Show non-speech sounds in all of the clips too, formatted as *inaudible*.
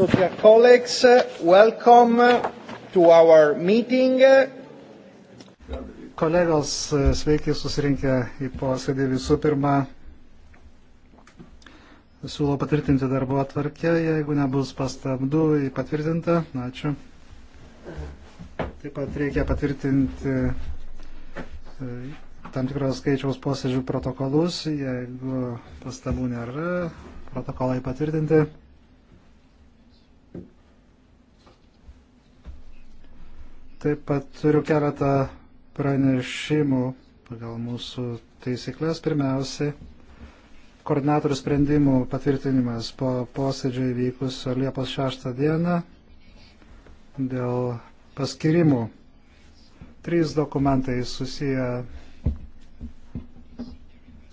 So, dear colleagues, welcome to our meeting. Kolegos, sveiki susirinkę į posėdį. Visų pirma, siūlau patvirtinti darbo atvarkę, jeigu nebus pastabdų, jį patvirtinta. Ačiū. Taip pat reikia patvirtinti e, tam tikros skaičiaus posėdžių protokolus, jeigu pastabų nėra, protokolai patvirtinti. Taip pat turiu keletą pranešimų pagal mūsų taisyklės. Pirmiausiai, koordinatorių sprendimų patvirtinimas po posėdžio įvykusio Liepos 6 dieną dėl paskirimų. Trys dokumentai susiję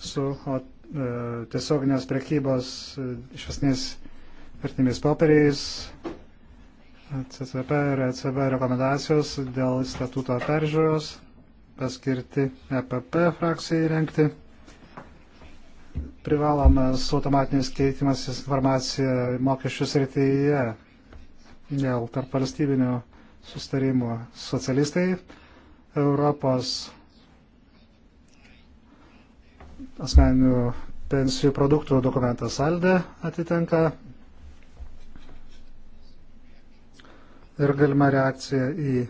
su o, e, tiesioginės prekybos e, iš esmės vertinimis popieriais E CCP ir ECB rekomendacijos dėl statuto peržiūros paskirti EPP frakcijai renkti. Privalomas automatinis keitimas informacija mokesčių srityje dėl tarp valstybinio sustarimo socialistai Europos asmeninių pensijų produktų dokumentas Alde atitenka ir galima reakcija į e,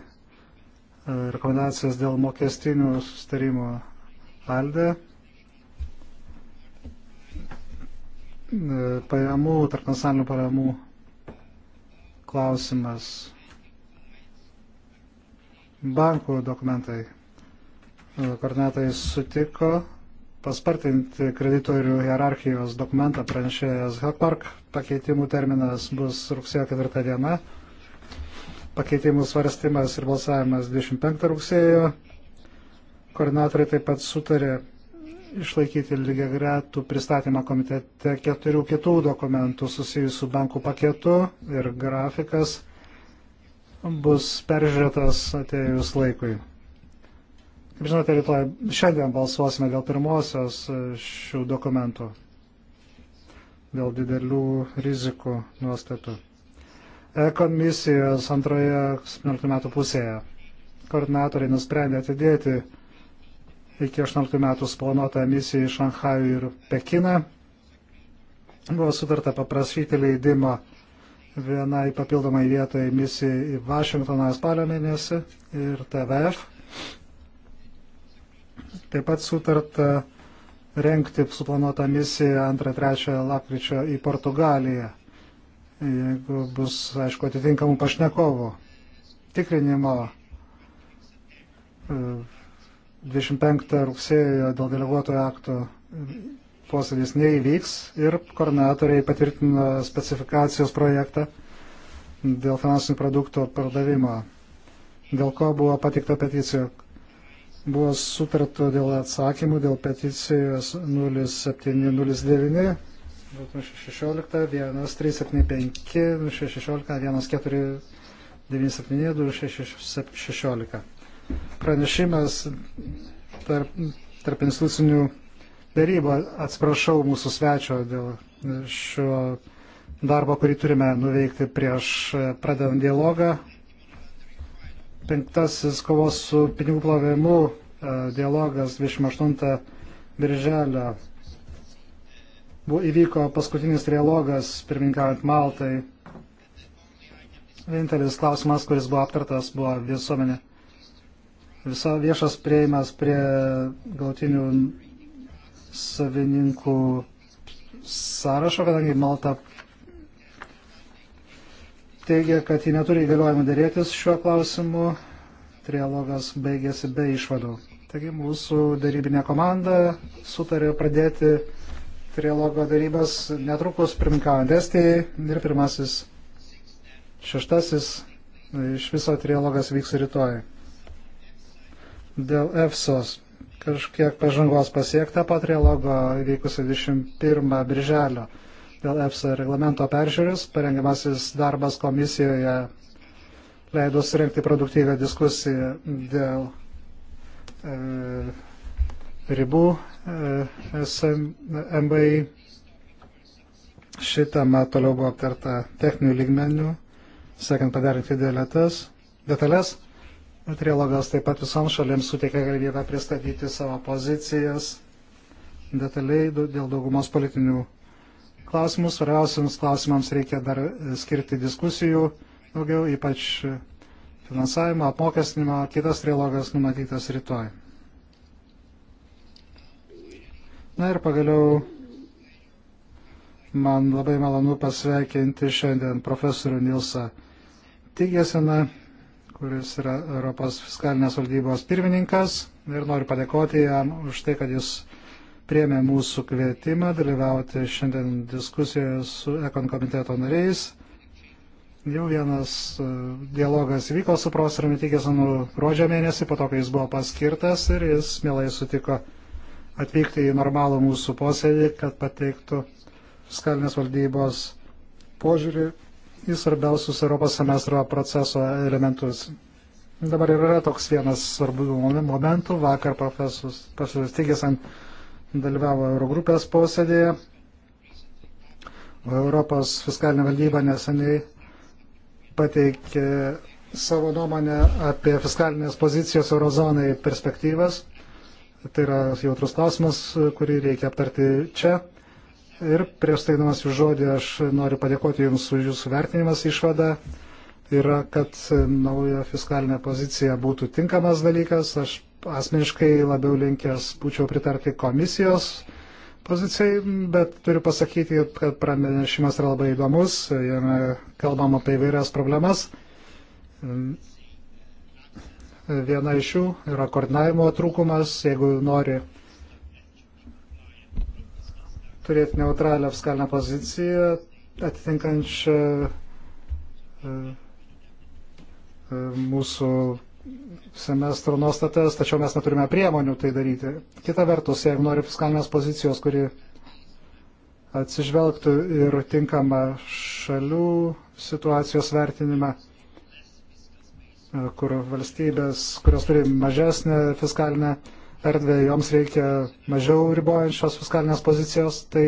rekomendacijas dėl mokestinių sustarimo ALDE. E, pajamų, tarp nacionalinių pajamų klausimas. Bankų dokumentai. E, koordinatai sutiko paspartinti kreditorių hierarchijos dokumentą pranešėjas Hakmark. Pakeitimų terminas bus rugsėjo 4 diena pakeitimų svarstymas ir balsavimas 25 rugsėjo. Koordinatoriai taip pat sutarė išlaikyti lygiai gretų pristatymą komitete keturių kitų dokumentų susijusių bankų paketu ir grafikas bus peržiūrėtas atėjus laikui. Kaip žinote, rytoj šiandien balsuosime dėl pirmosios šių dokumentų, dėl didelių rizikų nuostatų e-komisijos antroje 18 metų pusėje. Koordinatoriai nusprendė atidėti iki 18 metų suplanuotą misiją į Šanhajų ir Pekiną. Buvo sutarta paprašyti leidimo vienai papildomai vietai misijai į Vašingtoną spalio mėnesį ir TVF. Taip pat sutarta rengti suplanuotą misiją 2-3 lapkričio į Portugaliją jeigu bus, aišku, atitinkamų pašnekovų. Tikrinimo 25 e, rugsėjo dėl deleguotojo akto posėdis neįvyks ir koordinatoriai patvirtino specifikacijos projektą dėl finansinių produktų pardavimo, dėl ko buvo patikta peticija. Buvo sutarta dėl atsakymų dėl peticijos 0709 2016, 1375, 16, 1497, 2616. Pranešimas tarp, tarp institucinių darybų, atsiprašau mūsų svečio dėl šio darbo, kurį turime nuveikti prieš pradedant dialogą. Penktasis kovos su pinigų plovimu e, dialogas 28 birželio buvo įvyko paskutinis trialogas, pirmininkaujant Maltai. Vienintelis klausimas, kuris buvo aptartas, buvo visuomenė. Viso viešas prieimas prie gautinių savininkų sąrašo, kadangi Malta teigia, kad ji neturi įgaliojimų dėrėtis šiuo klausimu. Trialogas baigėsi be išvadų. Taigi mūsų darybinė komanda sutarė pradėti trilogo darybas netrukus pirmkaujant Estijai ir pirmasis šeštasis iš viso trilogas vyks rytoj. Dėl EFSOS kažkiek pažangos pasiekta po trilogo įvykusio 21 birželio. Dėl EFSA reglamento peržiūris parengiamasis darbas komisijoje leido surinkti produktyvę diskusiją dėl e, ribų E, MBI. Ši tema toliau buvo aptarta techninių lygmenių, siekiant padarinti dėlėtas, detalės. Trilogas taip pat visoms šalims suteikia galimybę pristatyti savo pozicijas detaliai dėl daugumos politinių klausimų. Svarbiausiams klausimams reikia dar e, skirti diskusijų daugiau, ypač e, finansavimo, apmokestinimo. Kitas trilogas numatytas rytoj. Na ir pagaliau man labai malonu pasveikinti šiandien profesorių Nilsą Tigeseną, kuris yra Europos fiskalinės valdybos pirmininkas ir noriu padėkoti jam už tai, kad jis priemė mūsų kvietimą dalyvauti šiandien diskusijoje su Ekon komiteto nariais. Jau vienas e, dialogas vyko su profesoriumi Tigesenu gruodžio mėnesį, po to, kai jis buvo paskirtas ir jis mielai sutiko atvykti į normalų mūsų posėdį, kad pateiktų fiskalinės valdybos požiūrį į svarbiausius Europos semestro proceso elementus. Dabar yra toks vienas svarbių momentų. Vakar profesorius, profesorius Tigisan dalyvavo Eurogrupės posėdėje. Europos fiskalinė valdyba neseniai pateikė savo nuomonę apie fiskalinės pozicijos eurozonai perspektyvas. Tai yra jautrus klausimas, kurį reikia aptarti čia. Ir prieš taidamas jų žodį aš noriu padėkoti Jums už Jūsų vertinimas išvadą. Yra, kad nauja fiskalinė pozicija būtų tinkamas dalykas. Aš asmeniškai labiau linkęs būčiau pritarti komisijos pozicijai, bet turiu pasakyti, kad pranešimas yra labai įdomus, jame kalbam apie įvairias problemas. Viena iš jų yra koordinavimo trūkumas, jeigu nori turėti neutralią fiskalinę poziciją, atitinkančią e, e, mūsų semestro nuostatas, tačiau mes neturime priemonių tai daryti. Kita vertus, jeigu nori fiskalinės pozicijos, kuri atsižvelgtų ir tinkamą šalių situacijos vertinimą, E, kur valstybės, kurios turi mažesnę fiskalinę erdvę, joms reikia mažiau ribojančios fiskalinės pozicijos, tai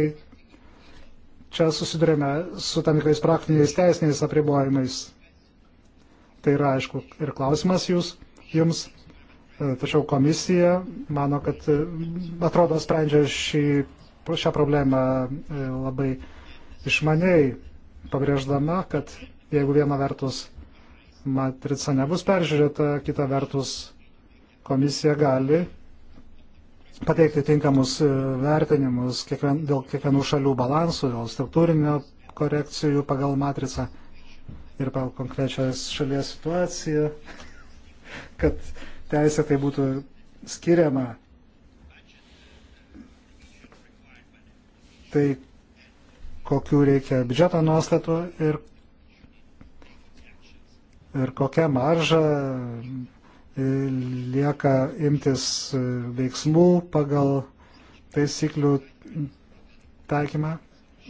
čia susidurėme su tam tikrais praktiniais teisiniais apribojimais. Tai yra, aišku, ir klausimas jūs, jums, e, tačiau komisija mano, kad e, atrodo sprendžia šį, šią problemą labai išmaniai, pabrėždama, kad jeigu viena vertus matrica nebus peržiūrėta, kita vertus komisija gali pateikti tinkamus e, vertinimus kiekvien, dėl kiekvienų šalių balansų, dėl struktūrinio korekcijų pagal matricą ir pagal konkrečią šalies situaciją, *laughs* kad teisė tai būtų skiriama. Tai kokių reikia biudžeto nuostatų ir ir kokia marža e, lieka imtis e, veiksmų pagal taisyklių taikymą.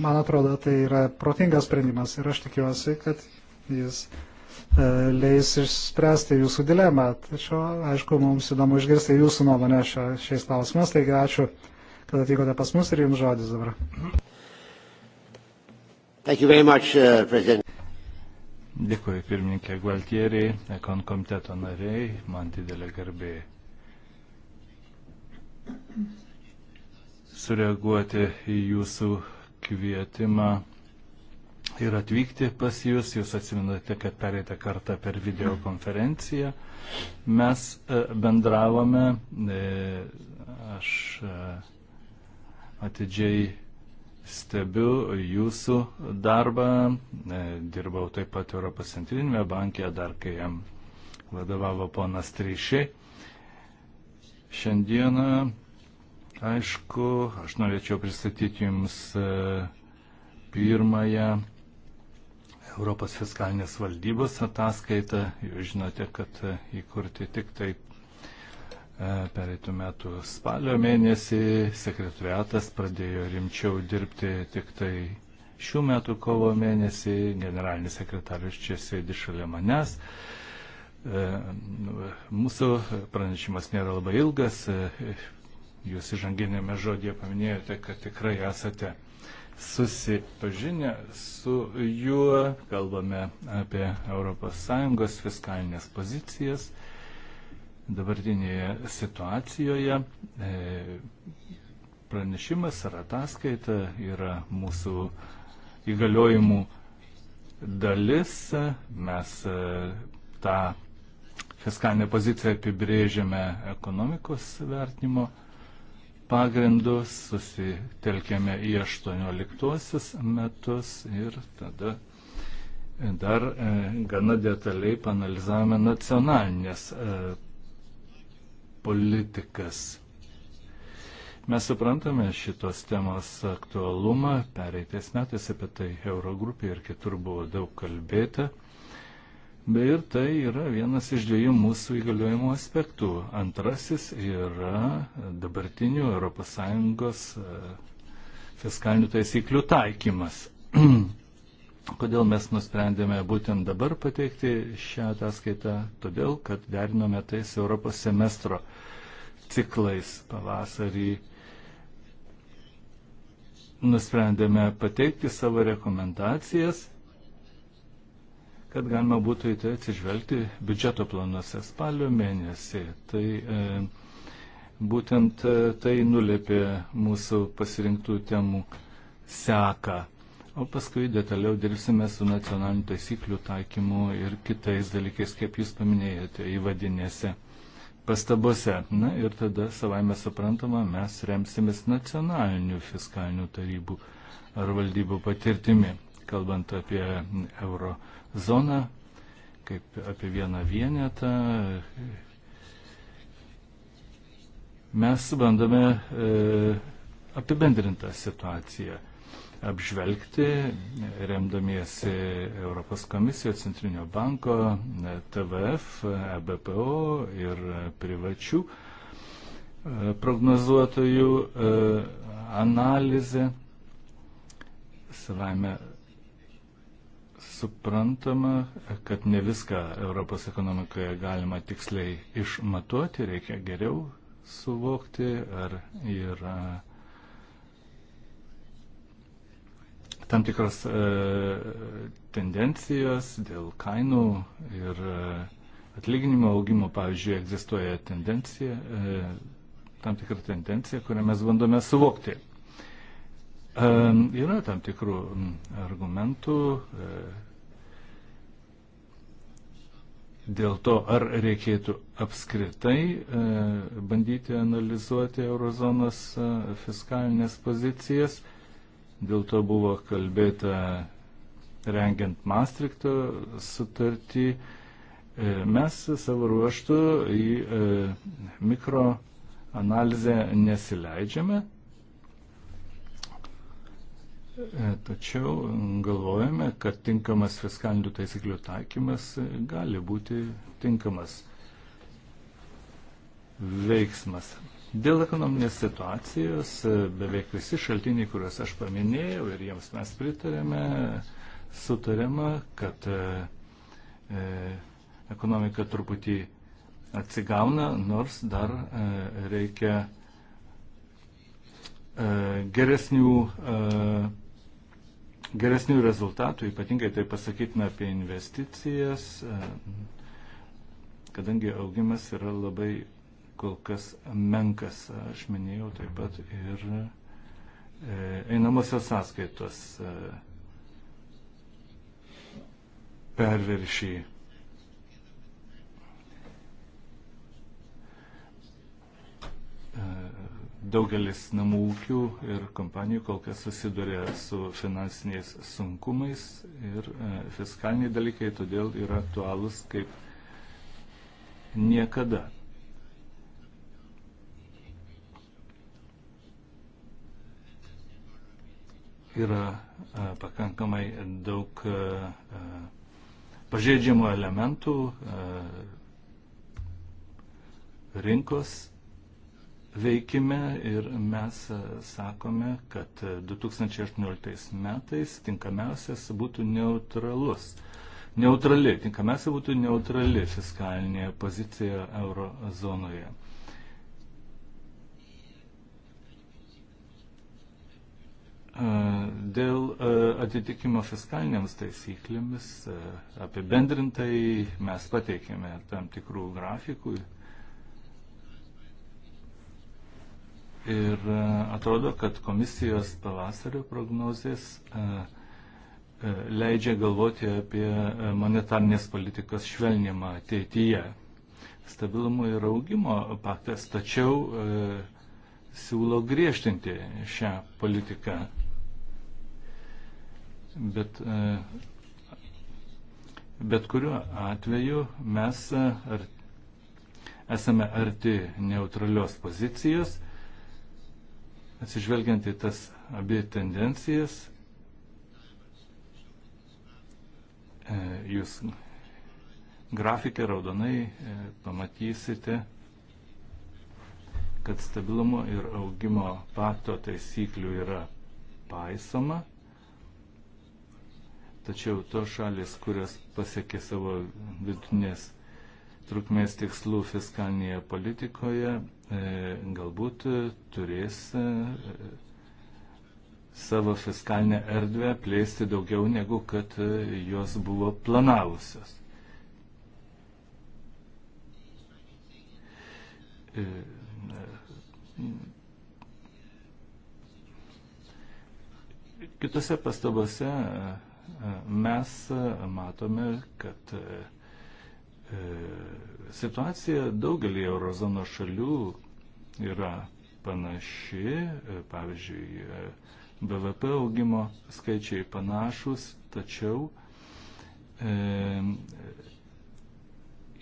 Man atrodo, tai yra protingas sprendimas ir aš tikiuosi, kad jis e, leis išspręsti jūsų dilemą. Tačiau, aišku, mums įdomu išgirsti jūsų nuomonę šia, šiais klausimais. Taigi ačiū, kad atvykote pas mus ir jums žodis dabar. Much, uh, Dėkuoju pirmininkė Gualtieriai, ekon komiteto nariai, man didelė garbė sureaguoti į jūsų kvietimą ir atvykti pas jūs. Jūs atsiminate, kad pereitą kartą per videokonferenciją mes e, bendravome, e, aš e, atidžiai stebiu jūsų darbą. E, dirbau taip pat Europos centrinėme banke, dar kai jam vadovavo ponas Trišiai. Šiandieną, aišku, aš norėčiau pristatyti Jums e, pirmąją Europos fiskalinės valdybos ataskaitą. Jūs žinote, kad e, įkurti tik taip E, pereitų metų spalio mėnesį sekretariatas pradėjo rimčiau dirbti tik tai šių metų kovo mėnesį. Generalinis sekretarius čia sėdi šalia manęs. E, nu, mūsų pranešimas nėra labai ilgas. E, jūs įžanginėme žodėje paminėjote, kad tikrai esate susipažinę su juo, kalbame apie ES fiskalinės pozicijas dabartinėje situacijoje. E, pranešimas ar ataskaita yra mūsų įgaliojimų dalis. Mes e, tą fiskalinę poziciją apibrėžiame ekonomikos vertinimo pagrindus, susitelkėme į 18 metus ir tada dar e, gana detaliai panalizavome nacionalinės politikas. Mes suprantame šitos temos aktualumą, pereitais metais apie tai Eurogrupė ir kitur buvo daug kalbėta. Be ir tai yra vienas iš dviejų mūsų įgaliojimo aspektų. Antrasis yra dabartinių ES e, fiskalinių taisyklių taikymas. *clears throat* Kodėl mes nusprendėme būtent dabar pateikti šią ataskaitą? Todėl, kad derinome tai su Europos semestro ciklais pavasarį. Nusprendėme pateikti savo rekomendacijas, kad galima būtų į tai atsižvelgti biudžeto planuose spalio mėnesį. Tai e, būtent e, tai nulėpė mūsų pasirinktų temų seką o paskui detaliau dirbsime su nacionaliniu taisyklių taikymu ir kitais dalykais, kaip jūs paminėjote įvadinėse pastabose. Na ir tada savaime suprantama, mes remsimės nacionalinių fiskalinių tarybų ar valdybų patirtimi, kalbant apie euro zoną, kaip apie vieną vienetą. Mes bandome e, apibendrintą situaciją apžvelgti, remdamiesi Europos komisijos, Centrinio banko, TVF, EBPO ir privačių e, prognozuotojų e, analizę. Savame suprantama, kad ne viską Europos ekonomikoje galima tiksliai išmatuoti, reikia geriau suvokti, ar yra tam tikros e, tendencijos dėl kainų ir e, atlyginimo augimo, pavyzdžiui, egzistuoja tendencija, e, tam tikra tendencija, kurią mes bandome suvokti. Yra tam tikrų argumentų dėl to, ar reikėtų apskritai bandyti analizuoti eurozonos fiskalinės pozicijas. Dėl to buvo kalbėta rengiant Maastrichto sutartį. E, mes savo ruoštų į e, mikro analizę nesileidžiame, e, tačiau galvojame, kad tinkamas fiskalinių taisyklių taikymas gali būti tinkamas veiksmas. Dėl ekonominės situacijos e, beveik visi šaltiniai, kuriuos aš paminėjau ir jiems mes pritarėme, sutarėme, kad e, e, ekonomika truputį atsigauna, nors dar e, reikia e, geresnių, e, geresnių rezultatų, ypatingai tai pasakytina apie investicijas, e, kadangi augimas yra labai kol kas menkas. Aš minėjau taip pat ir e, einamosios sąskaitos e, perviršį. E, daugelis namų ūkių ir kompanijų kol kas susiduria su finansiniais sunkumais ir fiskaliniai dalykai todėl yra aktualūs kaip niekada. yra e, pakankamai daug e, e, pažeidžiamų elementų rinkos veikime ir mes sakome, kad 2018 metais tinkamiausias būtų neutralus. Neutrali, tinkamiausia būtų neutrali fiskalinė pozicija eurozonoje. zonoje. Dėl atitikimo fiskaliniams taisyklėmis apibendrintai mes pateikėme tam tikrų grafikų ir atrodo, kad komisijos pavasario prognozės leidžia galvoti apie monetarnės politikos švelnimą ateityje. Stabilumo ir augimo paktas, tačiau siūlo griežtinti šią politiką bet, e, bet kuriuo atveju mes e, ar, esame arti neutralios pozicijos, atsižvelgiant į tas abi tendencijas. E, jūs grafikę raudonai pamatysite, kad stabilumo ir augimo pakto taisyklių yra paisoma Tačiau tos šalis, kurios pasiekė savo vidutinės trukmės tikslų fiskalinėje politikoje, e, galbūt e, turės e, savo fiskalinę erdvę plėsti daugiau negu kad jos buvo planavusios. Kitose pastabose mes e, matome, kad e, e, situacija daugelį eurozono šalių yra panaši, pavyzdžiui, BVP augimo skaičiai panašus, tačiau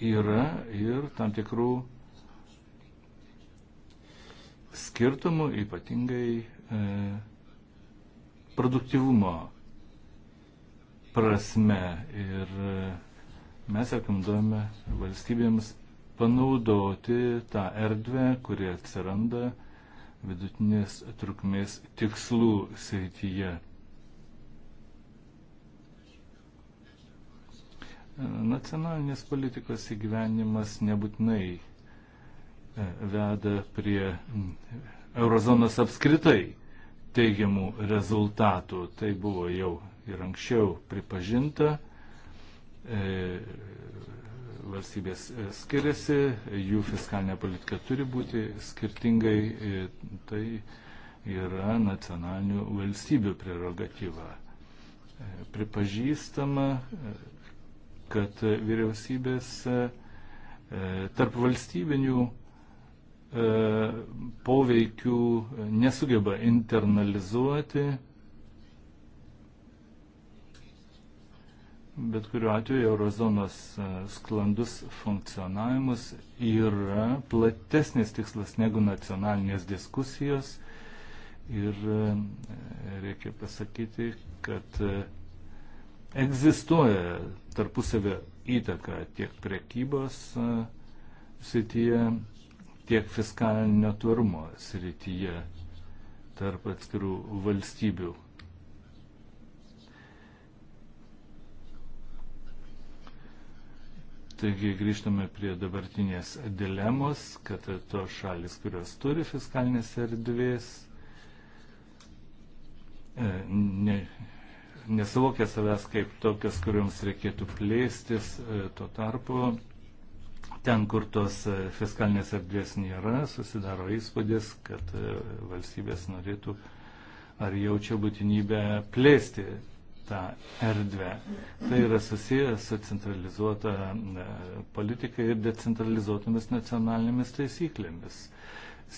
yra ir tam tikrų skirtumų, ypatingai produktivumo prasme. Ir e, mes rekomenduojame valstybėms panaudoti tą erdvę, kuri atsiranda vidutinės trukmės tikslų srityje. E, nacionalinės politikos įgyvenimas nebūtinai e, veda prie eurozonos apskritai teigiamų rezultatų. Tai buvo jau ir anksčiau pripažinta. E, valstybės skiriasi, jų fiskalinė politika turi būti skirtingai, e, tai yra nacionalinių valstybių prerogatyva. E, pripažįstama, e, kad vyriausybės tarp valstybinių poveikių nesugeba internalizuoti Bet kuriuo atveju eurozonos e, sklandus funkcionavimas yra platesnis tikslas negu nacionalinės diskusijos. Ir e, reikia pasakyti, kad e, egzistuoja tarpusavio įtaka tiek prekybos srityje, tiek fiskalinio tvarumo srityje tarp atskirų valstybių Taigi grįžtame prie dabartinės dilemos, kad tos šalis, kurios turi fiskalinės erdvės, e, ne, nesuvokia savęs kaip tokios, kuriuoms reikėtų plėstis, e, tuo tarpu ten, kur tos e, fiskalinės erdvės nėra, susidaro įspūdis, kad valstybės norėtų ar jaučia būtinybę plėsti tą erdvę. Tai yra susijęs su centralizuota e, politika ir decentralizuotomis nacionalinėmis taisyklėmis.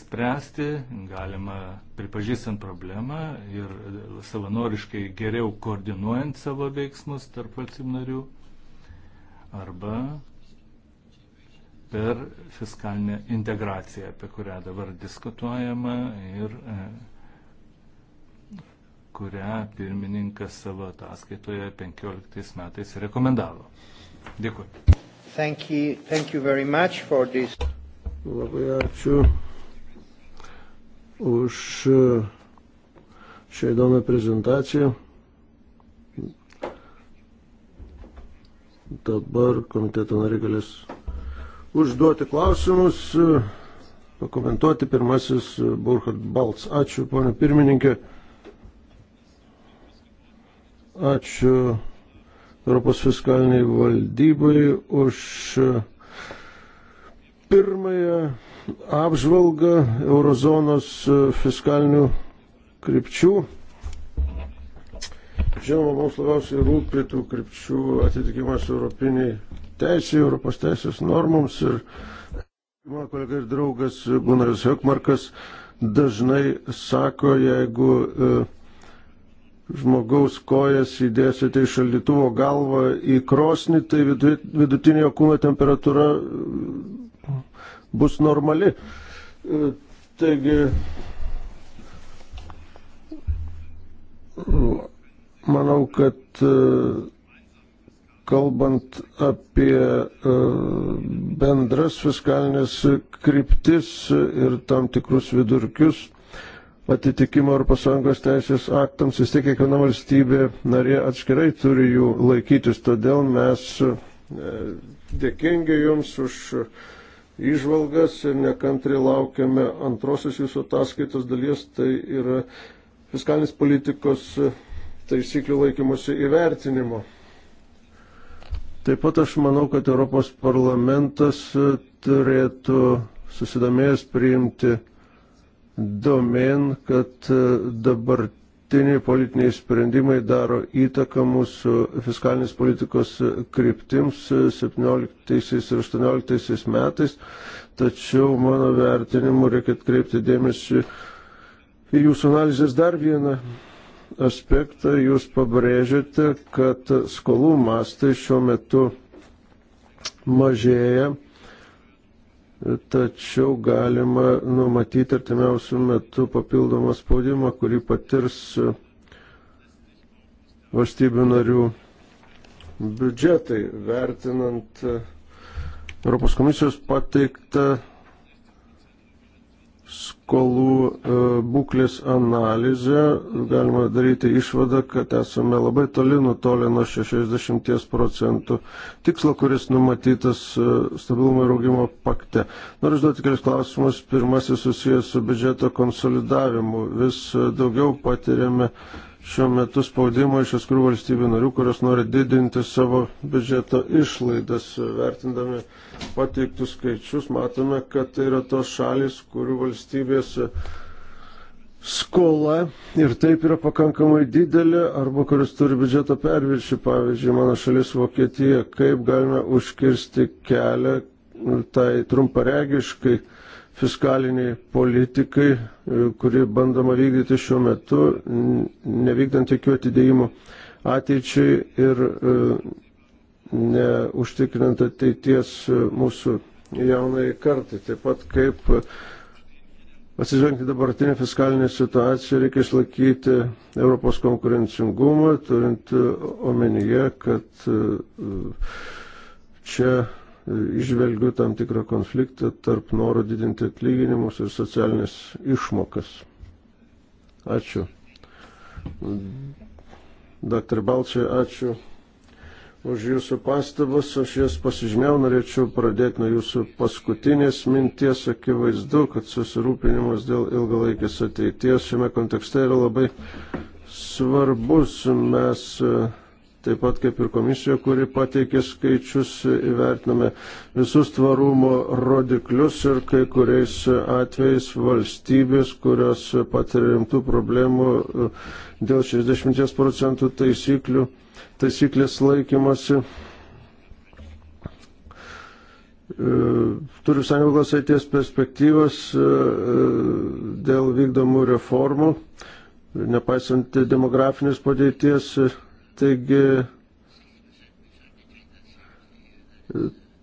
Spręsti galima pripažįstant problemą ir savanoriškai geriau koordinuojant savo veiksmus tarp valstybių narių arba per fiskalinę integraciją, apie kurią dabar diskutuojama ir e, kurią pirmininkas savo ataskaitoje 15 metais rekomendavo. Dėkui. Thank you, thank you very much for this. Labai ačiū už šią įdomią prezentaciją. Dabar komiteto nariai galės užduoti klausimus, pakomentuoti pirmasis Burkhard Balts. Ačiū, ponė pirmininkė. Ačiū Europos fiskaliniai valdybai už pirmąją apžvalgą eurozonos fiskalinių krypčių. Žinoma, mums labiausiai rūpi tų krypčių atitikimas europiniai teisė, Europos teisės normoms ir mano kolega ir draugas Gunaras Hekmarkas dažnai sako, jeigu uh, žmogaus kojas įdėsite į šaldytuvo galvą į krosnį, tai vidutinė jo kūno temperatūra mm, bus normali. E, taigi, manau, kad e, kalbant apie e, bendras fiskalinės kryptis ir tam tikrus vidurkius, atitikimo ES teisės aktams, vis tiek kiekviena valstybė narė atskirai turi jų laikytis. Todėl mes e, dėkingi Jums už išvalgas ir nekantri laukiame antrosios Jūsų ataskaitos dalies, tai yra fiskalinis politikos taisyklių laikymosi įvertinimo. Taip pat aš manau, kad Europos parlamentas turėtų susidomėjęs priimti domen, kad e, dabartiniai politiniai sprendimai daro įtaką mūsų fiskalinės politikos e, kryptims 17 e, ir 18 metais, tačiau mano vertinimu reikia atkreipti dėmesį į jūsų analizės dar vieną aspektą. Jūs pabrėžiate, kad skolų mastai šiuo metu mažėja tačiau galima numatyti artimiausių metų papildomą spaudimą, kurį patirs valstybių narių biudžetai, vertinant Europos komisijos pateiktą skolų e, būklės analizę galima daryti išvadą, kad esame labai toli nutolę nuo 60 procentų tikslo, kuris numatytas e, stabilumo ir augimo pakte. Noriu užduoti kelias klausimus. Pirmasis susijęs su biudžeto konsolidavimu. Vis e, daugiau patiriame šiuo metu spaudimo iš atskirų valstybių narių, kurios nori didinti savo biudžeto išlaidas. Vertindami pateiktus skaičius, matome, kad tai yra tos šalis, kurių valstybėse skola ir taip yra pakankamai didelė, arba kuris turi biudžeto perviršį, pavyzdžiui, mano šalis Vokietija, kaip galime užkirsti kelią tai trumparegiškai fiskaliniai politikai, e, kuri bandoma vykdyti šiuo metu, nevykdant jokių atidėjimų ateičiai ir e, neužtikrinant ateities e, mūsų jaunai kartai. Taip pat kaip atsižvelgti dabartinę fiskalinę situaciją, reikia išlaikyti Europos konkurencingumą, turint omenyje, kad čia išvelgiu tam tikrą konfliktą tarp noro didinti atlyginimus ir socialinės išmokas. Ačiū. Dr. Balčiai, ačiū už jūsų pastabas. Aš jas pasižymėjau, norėčiau pradėti nuo jūsų paskutinės minties. Akivaizdu, kad susirūpinimas dėl ilgalaikės ateities šiame kontekste yra labai svarbus. Mes uh, taip pat kaip ir komisija, kuri pateikė skaičius, įvertiname visus tvarumo rodiklius ir kai kuriais atvejais valstybės, kurios patiria rimtų problemų e, dėl 60 procentų taisyklių, taisyklės laikymasi e, turiu sąjungos ateities perspektyvas e, dėl vykdomų reformų, nepaisant demografinės padėties, Taigi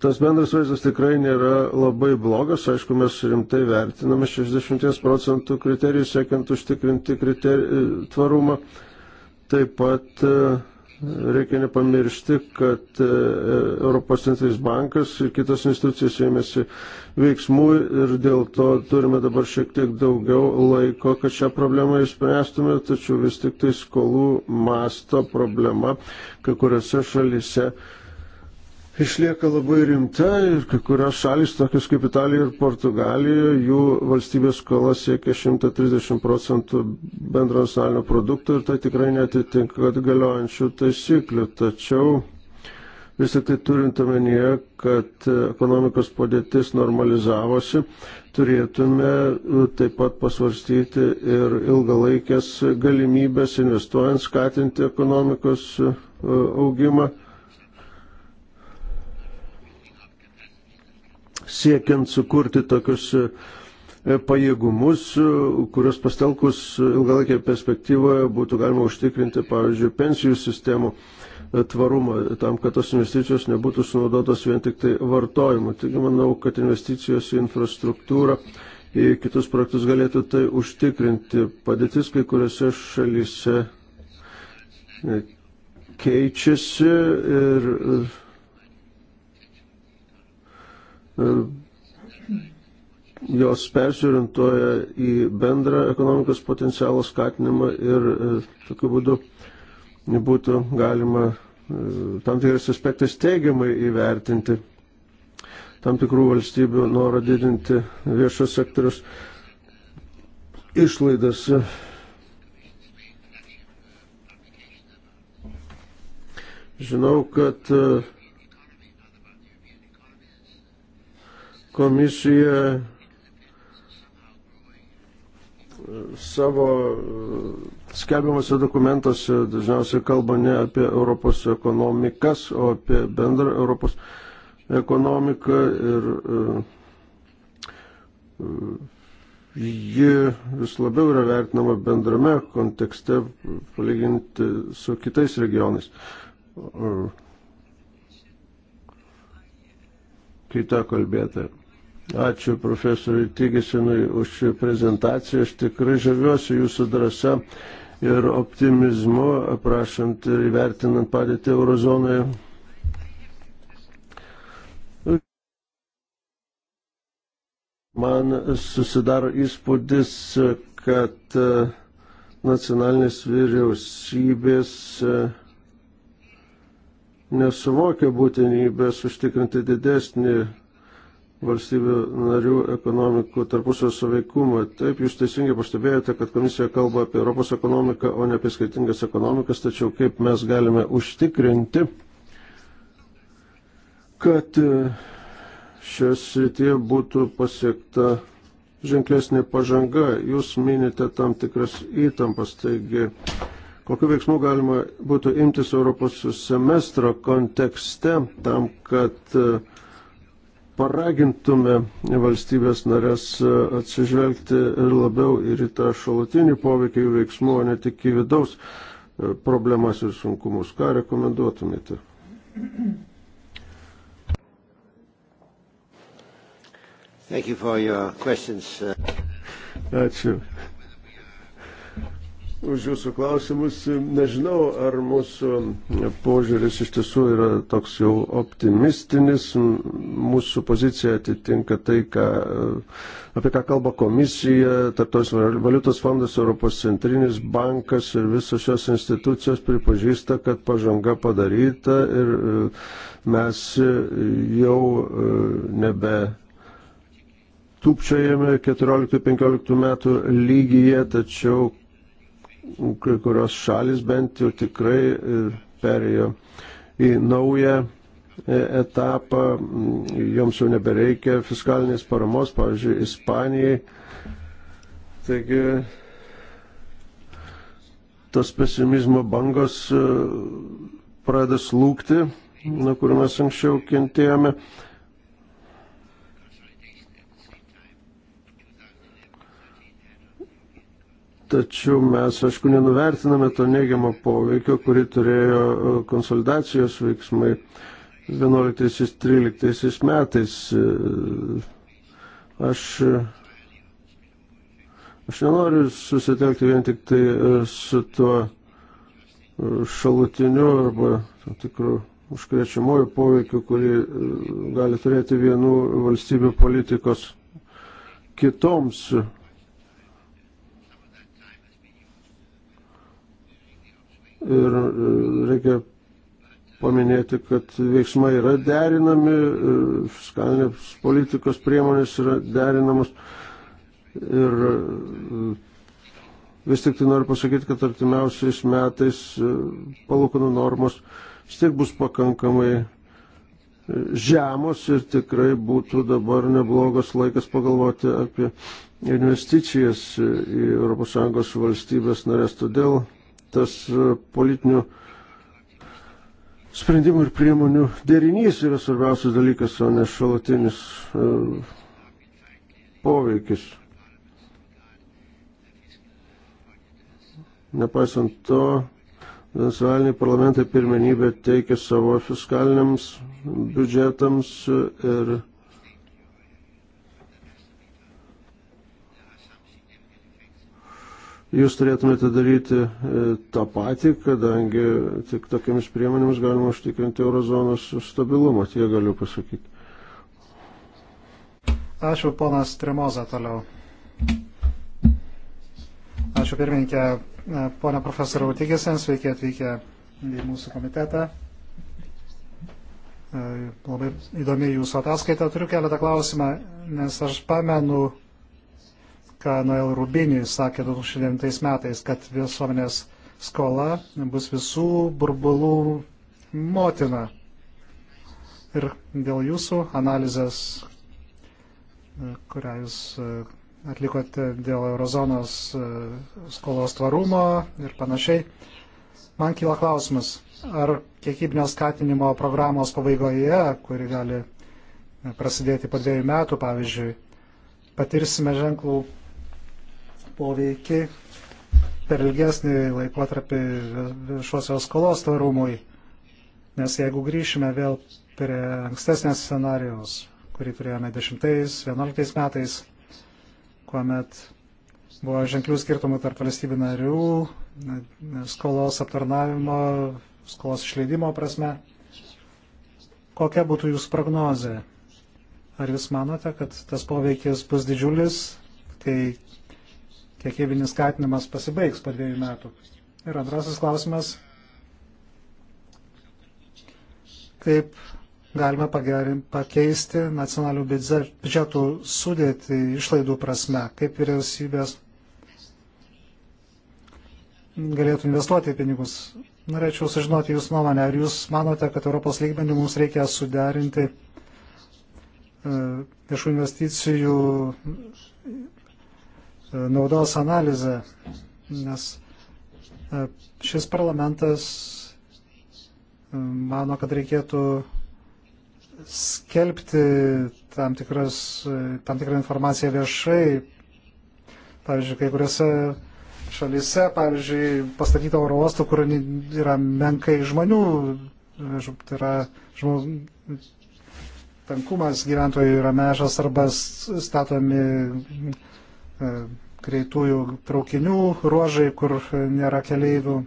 tas bendras vaizdas tikrai nėra labai blogas, aišku, mes rimtai vertiname 60 procentų kriterijų, siekiant užtikrinti kriter... tvarumą. Taip pat Reikia nepamiršti, kad e, Europos centrinis bankas ir kitas institucijas ėmėsi veiksmų ir dėl to turime dabar šiek tiek daugiau laiko, kad šią problemą išspręstume, tačiau vis tik tai skolų masto problema kai kuriuose šalise išlieka labai rimta ir kai kurios šalis, tokios kaip Italija ir Portugalija, jų valstybės skola siekia 130 procentų bendro nacionalinio produkto ir tai tikrai netitinka galiojančių taisyklių. Tačiau Vis tik tai turint omenyje, kad ekonomikos padėtis normalizavosi, turėtume e, taip pat pasvarstyti ir ilgalaikės galimybės investuojant, skatinti ekonomikos e, augimą. siekiant sukurti tokius e, e, pajėgumus, e, kurios pastelkus ilgalaikėje perspektyvoje būtų galima užtikrinti, pavyzdžiui, pensijų sistemų tvarumą, tam, kad tos investicijos nebūtų sunaudotos vien tik tai vartojimu. Taigi manau, kad investicijos į infrastruktūrą, į kitus projektus galėtų tai užtikrinti. Padėtis kai kuriuose šalyse keičiasi ir E, jos persiorientuoja į bendrą ekonomikos potencialą skatinimą ir e, tokiu būdu būtų galima e, tam tikras aspektas teigiamai įvertinti tam tikrų valstybių norą didinti viešo sektorius išlaidas. Žinau, kad uh, komisija savo e, skelbiamuose dokumentuose dažniausiai kalba ne apie Europos ekonomikas, o apie bendrą Europos ekonomiką ir e, e, ji vis labiau yra vertinama bendrame kontekste palyginti su kitais regionais. Kai tą kalbėtą. Ačiū profesoriui Tygisinui už prezentaciją. Aš tikrai žaviuosi jūsų drąsa ir optimizmu, aprašant ir įvertinant padėtį eurozonoje. Man susidaro įspūdis, kad e, nacionalinės vyriausybės e, nesuvokia būtinybės užtikrinti didesnį valstybių narių ekonomikų tarpusio suveikumą. Taip, jūs teisingai pastebėjote, kad komisija kalba apie Europos ekonomiką, o ne apie skirtingas ekonomikas, tačiau kaip mes galime užtikrinti, kad e, šioje srityje būtų pasiekta ženklesnė pažanga. Jūs minite tam tikras įtampas, taigi kokiu veiksmu galima būtų imtis Europos semestro kontekste tam, kad uh, paragintume valstybės narės e, atsižvelgti ir labiau ir į tą šalutinį poveikį jų veiksmų, o ne tik į vidaus e, problemas ir sunkumus. Ką rekomenduotumėte? Ačiū už Jūsų klausimus. Nežinau, ar mūsų požiūris iš tiesų yra toks jau optimistinis. Mūsų pozicija atitinka tai, ką, apie ką kalba komisija, Tartosios valiutos fondas, Europos centrinis bankas ir visos šios institucijos pripažįsta, kad pažanga padaryta ir e, mes e, jau e, nebe tūpčiojame 14-15 metų lygyje, tačiau kai kurios šalis bent jau tikrai perėjo į naują e, etapą, joms jau nebereikia fiskalinės paramos, pavyzdžiui, Ispanijai. Taigi tos pesimizmo bangos e, pradės lūkti, nuo kurių mes anksčiau kentėjome. Tačiau mes, aišku, nenuvertiname to neigiamo poveikio, kurį turėjo e, konsolidacijos veiksmai 11-13 metais. E, aš, aš nenoriu susitelkti vien tik tai e, su tuo šalutiniu arba tam tikru užkrečiamoju poveikiu, kurį gali turėti vienų valstybių politikos kitoms Ir e, reikia paminėti, kad veiksmai yra derinami, e, fiskalinės politikos priemonės yra derinamos. Ir e, vis tik tai noriu pasakyti, kad artimiausiais metais palūkanų normos vis tiek bus pakankamai žemos ir tikrai būtų dabar neblogas laikas pagalvoti apie investicijas į ES valstybės narės. Todėl tas e, politinių sprendimų ir priemonių derinys yra svarbiausias dalykas, o ne šalutinis e, poveikis. Nepaisant to, nacionaliniai parlamentai pirmenybę teikia savo fiskaliniams biudžetams ir Jūs turėtumėte daryti e, tą patį, kadangi tik tokiamis priemonėmis galima užtikrinti eurozonos stabilumą, tie galiu pasakyti. Ačiū, ponas Tremoza, toliau. Ačiū, pirmininkė, e, ponia profesoriau Tigesens, sveiki atvykę į mūsų komitetą. E, labai įdomi jūsų ataskaita. Turiu keletą klausimą, nes aš pamenu ką Noel Rubinį sakė 2009 metais, kad visuomenės skola bus visų burbulų motina. Ir dėl jūsų analizės, kurią jūs e, atlikote dėl eurozonos e, skolos tvarumo ir panašiai, man kyla klausimas, ar kiekybinio skatinimo programos pabaigoje, kuri gali prasidėti po dviejų metų, pavyzdžiui, patirsime ženklų poveikį per ilgesnį laikotarpį viešosios skolos tvarumui. Nes jeigu grįšime vėl prie ankstesnės scenarijos, kurį turėjome 10-11 metais, kuomet buvo ženklių skirtumų tarp valstybių narių, skolos aptarnavimo, skolos išleidimo prasme. Kokia būtų jūsų prognozė? Ar jūs manote, kad tas poveikis bus didžiulis, kai kiekybinis skatinimas pasibaigs po dviejų metų. Ir antrasis klausimas, kaip galima pagerin, pakeisti nacionalių biudžetų sudėti išlaidų prasme, kaip vyriausybės galėtų investuoti pinigus. Norėčiau sužinoti Jūsų nuomonę, ar Jūs manote, kad Europos lygmenių mums reikia suderinti e, viešų investicijų E, naudos analizę, nes e, šis parlamentas e, mano, kad reikėtų skelbti tam, tikras, tam tikrą informaciją viešai. Pavyzdžiui, kai kuriuose šalyse, pavyzdžiui, pastatyta oro uostų, kur yra menkai žmonių, tai yra žmonių tankumas gyventojų yra mežas arba statomi E, greitųjų traukinių ruožai, kur nėra keleivių.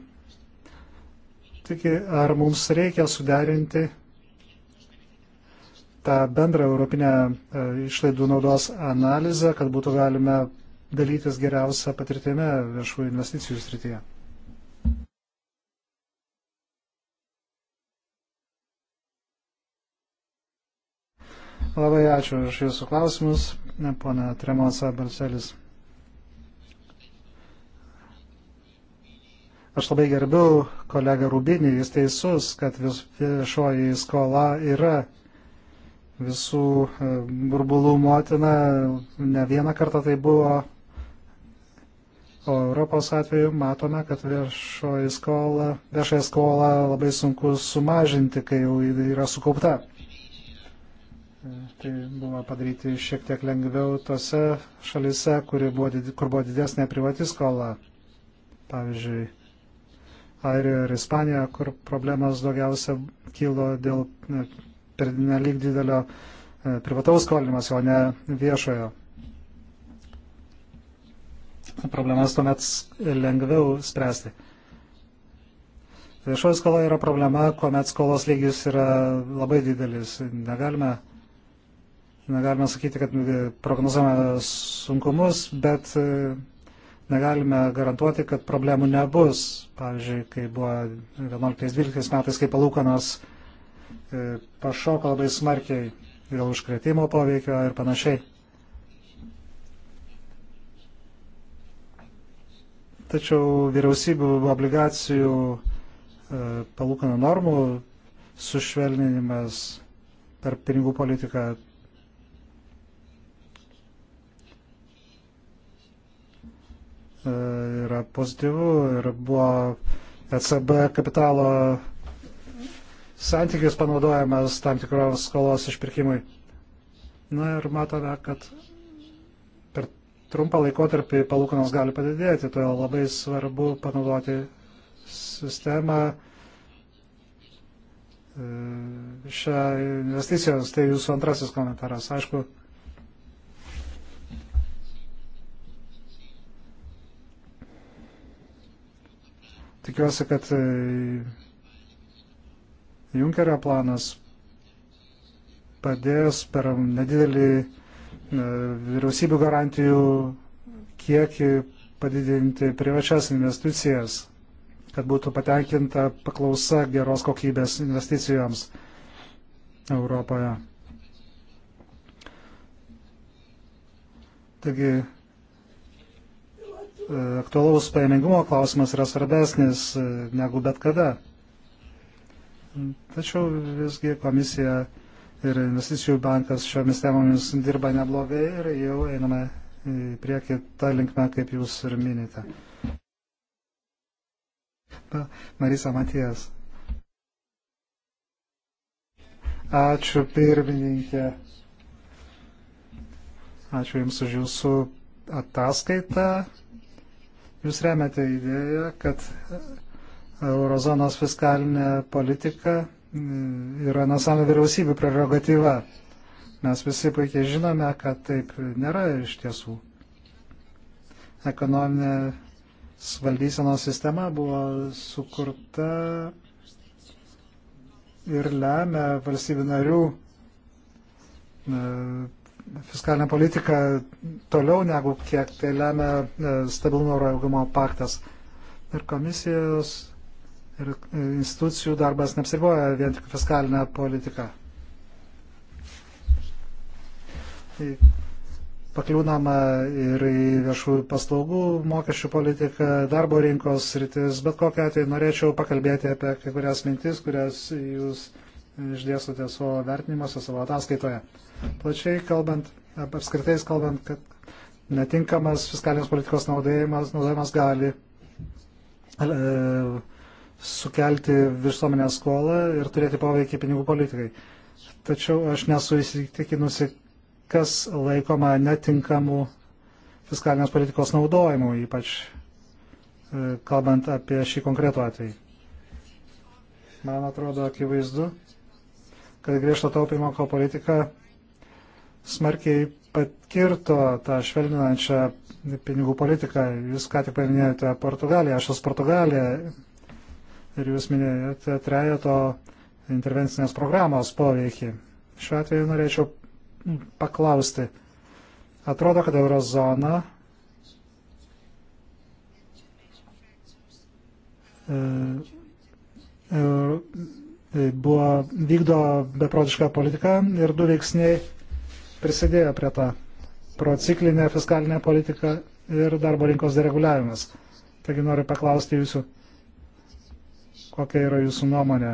Tik ar mums reikia suderinti tą bendrą europinę e, išlaidų naudos analizę, kad būtų galime dalytis geriausią patirtimę viešųjų investicijų srityje. Labai ačiū už Jūsų klausimus, pana Tremosa Balselis. Aš labai gerbiu kolegą Rubinį, jis teisus, kad viešoji skola yra visų e, burbulų motina. Ne vieną kartą tai buvo. O Europos atveju matome, kad viešoji skola, viešoji skola labai sunku sumažinti, kai jau yra sukaupta. Tai buvo padaryti šiek tiek lengviau tose šalise, buvo, kur buvo didesnė privati skola. Pavyzdžiui, Airijoje ir Ispanijoje, kur problemas daugiausia kilo dėl per nelik didelio e, privataus skolinimas, o ne viešojo. Problemas tuomet lengviau spręsti. Viešoji skola yra problema, kuomet skolos lygis yra labai didelis. Negalime negalime sakyti, kad prognozuojame sunkumus, bet e, negalime garantuoti, kad problemų nebus. Pavyzdžiui, kai buvo 11-12 metais, kai palūkanos e, pašoko labai smarkiai dėl užkretimo poveikio ir panašiai. Tačiau vyriausybių obligacijų e, palūkanų normų sušvelninimas per pinigų politiką E, yra pozityvų ir buvo ECB kapitalo santykius panaudojamas tam tikros skolos išpirkimui. Na ir matome, kad per trumpą laikotarpį palūkanos gali padidėti, todėl labai svarbu panaudoti sistemą e, šią investicijoms. Tai jūsų antrasis komentaras. Aišku, Tikiuosi, kad e, Junkerio planas padės per nedidelį e, vyriausybių garantijų kiekį padidinti privačias investicijas, kad būtų patenkinta paklausa geros kokybės investicijoms Europoje. Taigi E, aktualaus pajamingumo klausimas yra svarbesnis e, negu bet kada. Tačiau visgi komisija ir investicijų bankas šiomis temomis dirba neblogai ir jau einame į priekį tą linkmę, kaip jūs ir minite. Marisa Matijas. Ačiū pirmininkė. Ačiū Jums už Jūsų ataskaitą. Jūs remiate idėją, kad eurozonos fiskalinė politika mm, yra nacionalinių vyriausybių prerogatyva. Mes visi puikiai žinome, kad taip nėra iš tiesų. Ekonominė valdysenos sistema buvo sukurta ir lemia valstybių narių mm, fiskalinę politiką toliau negu kiek tai lemia e, stabilumo ir augimo paktas. Ir komisijos ir e, institucijų darbas neapsiriboja vien tik fiskalinę politiką. Tai pakliūnama ir į viešųjų paslaugų mokesčių politiką, darbo rinkos rytis, bet kokią atveju norėčiau pakalbėti apie kai kurias mintis, kurias jūs išdėstote savo vertinimuose, savo ataskaitoje. Plačiai kalbant, apskritais kalbant, kad netinkamas fiskalinės politikos naudojimas, naudojimas gali e, sukelti visuomenę skolą ir turėti poveikį pinigų politikai. Tačiau aš nesu įsitikinusi, kas laikoma netinkamu fiskalinės politikos naudojimu, ypač e, kalbant apie šį konkretų atvejį. Man atrodo akivaizdu, kad griežto taupimo politika smarkiai patkirto tą švelninančią pinigų politiką. Jūs ką tik paminėjote Portugaliją, aš esu Portugalija ir jūs minėjote trejato intervencinės programos poveikį. Šiuo atveju norėčiau paklausti. Atrodo, kad eurozona e, e, buvo vykdo beprotišką politiką ir du veiksniai prisidėjo prie tą prociklinę fiskalinę politiką ir darbo rinkos dereguliavimas. Taigi noriu paklausti jūsų, kokia yra jūsų nuomonė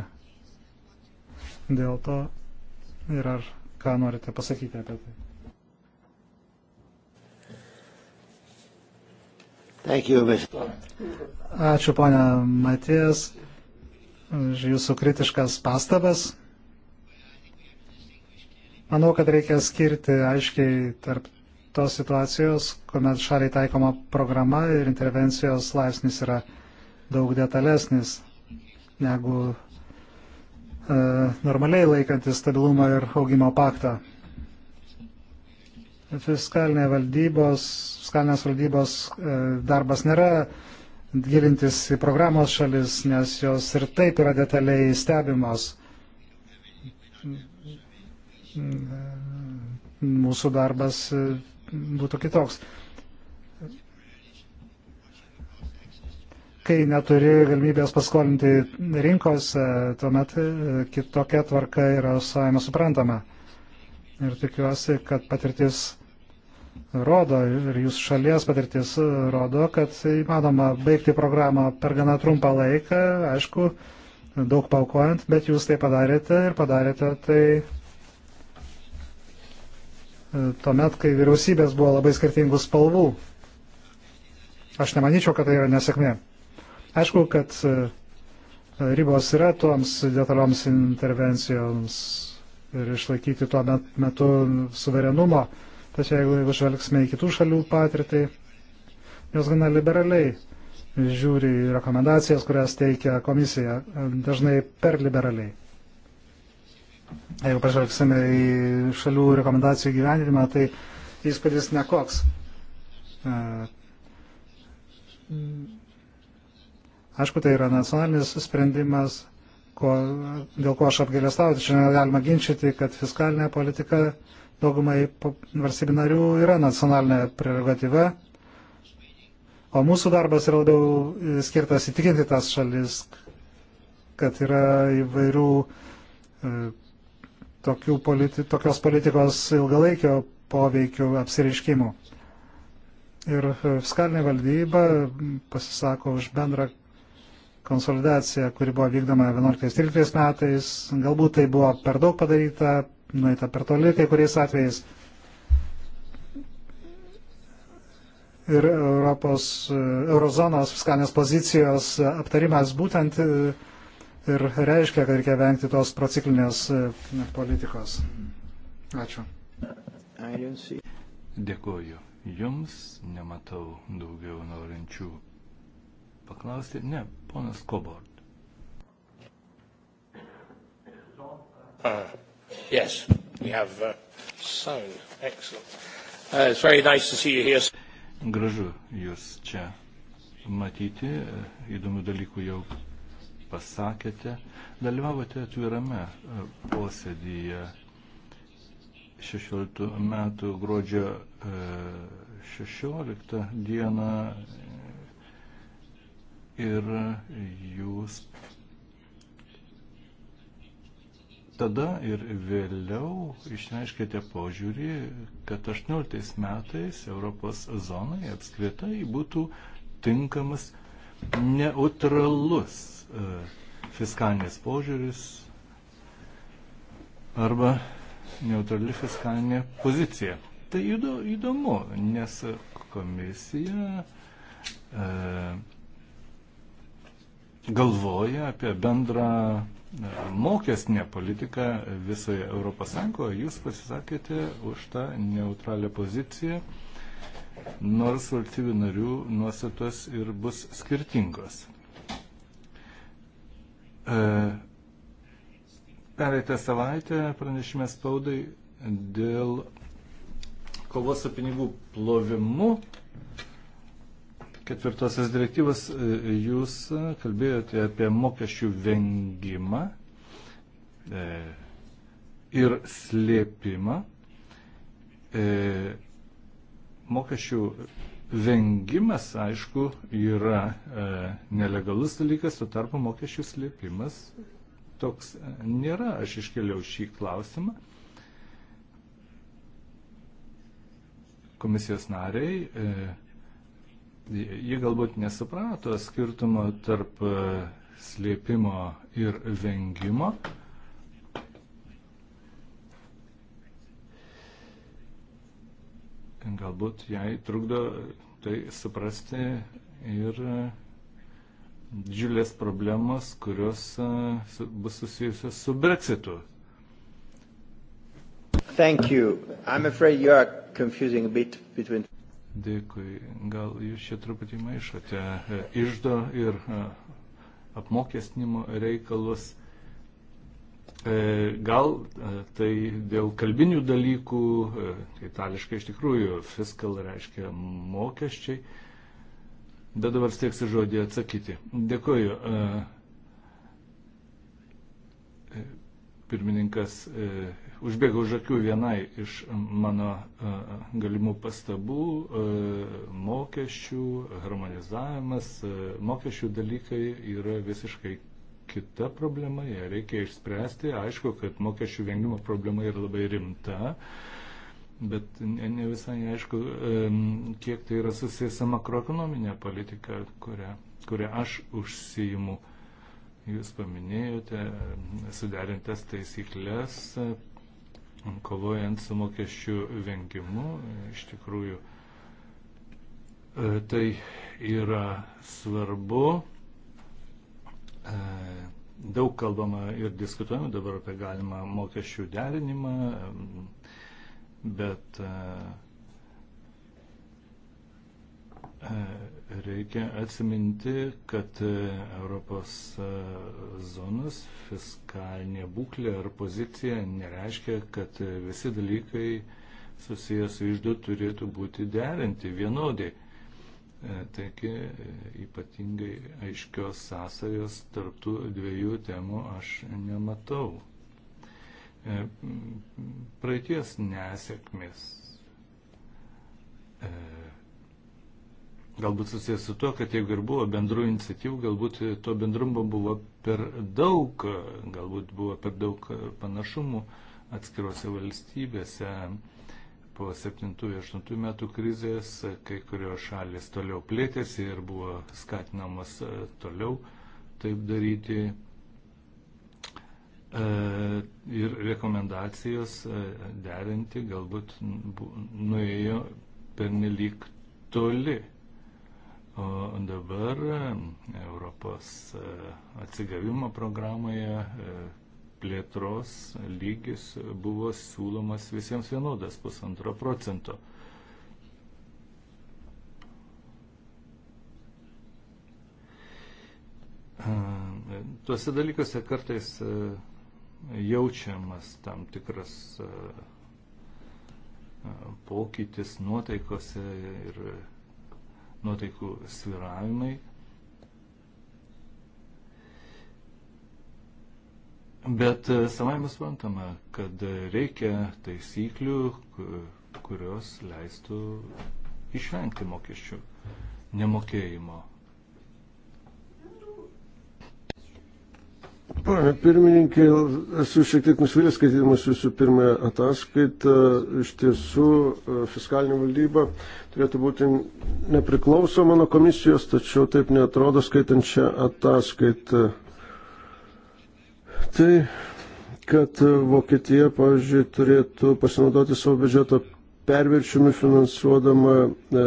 dėl to ir ar ką norite pasakyti apie tai. You, Ačiū, ponia Matijas, už jūsų kritiškas pastabas. Manau, kad reikia skirti aiškiai tarp tos situacijos, kuomet šaliai taikoma programa ir intervencijos laipsnis yra daug detalesnis negu e, normaliai laikantis stabilumo ir augimo paktą. Fiskalinė valdybos, fiskalinės valdybos e, darbas nėra gilintis į programos šalis, nes jos ir taip yra detaliai stebimos mūsų darbas e, būtų kitoks. Kai neturi galimybės paskolinti rinkos, e, tuomet e, kitokia tvarka yra savame suprantama. Ir tikiuosi, kad patirtis rodo ir jūsų šalies patirtis rodo, kad įmanoma baigti programą per gana trumpą laiką, aišku, daug paukojant, bet jūs tai padarėte ir padarėte tai tuomet, kai vyriausybės buvo labai skirtingų spalvų. Aš nemanyčiau, kad tai yra nesėkmė. Aišku, kad e, ribos yra toms detalioms intervencijoms ir išlaikyti tuo metu suverenumo. Tačiau jeigu, jeigu žvelgsime į kitų šalių patirtį, jos gana liberaliai žiūri rekomendacijas, kurias teikia komisija, dažnai per liberaliai. Jeigu pažvelgsime į šalių rekomendacijų gyvenimą, tai įspūdis nekoks. E, aišku, tai yra nacionalinis sprendimas, ko, dėl ko aš apgailestauju, tačiau negalima ginčyti, kad fiskalinė politika daugumai valstybių narių yra nacionalinė prerogatyva, o mūsų darbas yra labiau e, skirtas įtikinti tas šalis, kad yra įvairių e, politi tokios politikos ilgalaikio poveikio apsiriškimų. Ir e, fiskalinė valdyba pasisako už bendrą konsolidaciją, kuri buvo vykdoma 11-13 metais. Galbūt tai buvo per daug padaryta, nueita per toli kai kuriais atvejais. Ir Europos, e, Eurozonos fiskalinės pozicijos aptarimas būtent uh, ir reiškia, kad reikia vengti tos prociklinės e, politikos. Ačiū. Dėkuoju. Jums nematau daugiau norinčių paklausti. Ne, ponas Kobord. Uh, yes, we have uh, sound. Excellent. Uh, it's very nice to see you here. Gražu jūs čia matyti. E, įdomių dalykų jau pasakėte. Dalyvavote atvirame e, posėdyje 16 metų gruodžio 16 e, dieną ir jūs tada ir vėliau išreiškėte požiūrį, kad 18 metais Europos zonai apskritai būtų tinkamas neutralus E, fiskalinis požiūris arba neutrali fiskalinė pozicija. Tai įdomu, nes komisija e, galvoja apie bendrą e, mokestinę politiką visoje ES. Jūs pasisakėte už tą neutralią poziciją, nors valstybių narių nuostatos ir bus skirtingos. E, pereitą savaitę pranešime spaudai dėl kovos su pinigų plovimu ketvirtosios direktyvos e, jūs kalbėjote apie mokesčių vengimą e, ir slėpimą. Mokesčių Vengimas, aišku, yra e, nelegalus dalykas, tuo tarpu mokesčių slėpimas toks e, nėra. Aš iškeliau šį klausimą. Komisijos nariai, e, jie galbūt nesuprato skirtumo tarp e, slėpimo ir vengimo. E, Galbūt jai trukdo tai suprasti ir e, didžiulės problemos, kurios e, bus susijusios su breksitu. Thank you. I'm afraid you are confusing a bit between. Dėkui. Gal jūs čia truputį maišote e, išdo ir apmokestinimo reikalus. E, gal e, tai dėl kalbinių dalykų, e, itališkai iš tikrųjų fiskal reiškia mokesčiai, bet dabar stieksiu žodį atsakyti. Dėkuoju. Pirmininkas užbėgo už akių vienai iš mano galimų pastabų - mokesčių, harmonizavimas, mokesčių dalykai yra visiškai kita problema, ją reikia išspręsti. Aišku, kad mokesčių vengimo problema yra labai rimta, bet ne visai aišku, kiek tai yra susijęs su makroekonominė politika, kurią, kurią aš užsijimu. Jūs paminėjote suderintas taisyklės, kovojant su mokesčių vengimu. Iš tikrųjų, e, tai yra svarbu Daug kalbama ir diskutuojama dabar apie galimą mokesčių derinimą, bet reikia atsiminti, kad Europos zonos fiskalinė būklė ar pozicija nereiškia, kad visi dalykai susijęs su išdu turėtų būti derinti vienodai. E, taigi e, ypatingai aiškios sąsajos tarptų dviejų temų aš nematau. E, praeities nesėkmės galbūt susijęs su to, kad jeigu ir buvo bendrų iniciatyvų, galbūt to bendrumo buvo per daug, galbūt buvo per daug panašumų atskiruose valstybėse po 7-8 metų krizės kai kurios šalis toliau plėtėsi ir buvo skatinamas e, toliau taip daryti. E, ir rekomendacijos e, derinti galbūt nuėjo pernelyg toli. O dabar Europos atsigavimo programoje plėtros lygis buvo siūlomas visiems vienodas pusantro procento. Tuose dalykuose kartais jaučiamas tam tikras pokytis nuotaikose ir nuotaikų sviravimai. Bet e, savai mes suprantama, kad reikia taisyklių, kurios leistų išvengti mokesčių nemokėjimo. Pane pirmininkė, esu šiek tiek nusvilęs, skaitydamas jūsų pirmąją ataskaitą. Iš tiesų, e, fiskalinė valdyba turėtų būti nepriklausoma nuo komisijos, tačiau taip netrodo skaitant šią ataskaitą tai, kad Vokietija, pavyzdžiui, turėtų pasinaudoti savo biudžeto perviršimi finansuodama e, e,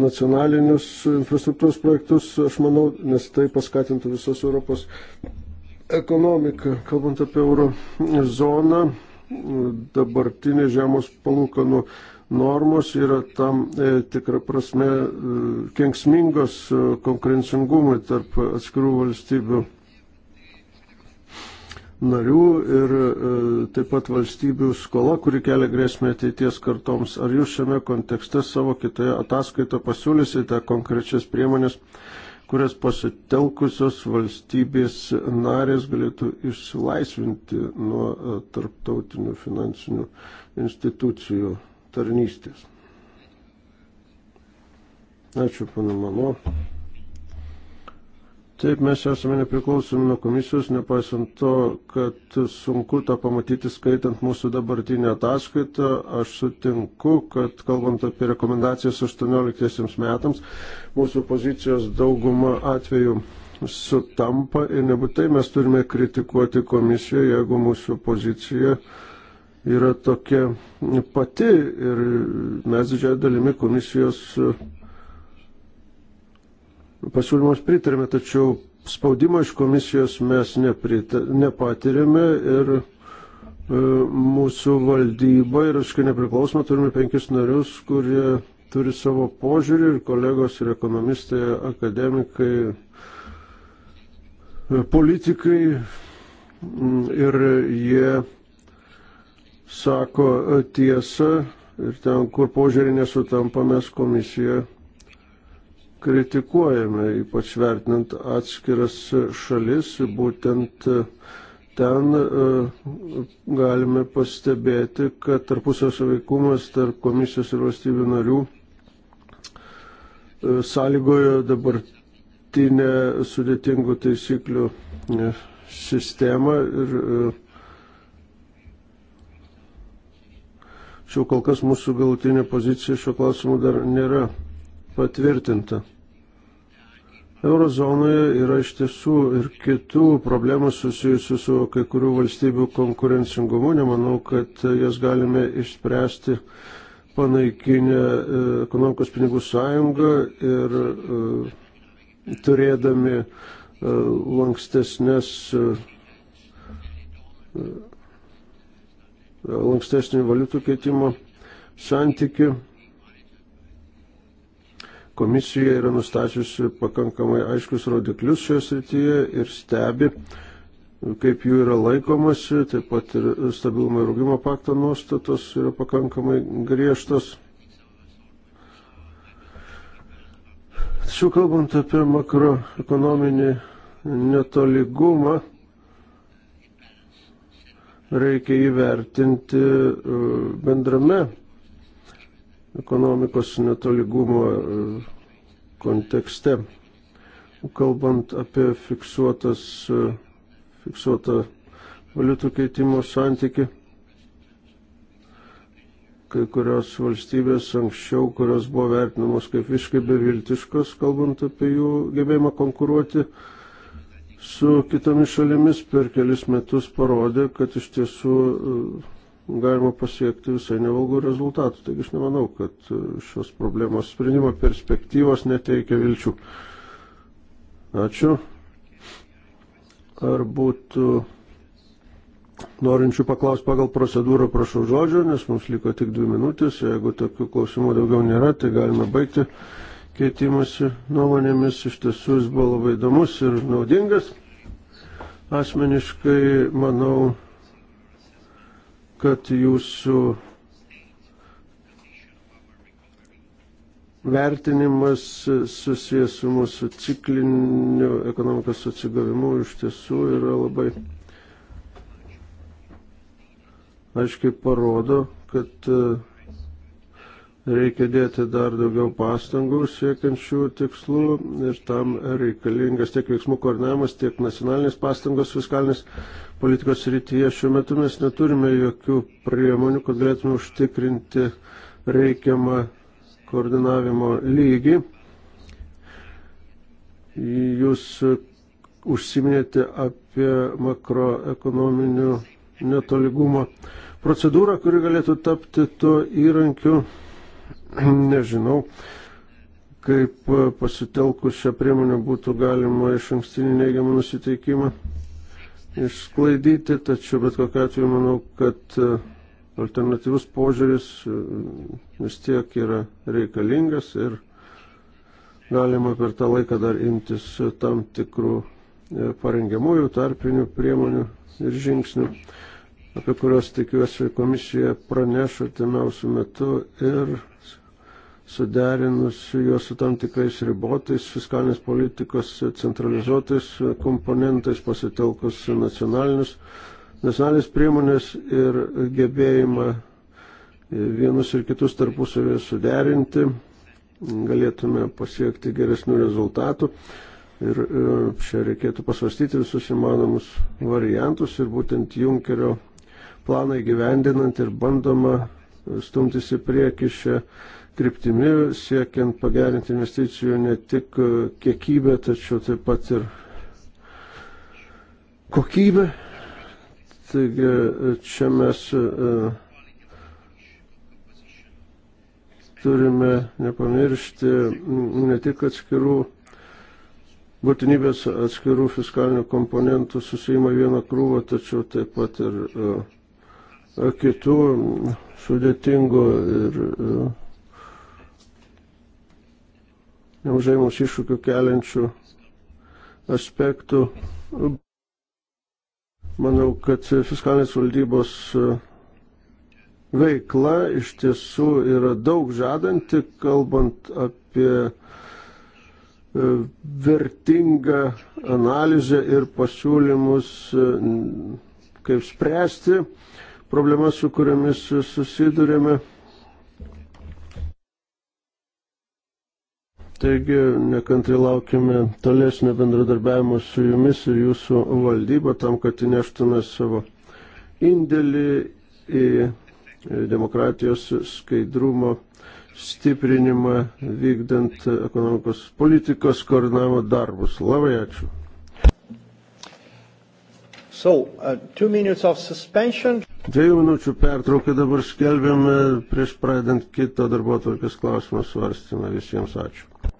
nacionalinius infrastruktūros projektus, aš manau, nes tai paskatintų visos Europos ekonomiką. Kalbant apie euro zoną, dabartinė žemos palūkanų normos yra tam e, tikra prasme e, kenksmingos e, konkurencingumui tarp atskirų valstybių narių ir e, taip pat valstybių skola, kuri kelia grėsmę ateities kartoms. Ar jūs šiame kontekste savo kitoje ataskaitoje pasiūlysite konkrečias priemonės, kurias pasitelkusios valstybės narės galėtų išsilaisvinti nuo e, tarptautinių finansinių institucijų tarnystės? Ačiū, pana Mano. Taip, mes esame nepriklausomi nuo komisijos, nepaisant to, kad sunku tą pamatyti skaitant mūsų dabartinę ataskaitą. Aš sutinku, kad kalbant apie rekomendacijas 18 metams, mūsų pozicijos dauguma atveju sutampa ir nebūtai mes turime kritikuoti komisiją, jeigu mūsų pozicija yra tokia pati ir mes didžiąją dalimi komisijos pasiūlymams pritarėme, tačiau spaudimo iš komisijos mes neprita, nepatirėme ir e, mūsų valdyba ir iškai nepriklausoma turime penkis narius, kurie turi savo požiūrį ir kolegos ir ekonomistai, akademikai, e, politikai ir jie sako tiesą ir ten, kur požiūrį nesutampa, mes komisiją kritikuojame, ypač vertinant atskiras šalis, būtent e, ten e, galime pastebėti, kad tarpusio saveikumas tarp komisijos ir valstybių narių e, sąlygojo dabartinę sudėtingų taisyklių sistemą ir šiuo kol kas mūsų galutinė pozicija šiuo klausimu dar nėra patvirtinta. Eurozonoje yra iš tiesų ir kitų problemų susijusių su kai kurių valstybių konkurencingumu. Nemanau, kad jas galime išspręsti panaikinę e, ekonomikos pinigų sąjungą ir e, turėdami e, lankstesnės lankstesnį valiutų keitimo santykių Komisija yra nustačiusi pakankamai aiškius rodiklius šioje srityje ir stebi, kaip jų yra laikomasi, taip pat ir stabilumo ir augimo pakto nuostatos yra pakankamai griežtos. Tačiau kalbant apie makroekonominį netoligumą, reikia įvertinti e, bendrame ekonomikos netoligumo e, kontekste. Kalbant apie fiksuotas, e, fiksuotą valiutų keitimo santyki, kai kurios valstybės anksčiau, kurios buvo vertinamos kaip visiškai beviltiškos, kalbant apie jų gebėjimą konkuruoti su kitomis šalimis, per kelis metus parodė, kad iš tiesų e, galima pasiekti visai nevalgų rezultatų. Taigi aš nemanau, kad e, šios problemos sprendimo perspektyvos neteikia vilčių. Ačiū. Ar būtų norinčių paklausti pagal procedūrą, prašau žodžio, nes mums liko tik dvi minutės. Jeigu tokių klausimų daugiau nėra, tai galime baigti keitimasi nuomonėmis. Iš tiesų jis buvo labai įdomus ir naudingas. Asmeniškai, manau, kad jūsų vertinimas susijęs su mūsų cikliniu ekonomikos atsigavimu iš tiesų yra labai aiškiai parodo, kad uh, reikia dėti dar daugiau pastangų siekiant šių tikslų ir tam reikalingas tiek veiksmų koordinavimas, tiek nacionalinės pastangos fiskalinės politikos rytyje. Šiuo metu mes neturime jokių priemonių, kad galėtume užtikrinti reikiamą koordinavimo lygį. Jūs užsiminėte apie makroekonominių netoligumą procedūrą, kuri galėtų tapti tuo įrankiu, *clears throat* nežinau, kaip e, pasitelkus šią priemonę būtų galima iš ankstinį neigiamą nusiteikimą išsklaidyti, tačiau bet kokiu atveju manau, kad e, alternatyvus požiūris e, vis tiek yra reikalingas ir galima per tą laiką dar imtis tam tikrų parengiamųjų tarpinių priemonių ir žingsnių, apie kuriuos tikiuosi komisija praneš artimiausių metų ir suderinus juos su tam tikrais ribotais fiskalinės politikos centralizuotais komponentais, pasitelkus nacionalinius, nacionalinės priemonės ir gebėjimą vienus ir kitus tarpusavėje suderinti, galėtume pasiekti geresnių rezultatų. Ir e, čia reikėtų pasvastyti visus įmanomus variantus ir būtent Junkerio planą įgyvendinant ir bandoma stumtis į priekį šią kryptimi, siekiant pagerinti investicijų ne tik kiekybę, tačiau taip pat ir kokybę. Taigi čia mes e, turime nepamiršti ne tik atskirų būtinybės atskirų fiskalinių komponentų susijimą vieną krūvą, tačiau taip pat ir e, kitų sudėtingų ir e, nemažai mums iššūkių keliančių aspektų. Manau, kad fiskalinės valdybos e, veikla iš tiesų yra daug žadanti, kalbant apie e, vertingą analizę ir pasiūlymus, e, kaip spręsti problemas, su kuriamis susidurėme. Taigi nekantri laukime tolesnio bendradarbiavimo su jumis ir jūsų valdyba tam, kad įneštume savo indėlį į demokratijos skaidrumo stiprinimą vykdant ekonomikos politikos koordinavimo darbus. Labai ačiū. So, uh, Dviejų minučių pertrauką dabar skelbiame prieš pradant kito darbo tvarkės klausimą svarstymą. Visiems ačiū.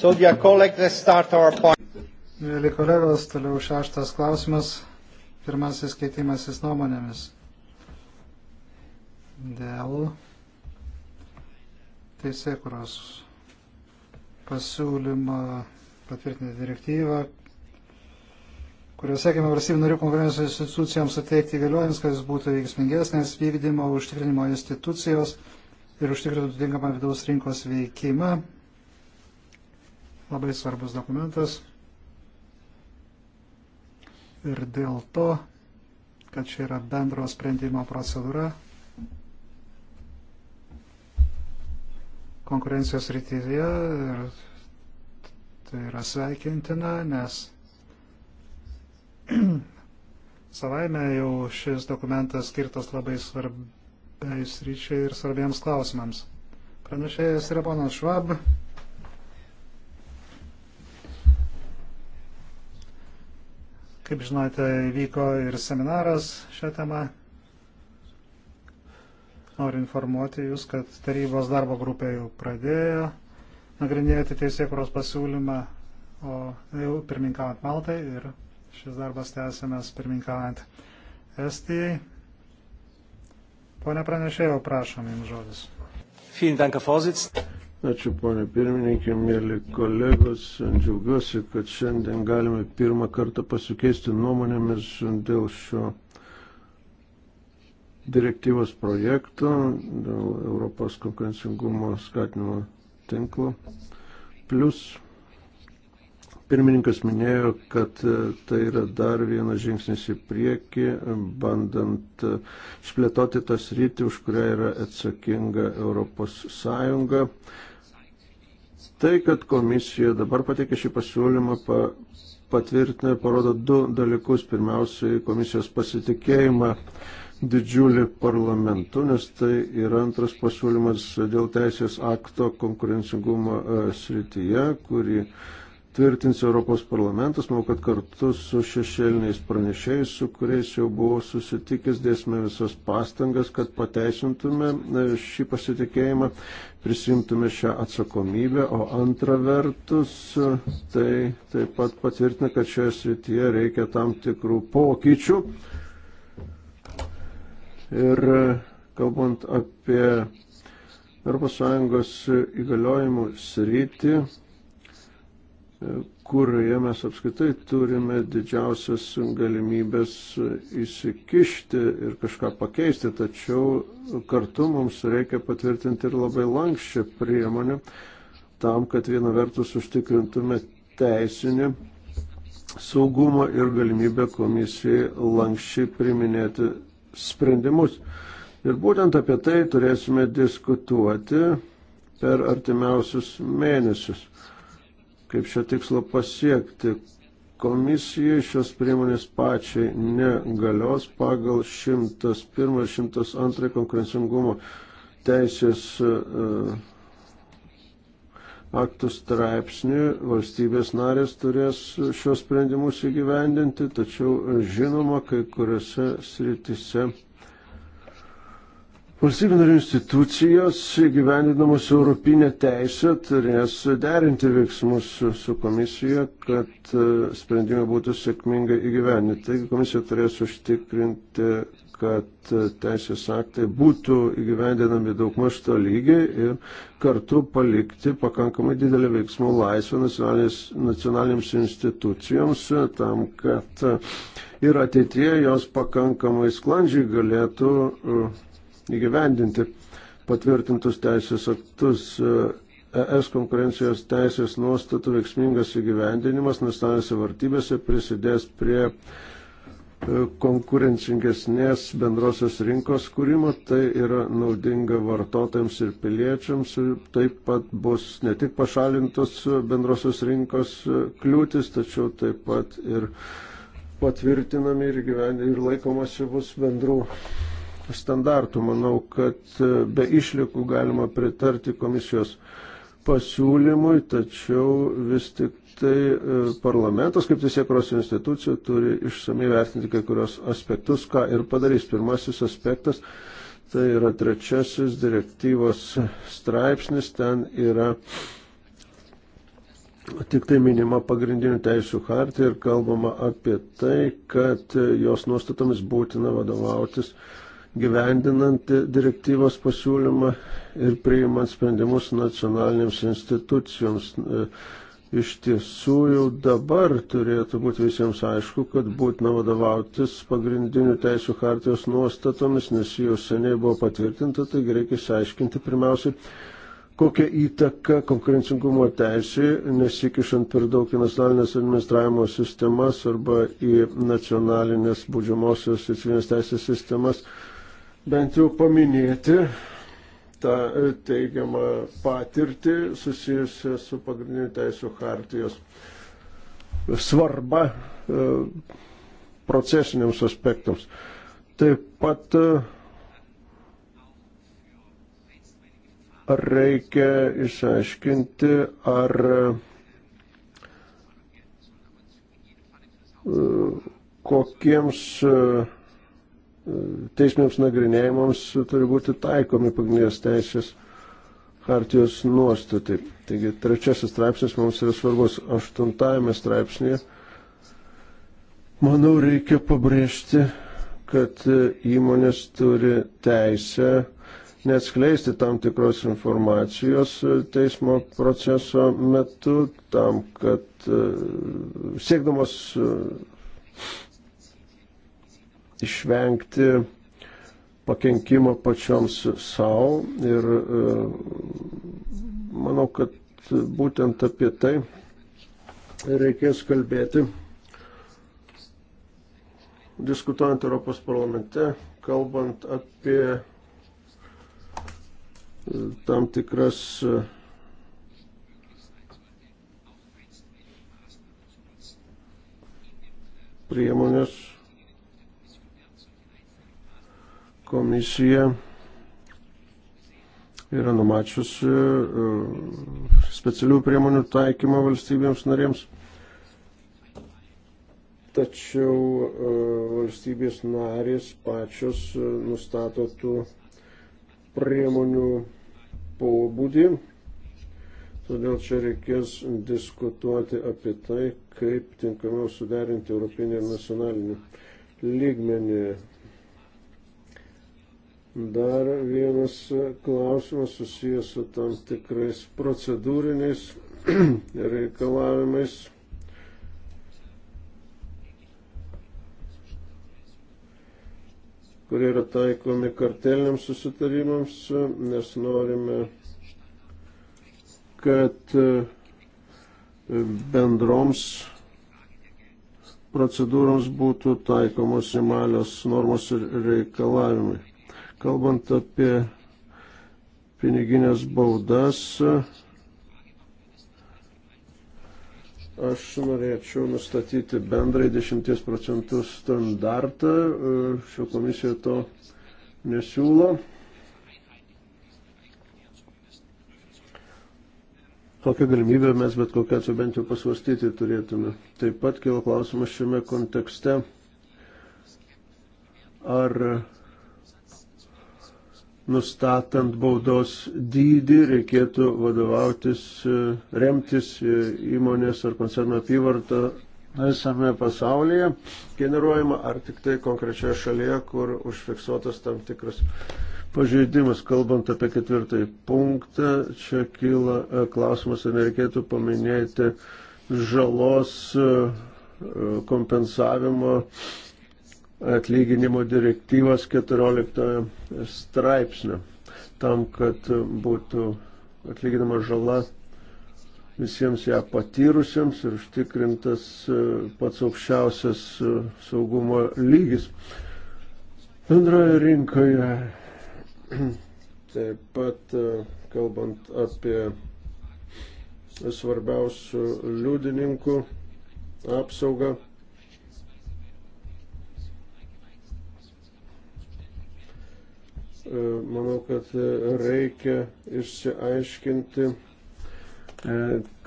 So, dear colleague, let's start our point. Mėly kolegos, toliau šeštas klausimas. Pirmasis keitimasis nuomonėmis. Dėl teisėkuros pasiūlymą patvirtinti direktyvą, kuriuo siekiame valstybių narių konkurencijos institucijoms suteikti įgaliojimus, kad jis būtų veiksmingesnės vykdymo užtikrinimo institucijos ir užtikrintų tinkamą vidaus rinkos veikimą labai svarbus dokumentas. Ir dėl to, kad čia yra bendro sprendimo procedūra, konkurencijos rytyje ir tai yra sveikintina, nes *clears throat* savaime jau šis dokumentas skirtas labai svarbiais ryčiai ir svarbiems klausimams. Pranešėjas yra ponas Švab. Kaip žinote, vyko ir seminaras šią temą. Noriu informuoti Jūs, kad tarybos darbo grupė jau pradėjo nagrinėti teisėkuros pasiūlymą, o jau pirminkavant Maltai ir šis darbas tęsiamas pirminkavant Estijai. Pone pranešėjau, prašom Jums žodis. Ačiū, ponė pirmininkė, mėly kolegos. Džiaugiuosi, kad šiandien galime pirmą kartą pasikeisti nuomonėmis dėl šio direktyvos projekto, dėl Europos konkurencingumo skatinimo tinklo. Plus pirmininkas minėjo, kad tai yra dar vienas žingsnis į priekį, bandant išplėtoti tas rytį, už kurią yra atsakinga Europos Sąjunga. Tai, kad komisija dabar pateikė šį pasiūlymą, pa, patvirtina ir parodo du dalykus. Pirmiausiai, komisijos pasitikėjimą didžiulį parlamentu, nes tai yra antras pasiūlymas dėl teisės akto konkurencingumo e, srityje, kurį tvirtins Europos parlamentas. Manau, kad kartu su šešėliniais pranešėjais, su kuriais jau buvau susitikęs, dėsime visas pastangas, kad pateisintume e, šį pasitikėjimą, prisimtume šią atsakomybę. O antra vertus, e, tai taip pat patvirtina, kad šioje srityje reikia tam tikrų pokyčių. Ir e, kalbant apie ES įgaliojimų sritį, kurioje mes apskaitai turime didžiausias galimybės įsikišti ir kažką pakeisti, tačiau kartu mums reikia patvirtinti ir labai lankščią priemonę tam, kad viena vertus užtikrintume teisinį saugumą ir galimybę komisijai lankščiai priminėti sprendimus. Ir būtent apie tai turėsime diskutuoti per artimiausius mėnesius kaip šio tikslo pasiekti. Komisijai šios priemonės pačiai negalios pagal 101 ir 102 konkurencingumo teisės e, aktų straipsnį valstybės narės turės šios sprendimus įgyvendinti, tačiau e, žinoma, kai kuriuose sritise Valstybių narių institucijos gyvendinamos Europinę teisę turės derinti veiksmus su, su komisija, kad e, sprendimai būtų sėkmingai įgyvendinti. Taigi komisija turės užtikrinti, kad e, teisės aktai būtų įgyvendinami daug maž to lygiai ir kartu palikti pakankamai didelį veiksmų laisvę nacionalinėms institucijoms e, tam, kad ir ateitie jos pakankamai sklandžiai galėtų uh, įgyvendinti patvirtintus teisės aktus. ES konkurencijos teisės nuostatų veiksmingas įgyvendinimas nacionalinėse vartybėse prisidės prie e, konkurencingesnės bendrosios rinkos kūrimo, tai yra naudinga vartotojams ir piliečiams, taip pat bus ne tik pašalintos bendrosios rinkos e, kliūtis, tačiau taip pat ir patvirtinami ir, gyveni, ir laikomasi bus bendrų standartų. Manau, kad e, be išlikų galima pritarti komisijos pasiūlymui, tačiau vis tik tai e, parlamentas kaip teisėkros institucija turi išsamei vertinti kai kurios aspektus, ką ir padarys. Pirmasis aspektas tai yra trečiasis direktyvos straipsnis, ten yra tik tai minima pagrindinių teisų hartė ir kalbama apie tai, kad jos nuostatomis būtina vadovautis gyvendinant direktyvos pasiūlymą ir priimant sprendimus nacionalinėms institucijoms. E, iš tiesų jau dabar turėtų būti visiems aišku, kad būtina vadovautis pagrindinių teisų hartijos nuostatomis, nes jau seniai buvo patvirtinta, taigi reikia išsiaiškinti pirmiausiai, kokią įtaką konkurencingumo teisė, nesikišant per daug į nacionalinės administravimo sistemas arba į nacionalinės būdžiamosios ir civilinės teisės sistemas, bent jau paminėti tą e, teigiamą patirtį susijusią su pagrindiniu teisų hartijos svarba e, procesiniams aspektams. Taip pat e, reikia išaiškinti, ar kokiems uh, teismėms nagrinėjimams turi būti taikomi pagrindinės teisės hartijos nuostatai. Taigi trečiasis straipsnis mums yra svarbus. Aštuntajame straipsnėje, manau, reikia pabrėžti, kad įmonės turi teisę neatskleisti tam tikros informacijos teismo proceso metu, tam, kad siekdamas išvengti pakenkimo pačioms savo ir e, manau, kad būtent apie tai reikės kalbėti. Diskutuojant Europos parlamente, kalbant apie e, tam tikras e, priemonės komisija yra numačiusi e, specialių priemonių taikymą valstybėms narėms. Tačiau e, valstybės narės pačios e, nustato tų priemonių pobūdį. Todėl čia reikės diskutuoti apie tai, kaip tinkamiau suderinti europinį ir nacionalinį lygmenį. Dar vienas e, klausimas susijęs su tam tikrais procedūriniais *clears throat* reikalavimais. kurie yra taikomi karteliniams susitarimams, e, nes norime, kad e, bendroms procedūroms būtų taikomos įmalios normos ir reikalavimai. Kalbant apie piniginės baudas, aš norėčiau nustatyti bendrai 10 procentų standartą. Šio komisija to nesiūlo. Tokią galimybę mes bet kokią čia bent jau pasvastyti turėtume. Taip pat kilo klausimas šiame kontekste, ar nustatant baudos dydį reikėtų vadovautis, e, remtis e, įmonės ar koncerno apyvartą visame pasaulyje generuojama ar tik tai konkrečioje šalyje, kur užfiksuotas tam tikras pažeidimas. Kalbant apie ketvirtąjį punktą, čia kyla e, klausimas, ar nereikėtų paminėti žalos kompensavimo atlyginimo direktyvos 14 straipsnio, tam, kad būtų atlyginama žala visiems ją patyrusiems ir užtikrintas e, pats aukščiausias e, saugumo lygis. Bendroje rinkoje *clears throat* taip pat e, kalbant apie svarbiausių liudininkų apsaugą E, manau, kad reikia išsiaiškinti, e,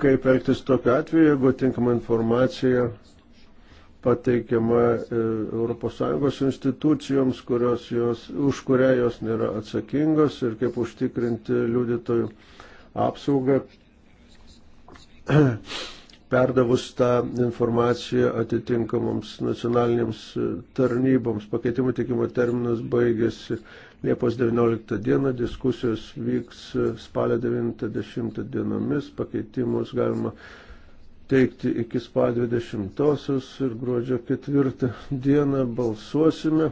kaip elgtis tokiu atveju, jeigu tinkama informacija pateikiama ES institucijoms, jos, už kurią jos nėra atsakingos ir kaip užtikrinti liudytojų apsaugą, *clears throat* perdavus tą informaciją atitinkamoms nacionalinėms tarnyboms. Pakeitimų tikimo terminas baigėsi Liepos 19 dieną, diskusijos vyks spalio 90 dienomis, pakeitimus galima teikti iki spalio 20 ir gruodžio 4 dieną balsuosime.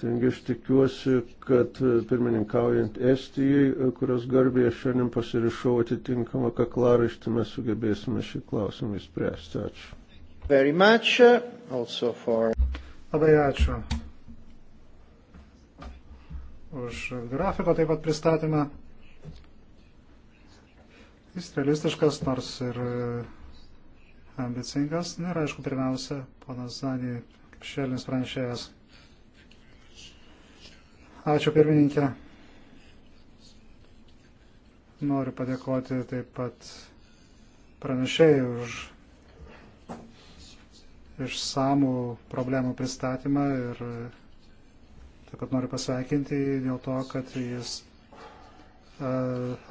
Taigi aš tikiuosi, kad pirmininkaujant Estijai, kurios garbėje šiandien pasirišau atitinkamą kaklaraštį, mes sugebėsime šį klausimą įspręsti. Ačiū. For... Labai ačiū už grafiko taip pat pristatymą. Jis realistiškas, nors ir e, ambicingas. Na ir aišku, pirmiausia, ponas Zanį, kaip šėlinis pranešėjas. Ačiū pirmininkė. Noriu padėkoti taip pat pranešėjai už išsamų problemų pristatymą ir Taip pat noriu pasveikinti dėl to, kad jis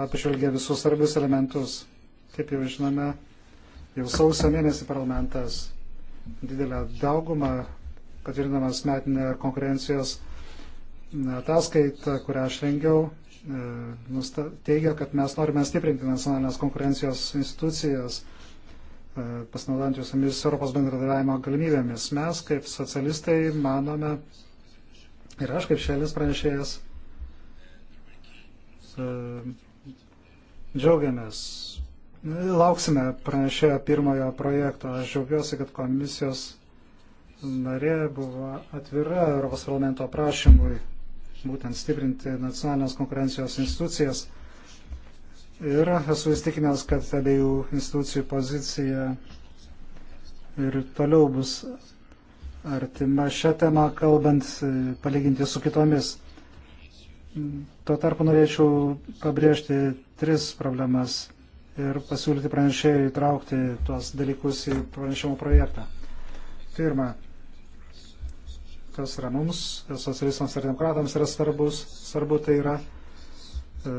apžvelgia visus svarbius elementus. Kaip jau žinome, jau sausio mėnesį parlamentas didelę daugumą patvirtinamas metinę konkurencijos ataskaitą, kurią aš rengiau, e, teigia, kad mes norime stiprinti nacionalinės konkurencijos institucijas, e, pasinaudant visomis Europos bendradarbiavimo galimybėmis. Mes, kaip socialistai, manome, Ir aš kaip šešėlis pranešėjas e, džiaugiamės. Lauksime pranešėjo pirmojo projekto. Aš džiaugiuosi, kad komisijos narė buvo atvira Europos parlamento prašymui būtent stiprinti nacionalinės konkurencijos institucijas. Ir esu įstikinęs, kad abiejų institucijų pozicija ir toliau bus artima šią temą, kalbant e, palyginti su kitomis. Tuo tarpu norėčiau pabrėžti tris problemas ir pasiūlyti pranešėjui įtraukti tuos dalykus į pranešimo projektą. Pirma, kas yra mums, socialistams ir demokratams yra svarbus, svarbu tai yra e,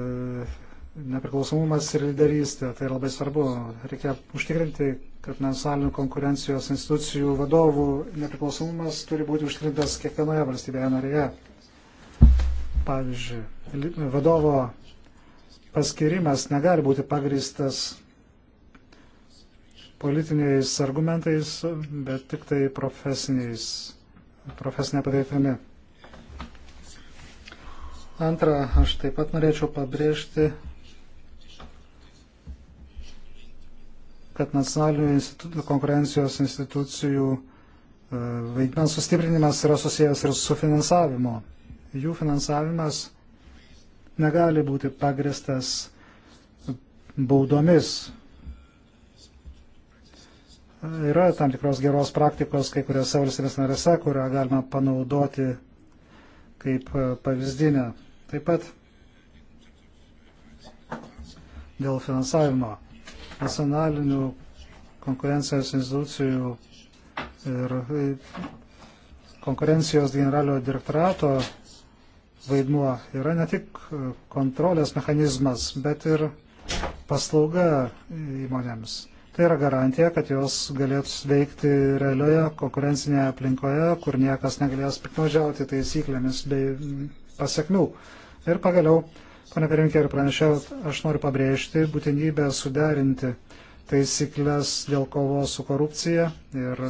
nepriklausomumas ir lyderystė. Tai labai svarbu. Reikia užtikrinti, kad nacionalinių konkurencijos institucijų vadovų nepriklausomumas turi būti užtikrintas kiekvienoje valstybėje narėje. Pavyzdžiui, vadovo paskirimas negali būti pagristas politiniais argumentais, bet tik tai profesiniais, profesinė padėtimi. Antra, aš taip pat norėčiau pabrėžti kad nacionalinių institu, konkurencijos institucijų e, vaidmens sustiprinimas yra susijęs ir su finansavimu. Jų finansavimas negali būti pagristas baudomis. Yra tam tikros geros praktikos kai kuriuose valstybės narėse, kurią galima panaudoti kaip e, pavyzdinę. Taip pat dėl finansavimo nacionalinių konkurencijos institucijų ir e, konkurencijos generalio direktorato vaidmuo yra ne tik e, kontrolės mechanizmas, bet ir paslauga įmonėms. Tai yra garantija, kad jos galės veikti realioje konkurencinėje aplinkoje, kur niekas negalės piknaudžiauti taisyklėmis bei pasiekmių. Ir pagaliau Pane Perinkė ir pranešė, aš noriu pabrėžti būtinybę suderinti taisyklės dėl kovos su korupcija ir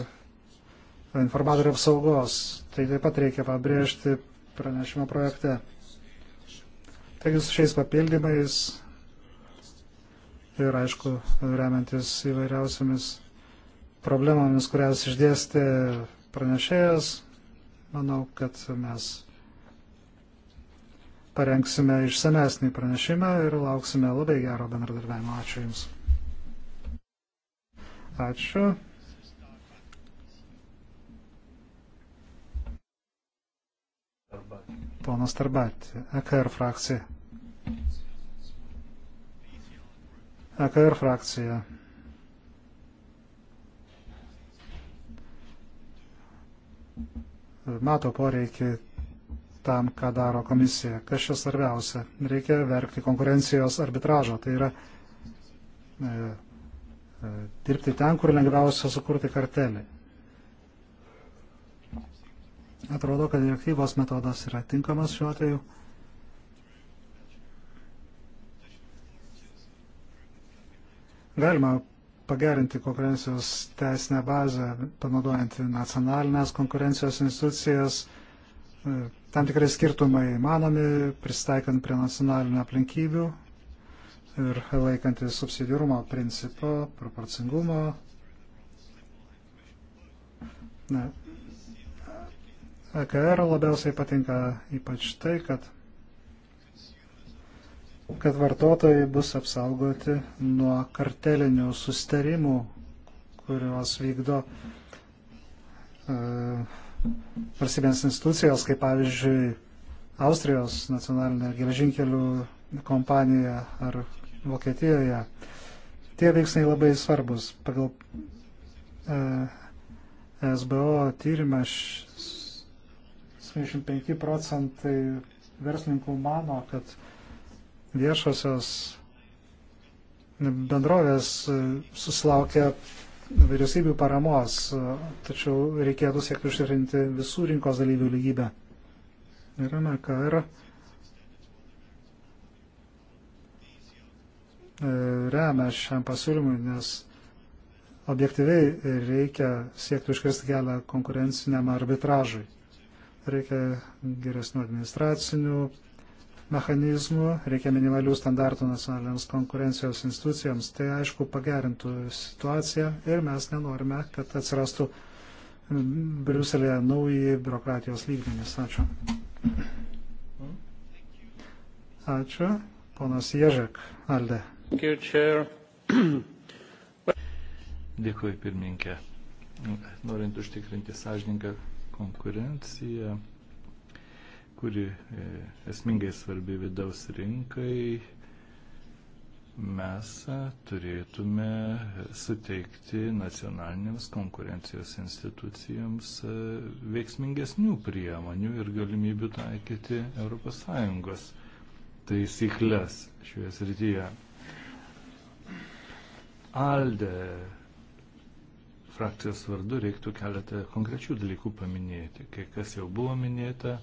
informatorių apsaugos. Tai taip pat reikia pabrėžti pranešimo projekte. Taigi su šiais papildymais ir aišku, remiantis įvairiausiamis problemomis, kurias išdėstė pranešėjas, manau, kad mes parengsime išsamesnį pranešimą ir lauksime labai gero bendradarbiavimo. Ačiū Jums. Ačiū. Ponas Tarbatė, EKR frakcija. EKR frakcija. Mato poreikį tam, ką daro komisija. Kas čia svarbiausia? Reikia verkti konkurencijos arbitražo. Tai yra e, e, dirbti ten, kur lengviausia sukurti kartelį. Atrodo, kad direktyvos metodas yra tinkamas šiuo atveju. Galima pagerinti konkurencijos teisinę bazę, panaudojant nacionalinės konkurencijos institucijas, e, tam tikrai skirtumai manomi, pristaikant prie nacionalinių aplinkybių ir laikantis subsidiarumo principo, proporcingumo. Na, AKR e labiausiai patinka ypač tai, kad, kad vartotojai bus apsaugoti nuo kartelinių sustarimų, kuriuos vykdo uh, valstybės institucijos, kaip pavyzdžiui Austrijos nacionalinė geležinkelių kompanija ar Vokietijoje. Tie veiksniai labai svarbus. Pagal e, SBO tyrimą 75 procentai verslininkų mano, kad viešosios bendrovės e, susilaukia vyriausybių paramos, tačiau reikėtų siekti užtikrinti visų rinkos dalyvių lygybę. Ir MKR e, remia šiam pasiūlymui, nes objektyviai reikia siekti užkirsti kelią konkurenciniam arbitražui. Reikia geresnių administracinių mechanizmų, reikia minimalių standartų nacionaliniams konkurencijos institucijoms. Tai aišku pagerintų situaciją ir mes nenorime, kad atsirastų Briuselėje nauji biurokratijos lygmenys. Ačiū. Ačiū. Ponas Ježek, Alde. *clears throat* Dėkui, pirmininkė. Norint užtikrinti sąžininką konkurenciją, kuri e, esmingai svarbi vidaus rinkai, mes e, turėtume suteikti nacionalinėms konkurencijos institucijoms e, veiksmingesnių priemonių ir galimybių taikyti ES taisyklės šioje srityje. Alde frakcijos vardu reiktų keletą konkrečių dalykų paminėti. Kai kas jau buvo minėta,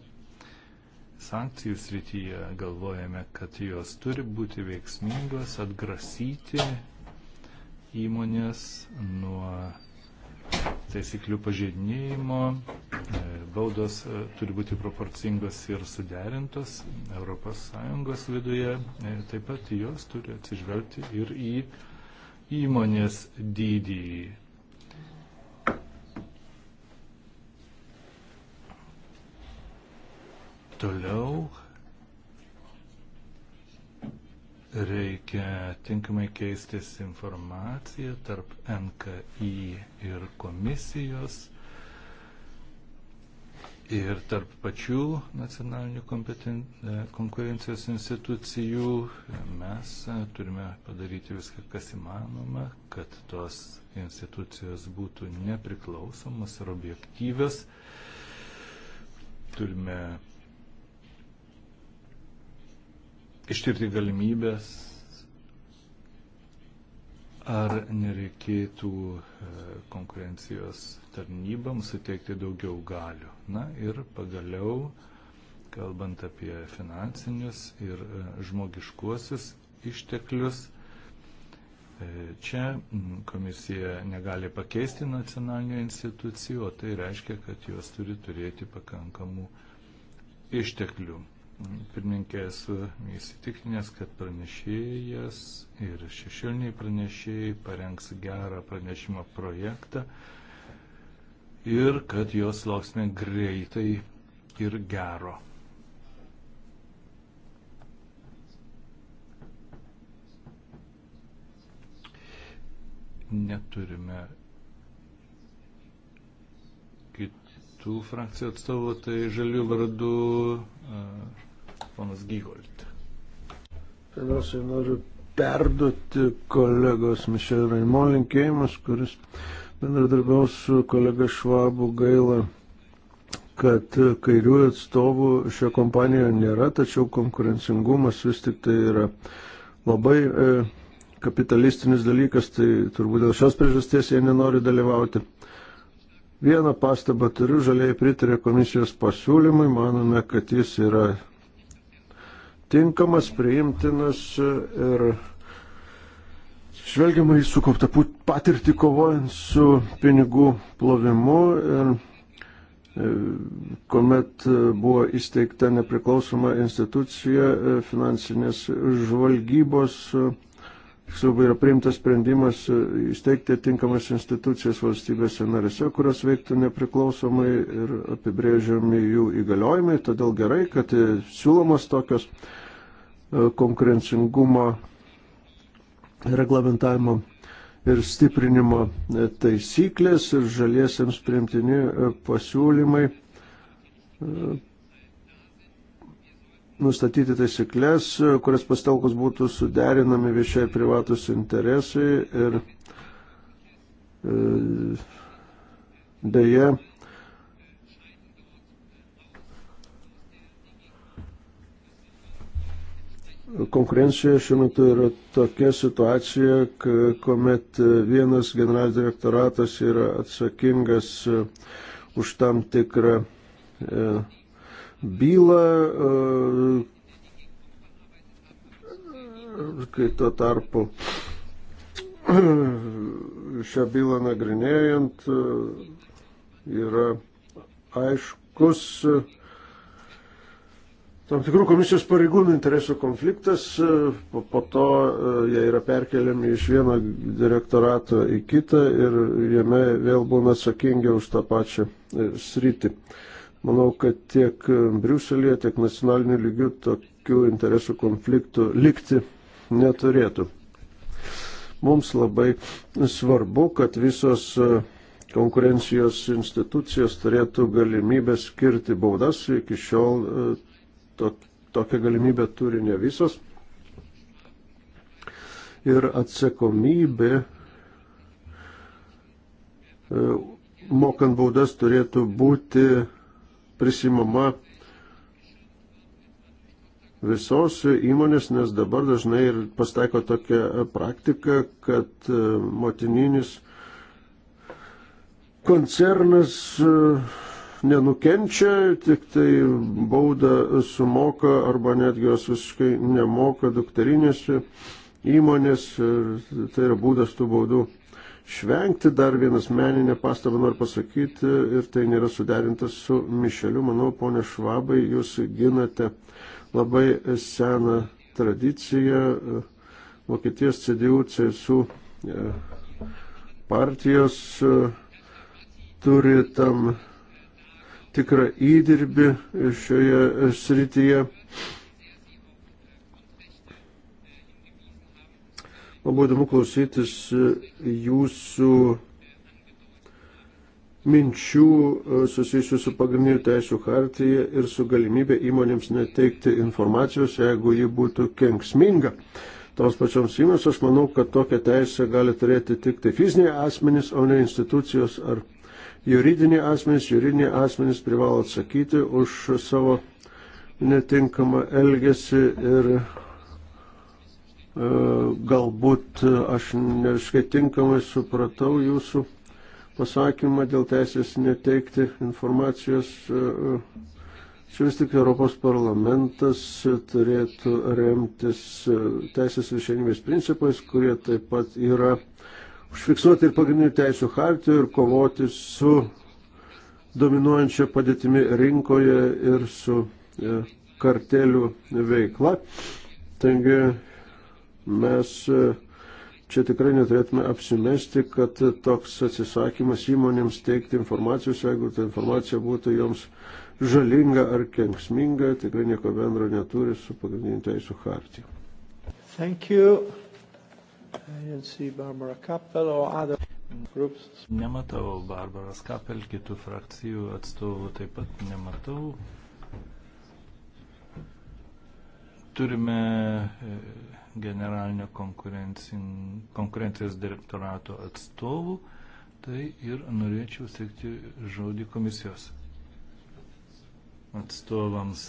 sankcijų srityje galvojame, kad jos turi būti veiksmingos, atgrasyti įmonės nuo taisyklių pažeidinėjimo. E, baudos e, turi būti proporcingos ir suderintos ES viduje. E, taip pat jos turi atsižvelgti ir į įmonės dydį Toliau reikia tinkamai keistis informaciją tarp NKI ir komisijos ir tarp pačių nacionalinių e, konkurencijos institucijų mes e, turime padaryti viską, kas įmanoma, kad tos institucijos būtų nepriklausomos ir objektyvios. Turime ištirti galimybės, ar nereikėtų e, konkurencijos tarnybams suteikti daugiau galių. Na ir pagaliau, kalbant apie finansinius ir e, žmogiškuosius išteklius, e, Čia komisija negali pakeisti nacionalinių institucijų, o tai reiškia, kad jos turi turėti pakankamų išteklių pirmininkės įsitikinęs, kad pranešėjas ir šešilniai pranešėjai parengs gerą pranešimo projektą ir kad jos lauksime greitai ir gero. Neturime kitų frakcijų atstovų, tai žalių vardų. Uh, ponas Gygolt. Pirmiausia, noriu perduoti kolegos Mišel Raimo linkėjimus, kuris bendradarbiaus su kolega Švabu gaila, kad kairiųjų atstovų šio kompanijoje nėra, tačiau konkurencingumas vis tik tai yra labai e, kapitalistinis dalykas, tai turbūt dėl šios priežasties jie nenori dalyvauti. Vieną pastabą turiu, žaliai pritarė komisijos pasiūlymui, manome, kad jis yra tinkamas, priimtinas ir žvelgiama į sukauptą patirtį kovojant su pinigų plovimu ir e, kuomet buvo įsteigta nepriklausoma institucija e, finansinės žvalgybos e, Siubai yra priimtas sprendimas įsteigti tinkamas institucijas valstybėse narėse, kurios veiktų nepriklausomai ir apibrėžiami jų įgaliojimai. Todėl gerai, kad siūlomos tokios konkurencingumo reglamentavimo ir stiprinimo taisyklės ir žaliesiams primtini e, pasiūlymai e, nustatyti taisyklės, e, kurias pastaukus būtų suderinami viešai privatus interesai ir dėja konkurencijoje šiuo metu yra tokia situacija, kuomet vienas generalinis direktoratas yra atsakingas e, už tam tikrą e, bylą, e, kai tuo tarpu šią bylą nagrinėjant yra aiškus tam tikrų komisijos pareigūnų interesų konfliktas, e, po, po to e, jie yra perkeliami iš vieno direktorato į kitą ir jame vėl būna atsakingi už tą pačią e, sritį. Manau, kad tiek Briuselėje, tiek nacionaliniu lygiu tokių interesų konfliktų likti neturėtų. Mums labai svarbu, kad visos konkurencijos institucijos turėtų galimybę skirti baudas, iki šiol Tokią galimybę turi ne visos. Ir atsakomybė e, mokant baudas turėtų būti prisimama visos įmonės, nes dabar dažnai ir pastaiko tokia praktika, kad e, motininis koncernas e, nenukenčia, tik tai baudą sumoka arba netgi jos visiškai nemoka dukterinės įmonės ir tai yra būdas tų baudų švengti. Dar vienas meninė pastaba noriu pasakyti ir tai nėra suderintas su Mišeliu. Manau, ponė Švabai, jūs ginate labai seną tradiciją Vokietijos CDU, CSU e, partijos e, turi tam tikrą įdirbį šioje srityje. Labai įdomu klausytis jūsų minčių susijusių su pagrindinių teisų hartyje ir su galimybė įmonėms neteikti informacijos, jeigu ji būtų kenksminga. Toms pačioms įmonėms aš manau, kad tokią teisę gali turėti tik tai fiziniai asmenys, o ne institucijos ar juridiniai asmenys, juridiniai asmenys privalo atsakyti už savo netinkamą elgesį ir e, galbūt aš ne viskai tinkamai supratau jūsų pasakymą dėl teisės neteikti informacijos. E, e, čia vis tik Europos parlamentas turėtų remtis teisės viršenybės principais, kurie taip pat yra užfiksuoti ir pagrindinių teisų hartiją ir kovoti su dominuojančia padėtimi rinkoje ir su e, kartelių veikla. Taigi mes e, čia tikrai neturėtume apsimesti, kad toks atsisakymas įmonėms teikti informacijos, jeigu ta informacija būtų joms žalinga ar kenksminga, tikrai nieko bendro neturi su pagrindiniu teisų hartiju. Thank you. Nematau Barbaras Kapel, kitų frakcijų atstovų taip pat nematau. Turime e, generalinio konkurencijos direktorato atstovų, tai ir norėčiau sėkti žodį komisijos atstovams.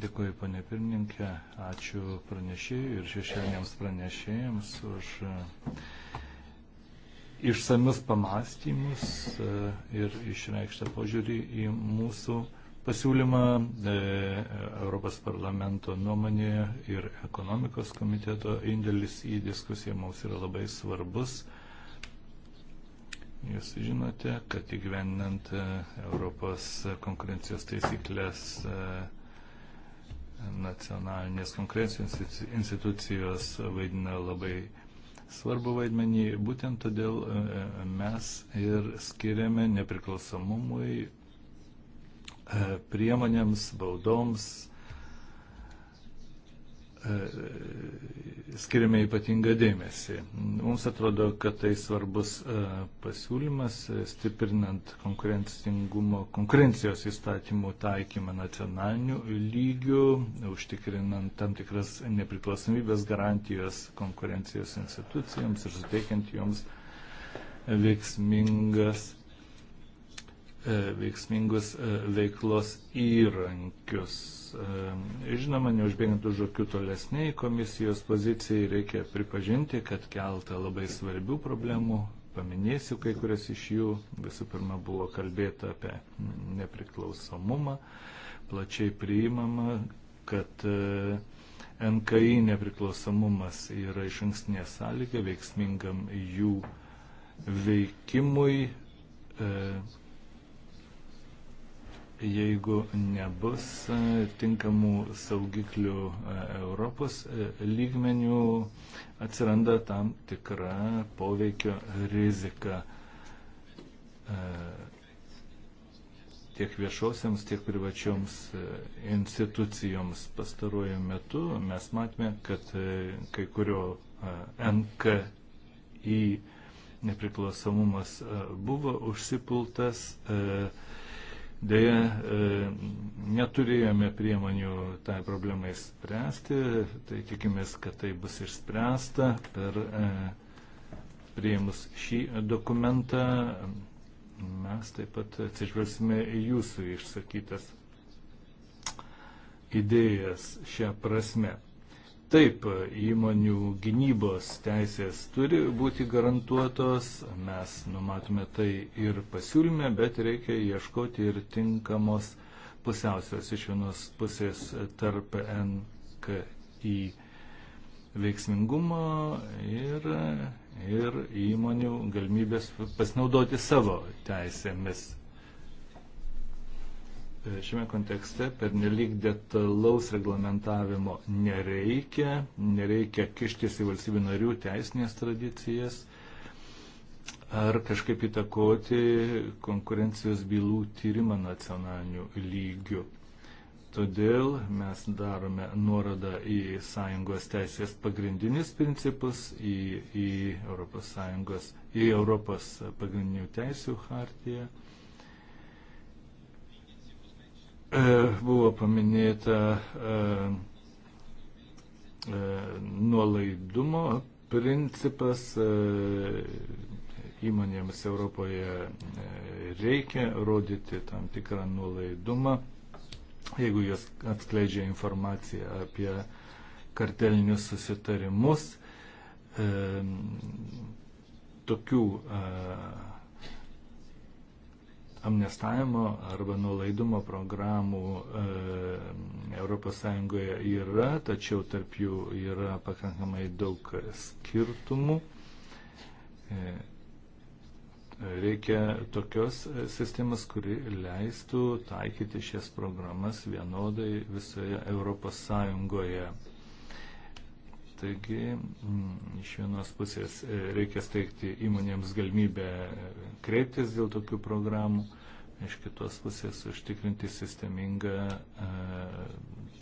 Dėkuoju, panė pirmininkė. Ačiū pranešėjai ir šešėliniams pranešėjams už e, išsamius pamastymus e, ir išreikštą požiūrį į mūsų pasiūlymą e, Europos parlamento nuomonė ir ekonomikos komiteto indėlis į diskusiją mums yra labai svarbus. Jūs žinote, kad įgyvendinant Europos konkurencijos taisyklės nacionalinės konkurencijos institucijos vaidina labai svarbu vaidmenį. Būtent todėl e, e, mes ir skiriame nepriklausomumui e, priemonėms, baudoms, E, skiriame ypatingą dėmesį. Mums atrodo, kad tai svarbus e, pasiūlymas, e, stiprinant konkurencijos įstatymų taikymą nacionaliniu lygiu, užtikrinant tam tikras nepriklausomybės garantijos konkurencijos institucijoms ir suteikiant joms veiksmingas E, veiksmingus e, veiklos įrankius. E, žinoma, neužbėgant už jokių tolesniai komisijos pozicijai, reikia pripažinti, kad keltą labai svarbių problemų. Paminėsiu kai kurias iš jų. Visų pirma, buvo kalbėta apie nepriklausomumą. Plačiai priimama, kad NKI nepriklausomumas yra iš ankstinė sąlyga veiksmingam jų veikimui. E, jeigu nebus e, tinkamų saugiklių e, Europos e, lygmenių, atsiranda tam tikra poveikio rizika tiek viešosiams, tiek privačioms institucijoms pastaruoju metu mes matėme, kad kai kurio NKI nepriklausomumas buvo užsipultas, Deja, e, neturėjome priemonių tą tai problemą išspręsti, tai tikimės, kad tai bus išspręsta per e, prieimus šį dokumentą. Mes taip pat atsižvelgsime į jūsų išsakytas idėjas šią prasme. Taip, įmonių gynybos teisės turi būti garantuotos, mes numatome tai ir pasiūlyme, bet reikia ieškoti ir tinkamos pusiausvės iš vienos pusės tarp NKI veiksmingumo ir, ir įmonių galimybės pasinaudoti savo teisėmis. E, šiame kontekste per nelik detalaus reglamentavimo nereikia, nereikia kištis į valstybių narių teisinės tradicijas ar kažkaip įtakoti konkurencijos bylų tyrimą nacionaliniu lygiu. Todėl mes darome nuorodą į sąjungos teisės pagrindinis principus, į, į, Europos, sąjungos, į Europos pagrindinių teisių hartiją E, buvo paminėta e, e, nuolaidumo principas įmonėms Europoje reikia rodyti tam tikrą nuolaidumą, jeigu jos atskleidžia informaciją apie kartelinius susitarimus. Tokių amnestavimo arba nulaidumo programų ES yra, tačiau tarp jų yra pakankamai daug skirtumų. E, reikia tokios sistemas, kuri leistų taikyti šias programas vienodai visoje ES. Taigi, mm, iš vienos pusės e, reikia steigti įmonėms galimybę e, kreiptis dėl tokių programų, iš kitos pusės užtikrinti sistemingą e,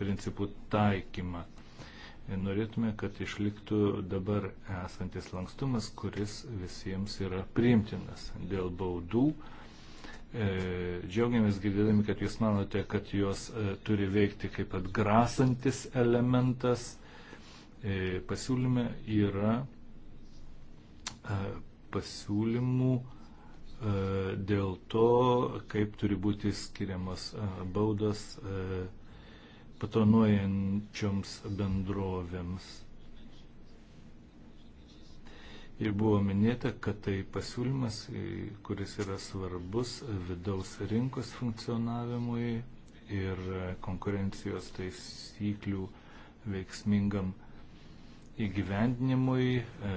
principų taikymą. Norėtume, kad išliktų dabar esantis lankstumas, kuris visiems yra priimtinas dėl baudų. Džiaugiamės girdėdami, kad jūs manote, kad jos turi veikti kaip atgrasantis elementas E, pasiūlyme yra e, pasiūlymų e, dėl to, kaip turi būti skiriamas baudas patonuojančioms bendrovėms. Ir buvo minėta, kad tai pasiūlymas, kuris yra svarbus vidaus rinkos funkcionavimui ir konkurencijos taisyklių veiksmingam įgyvendinimui. E,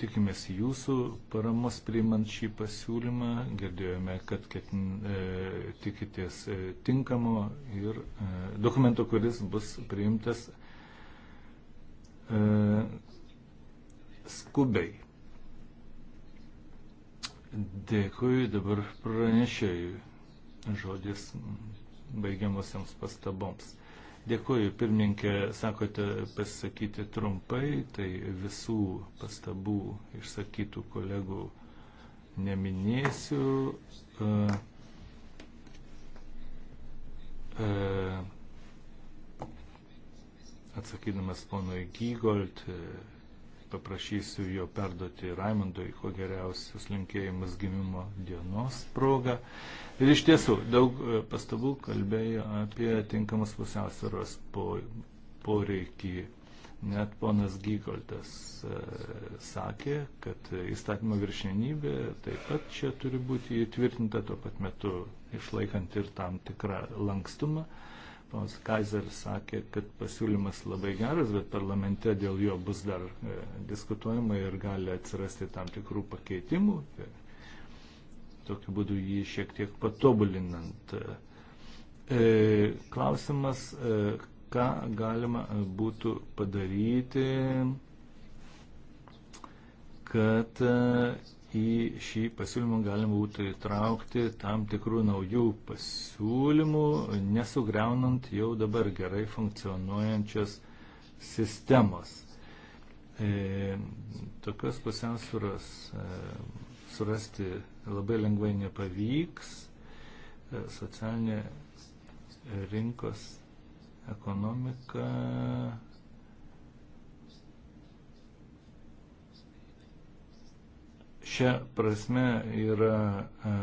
tikimės jūsų paramos priimant šį pasiūlymą. Girdėjome, kad ketin, e, tikitės e, tinkamo ir dokumento, kuris bus priimtas skubiai. Dėkui dabar pranešėjui žodis baigiamusiams pastaboms. Dėkuoju, pirmininkė, sakote pasakyti trumpai, tai visų pastabų išsakytų kolegų neminėsiu. Uh, uh, atsakydamas ponui Gygold, uh, paprašysiu jo perduoti Raimondui kuo geriausius linkėjimus gimimo dienos progą. Ir iš tiesų daug e, pastabų kalbėjo apie tinkamus pusiausvėros po, poreikį. Net ponas Gykoltas e, sakė, kad įstatymo viršienybė taip pat čia turi būti įtvirtinta tuo pat metu, išlaikant ir tam tikrą lankstumą. E, Pons Kaiser sakė, kad pasiūlymas labai geras, bet parlamente dėl jo bus dar e, diskutuojama ir gali atsirasti tam tikrų pakeitimų. E, tokiu būdu jį šiek tiek patobulinant. E, klausimas, ką galima būtų padaryti, kad į šį pasiūlymą galima būtų įtraukti tam tikrų naujų pasiūlymų, nesugriaunant jau dabar gerai funkcionuojančios sistemos. E, tokios pusiausvėros e, surasti labai lengvai nepavyks. E, socialinė rinkos ekonomika šia prasme yra e,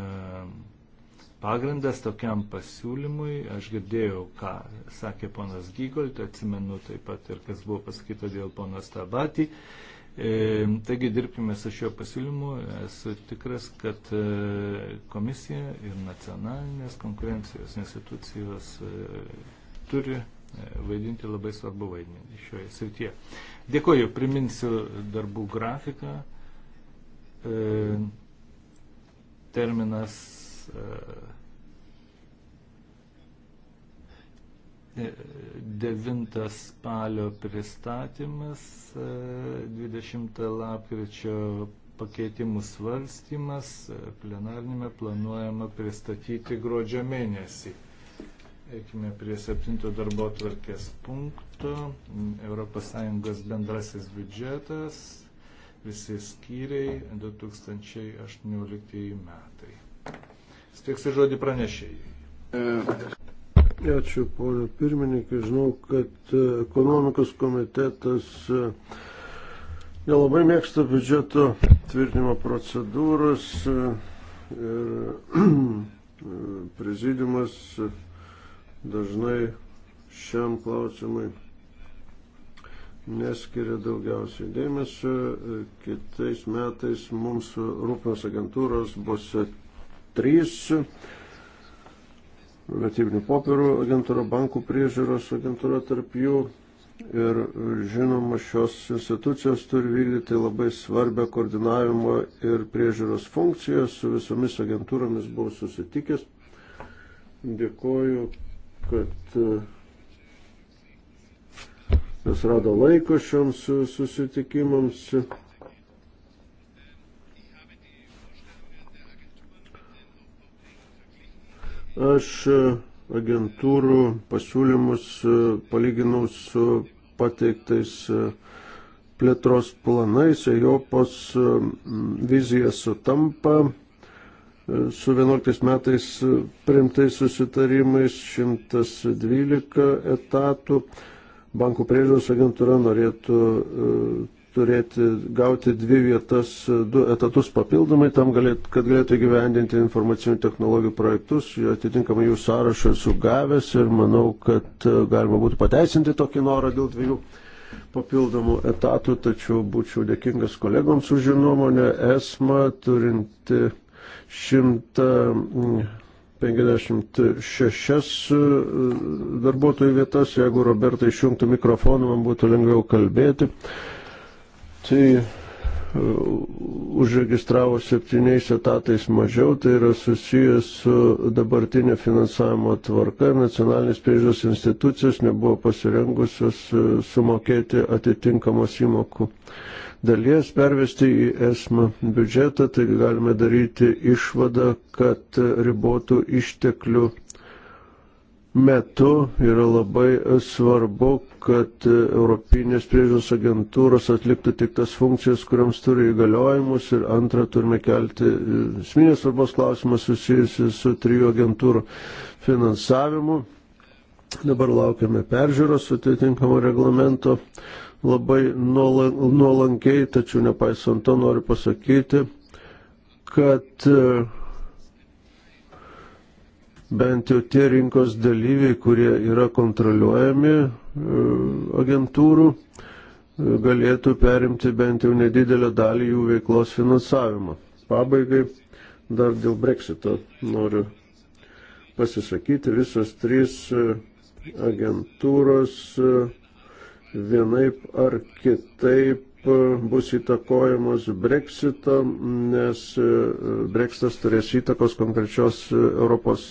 pagrindas tokiam pasiūlymui. Aš girdėjau, ką sakė ponas Gygolt, atsimenu taip pat ir kas buvo pasakyta dėl ponas Tabatį. E, taigi dirbkime su šiuo pasiūlymu. Esu tikras, kad e, komisija ir nacionalinės konkurencijos institucijos e, turi e, vaidinti labai svarbu vaidmenį šioje srityje. Dėkoju, priminsiu darbų grafiką. E, terminas e, e, devintas spalio pristatymas, 20 lapkričio pakeitimų svarstymas, plenarnime planuojama pristatyti gruodžio mėnesį. Eikime prie septinto darbo tvarkės punkto. ES bendrasis biudžetas visi skyriai 2018 metai. Steiksiu žodį pranešėjai. E, ačiū, ponio pirmininkai. Žinau, kad e, ekonomikos komitetas e, nelabai mėgsta biudžeto tvirtinimo procedūros ir prezidiumas dažnai šiam klausimui neskiria daugiausiai dėmesio. Kitais metais mums rūpnos agentūros bus trys vertybinių popierų agentūra, bankų priežiūros agentūra tarp jų. Ir žinoma, šios institucijos turi vykdyti labai svarbę koordinavimo ir priežiūros funkciją. Su visomis agentūromis buvau susitikęs. Dėkoju, kad uh, kas rado laiko šioms susitikimams. Aš e, agentūrų pasiūlymus e, palyginau su pateiktais e, plėtros planais, Europos vizija sutampa su 11 metais primtais susitarimais 112 etatų bankų priežiūros agentūra norėtų e, turėti, gauti dvi vietas, e, du etatus papildomai, tam galėt, kad galėtų gyvendinti informacinių technologijų projektus, atitinkamai jų sąrašą esu gavęs ir manau, kad e, galima būtų pateisinti tokį norą dėl dviejų papildomų etatų, tačiau būčiau dėkingas kolegoms už jų nuomonę. ESMA turinti šimtą. Mm, 56 e, darbuotojų vietas, jeigu Robertai išjungtų mikrofoną, man būtų lengviau kalbėti. Tai e, užregistravo septyniais etatais mažiau, tai yra susijęs su dabartinė finansavimo tvarka ir nacionalinės priežiūros institucijos nebuvo pasirengusios e, sumokėti atitinkamos įmokų dalies pervesti į esmą biudžetą, tai galime daryti išvadą, kad ribotų išteklių metu yra labai svarbu, kad Europinės priežiūros agentūros atliktų tik tas funkcijas, kuriams turi įgaliojimus ir antrą turime kelti esminės svarbos klausimas susijusi su trijų agentūrų finansavimu. Dabar laukiame peržiūros atitinkamo reglamento labai nuolankiai, tačiau nepaisant to noriu pasakyti, kad e, bent jau tie rinkos dalyviai, kurie yra kontroliuojami e, agentūrų, e, galėtų perimti bent jau nedidelę dalį jų veiklos finansavimo. Pabaigai dar dėl breksito noriu pasisakyti. Visos trys agentūros vienaip ar kitaip bus įtakojamos breksito, nes e, breksitas turės įtakos konkrečios Europos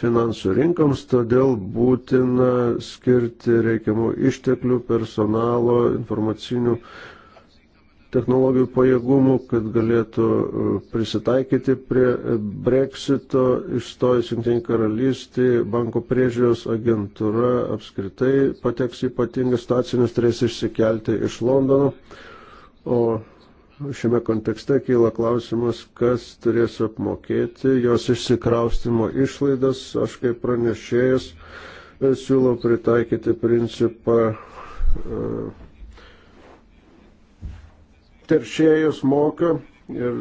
finansų rinkoms, todėl būtina skirti reikiamų išteklių, personalo, informacinių technologijų pajėgumų, kad galėtų e, prisitaikyti prie e, breksito, išstojus Junktinį karalystį, banko priežiūros agentūra apskritai pateks ypatingą staciją, nes turės išsikelti iš Londono. O šiame kontekste kyla klausimas, kas turės apmokėti jos išsikraustimo išlaidas. Aš kaip pranešėjas e, siūlau pritaikyti principą. Uh, teršėjus moka ir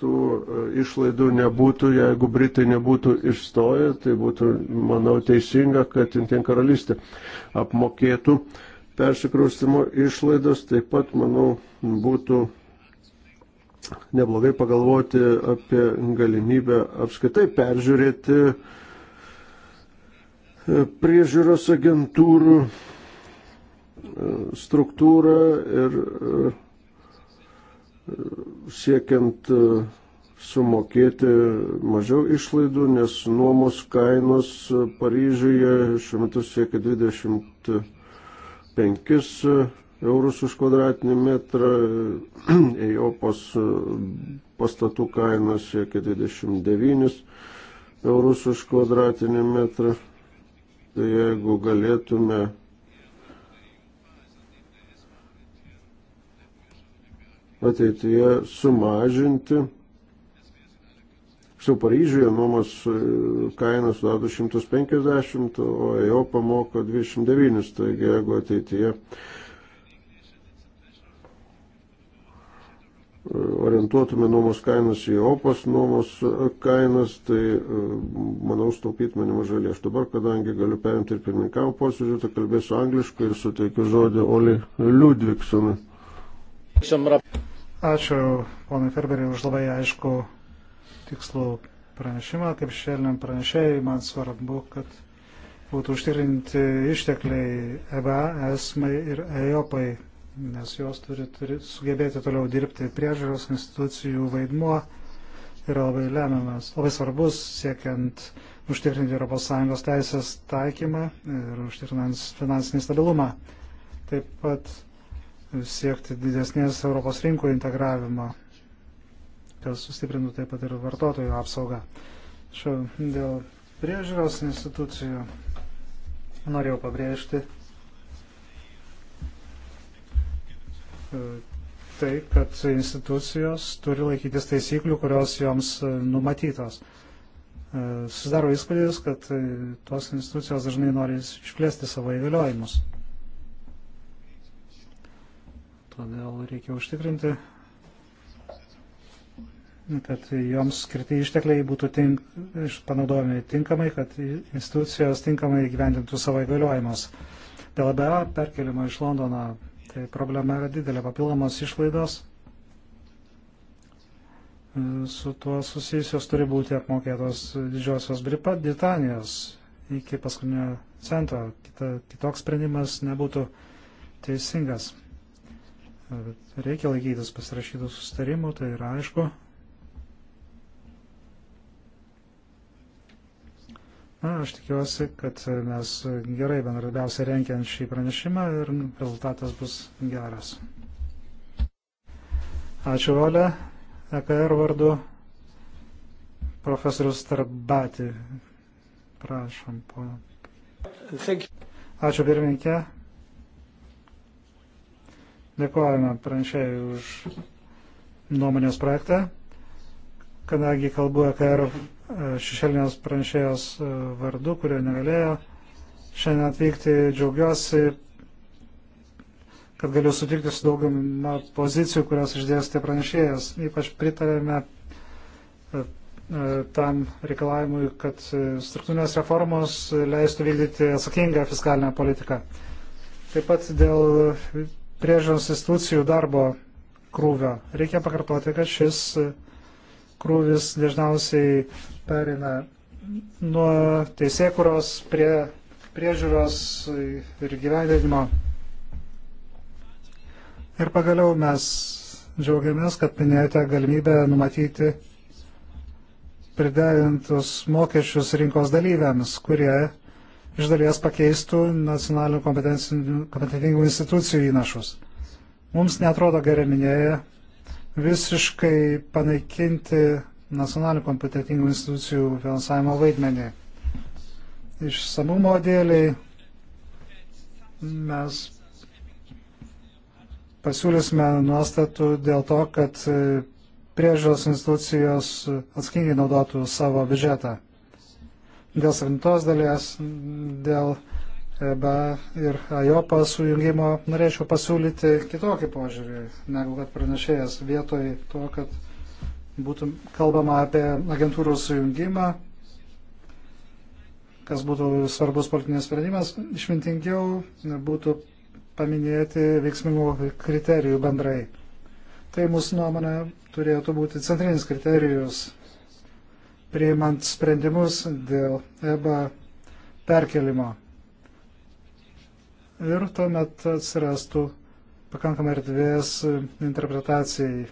tų e, išlaidų nebūtų, jeigu Britai nebūtų išstoję, tai būtų, manau, teisinga, kad Jungtinė karalystė apmokėtų persikraustimo išlaidas. Taip pat, manau, būtų neblogai pagalvoti apie galimybę apskaitai peržiūrėti e, priežiūros agentūrų e, struktūrą ir siekiant e, sumokėti mažiau išlaidų, nes nuomos kainos e, Paryžiuje šiuo metu siekia 25 e, eurus už kvadratinį metrą, Ejopos pastatų kaina siekia 29 eurus už kvadratinį metrą. Tai jeigu galėtume ateityje sumažinti. Su Paryžiuje nuomos e, kainas sudaro 150, o jau e pamoka 29, taigi jeigu ateityje e, orientuotume nuomos kainas į opos nuomos kainas, tai manau staupytume nemažai lėšų. Dabar, kadangi galiu perimti ir pirmininkavimo posėdžių, tai kalbėsiu angliškai ir suteikiu žodį Oli Liudviksonui. Ačiū ponui Ferberiui už labai aišku tikslų pranešimą. Kaip šiandien pranešėjai, man svarbu, kad būtų užtikrinti ištekliai EBA, ESMAI ir EJOPAI, nes jos turi, turi sugebėti toliau dirbti. Priežiūros institucijų vaidmuo yra labai lemiamas, labai svarbus siekiant užtikrinti ES teisės taikymą ir užtikrinant finansinį stabilumą. Taip pat siekti didesnės Europos rinkų integravimo, kas sustiprintų taip pat ir vartotojų apsaugą. Šiuo dėl priežiūros institucijų norėjau pabrėžti e, tai, kad institucijos turi laikytis taisyklių, kurios joms e, numatytos. E, susidaro įspūdis, kad tos institucijos dažnai nori išplėsti savo įgaliojimus. todėl reikia užtikrinti, kad joms skirti ištekliai būtų tink, panaudojami tinkamai, kad institucijos tinkamai gyvendintų savo įgaliojimus. Dėl ABA perkelimo iš Londono, tai problema yra didelė, papildomos išlaidos e, su tuo susijusios turi būti apmokėtos didžiosios Britanijos iki paskutinio centro. Kita, kitoks sprendimas nebūtų teisingas reikia laikytis pasirašytų sustarimų, tai yra aišku. Na, aš tikiuosi, kad mes gerai bendradarbiausiai renkiant šį pranešimą ir rezultatas bus geras. Ačiū Valė, EKR vardu, profesorius Tarbati. Prašom, pono. Ačiū pirmininkė, Dėkojame pranešėjai už nuomonės projektą. Kadangi kalbu EKR e, šešėlinės pranešėjos e, vardu, kurio negalėjo šiandien atvykti, džiaugiuosi, kad galiu sutikti su daugumą pozicijų, kurias išdėstė pranešėjas. Ypač pritarėme e, tam reikalavimui, kad struktūrinės reformos leistų vykdyti atsakingą fiskalinę politiką. Taip pat dėl priežiūros institucijų darbo krūvio. Reikia pakartoti, kad šis krūvis dažniausiai perina nuo teisėkuros prie priežiūros ir gyvendinimo. Ir pagaliau mes džiaugiamės, kad minėjote galimybę numatyti priderintus mokesčius rinkos dalyviams, kurie iš dalies pakeistų nacionalinių kompetentingų institucijų įnašus. Mums netrodo gerai minėję visiškai panaikinti nacionalinių kompetentingų institucijų finansavimo vaidmenį. Išsamumo dėliai mes pasiūlysime nuostatų dėl to, kad priežiūros institucijos atsakingai naudotų savo biudžetą dėl savintos dalies, dėl EBA ir AJOPA sujungimo norėčiau pasiūlyti kitokį požiūrį, negu kad pranešėjas vietoj to, kad būtų kalbama apie agentūrų sujungimą, kas būtų svarbus politinės sprendimas, išmintingiau būtų paminėti veiksmingų kriterijų bendrai. Tai mūsų nuomonė turėtų būti centrinis kriterijus priimant sprendimus dėl EBA perkelimo. Ir tuomet atsirastų pakankamai erdvės interpretacijai.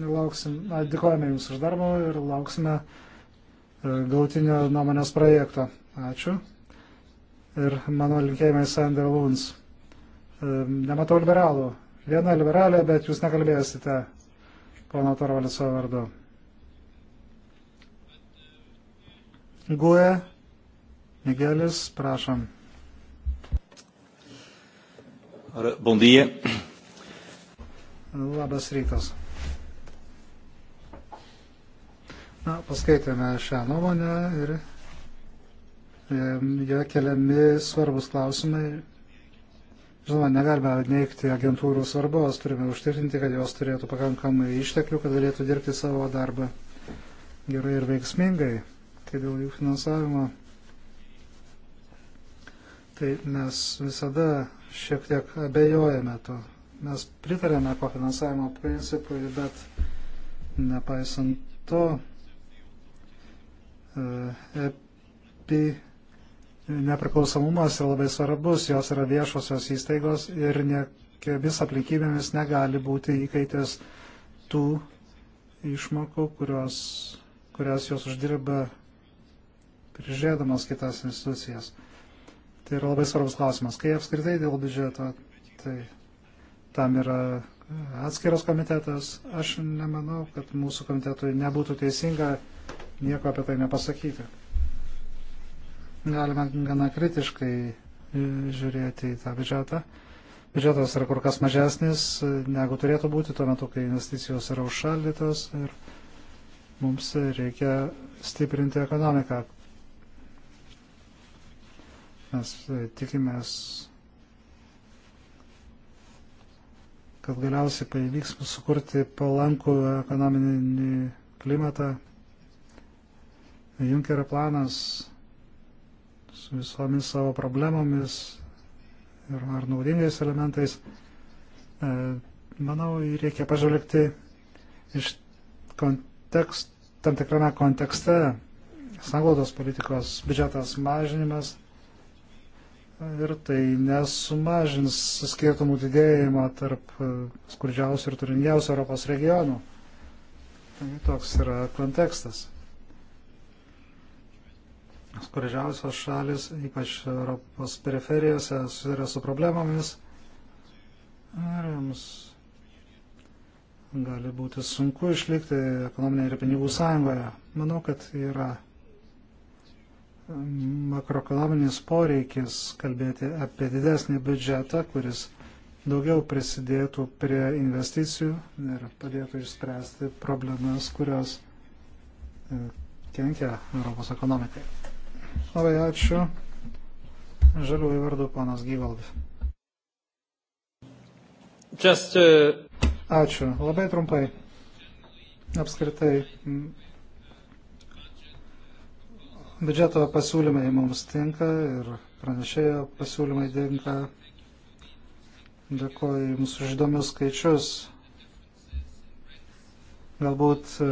Lauksim, na, dėkojame Jums už darbą ir lauksime e, gautinio nuomonės projekto. Ačiū. Ir mano linkėjimai Sander Luns. E, nematau liberalų. Viena liberalė, bet jūs nekalbėsite pono Tarvaliso vardu. Gue, Miguelis, prašom. Bon dia. Labas rytas. Na, paskaitėme šią nuomonę ir e, joje keliami svarbus klausimai Žinoma, negalime neikti agentūrų svarbos, turime užtikrinti, kad jos turėtų pakankamai išteklių, kad galėtų dirbti savo darbą gerai ir veiksmingai kai dėl jų finansavimo, tai mes visada šiek tiek abejojame to. Mes pritarėme kofinansavimo principui, bet nepaisant to, e, EPI nepriklausomumas yra labai svarbus, jos yra viešosios įstaigos ir vis aplinkybėmis negali būti įkaitės tų išmokų, kurios, kurias jos uždirba prižiūrėdamas kitas institucijas. Tai yra labai svarbus klausimas. Kai apskritai dėl biudžeto, tai tam yra e, atskiras komitetas. Aš nemanau, kad mūsų komitetui nebūtų teisinga nieko apie tai nepasakyti. Galima gana kritiškai e, žiūrėti į tą biudžetą. Biudžetas yra kur kas mažesnis e, negu turėtų būti tuo metu, kai investicijos yra užšaldytos ir mums reikia stiprinti ekonomiką. Mes e, tikimės, kad galiausiai pavyks sukurti palankų ekonominį klimatą. Junkerio planas su visomis savo problemomis ir ar naudingais elementais, e, manau, reikia pažvelgti iš kontekst, tam tikrame kontekste. Sanglaudos politikos biudžetas mažinimas ir tai nesumažins skirtumų didėjimo tarp e, skurdžiausių ir turingiausių Europos regionų. Tai toks yra kontekstas. Skurdžiausios šalis, ypač Europos periferijose, susiduria su problemomis ir jums gali būti sunku išlikti ekonominėje ir pinigų sąjungoje. Manau, kad yra makroekonominis poreikis kalbėti apie didesnį biudžetą, kuris daugiau prisidėtų prie investicijų ir padėtų išspręsti problemas, kurios e, kenkia Europos ekonomikai. Labai ačiū. Žaliųjų vardu panas Gyvaldis. Just, uh... Ačiū. Labai trumpai. Apskritai, Biudžeto pasiūlymai mums tinka ir pranešėjo pasiūlymai tinka. Dėkuoju Jums už įdomius skaičius. Galbūt e,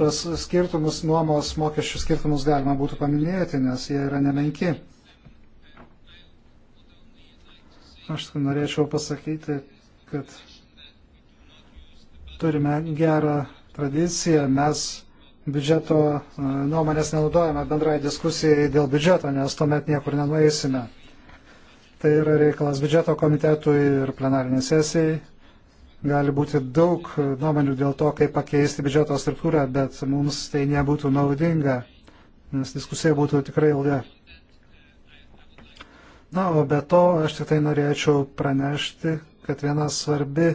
tuos skirtumus, nuomos mokesčių skirtumus galima būtų paminėti, nes jie yra nemenki. Aš norėčiau pasakyti, kad turime gerą tradiciją, mes biudžeto e, nuomonės nenaudojame bendrai diskusijai dėl biudžeto, nes tuomet niekur nenueisime. Tai yra reikalas biudžeto komitetui ir plenariniai sesijai. Gali būti daug nuomonių dėl to, kaip pakeisti biudžeto struktūrą, bet mums tai nebūtų naudinga, nes diskusija būtų tikrai ilga. Na, o be to aš tik tai norėčiau pranešti, kad viena svarbi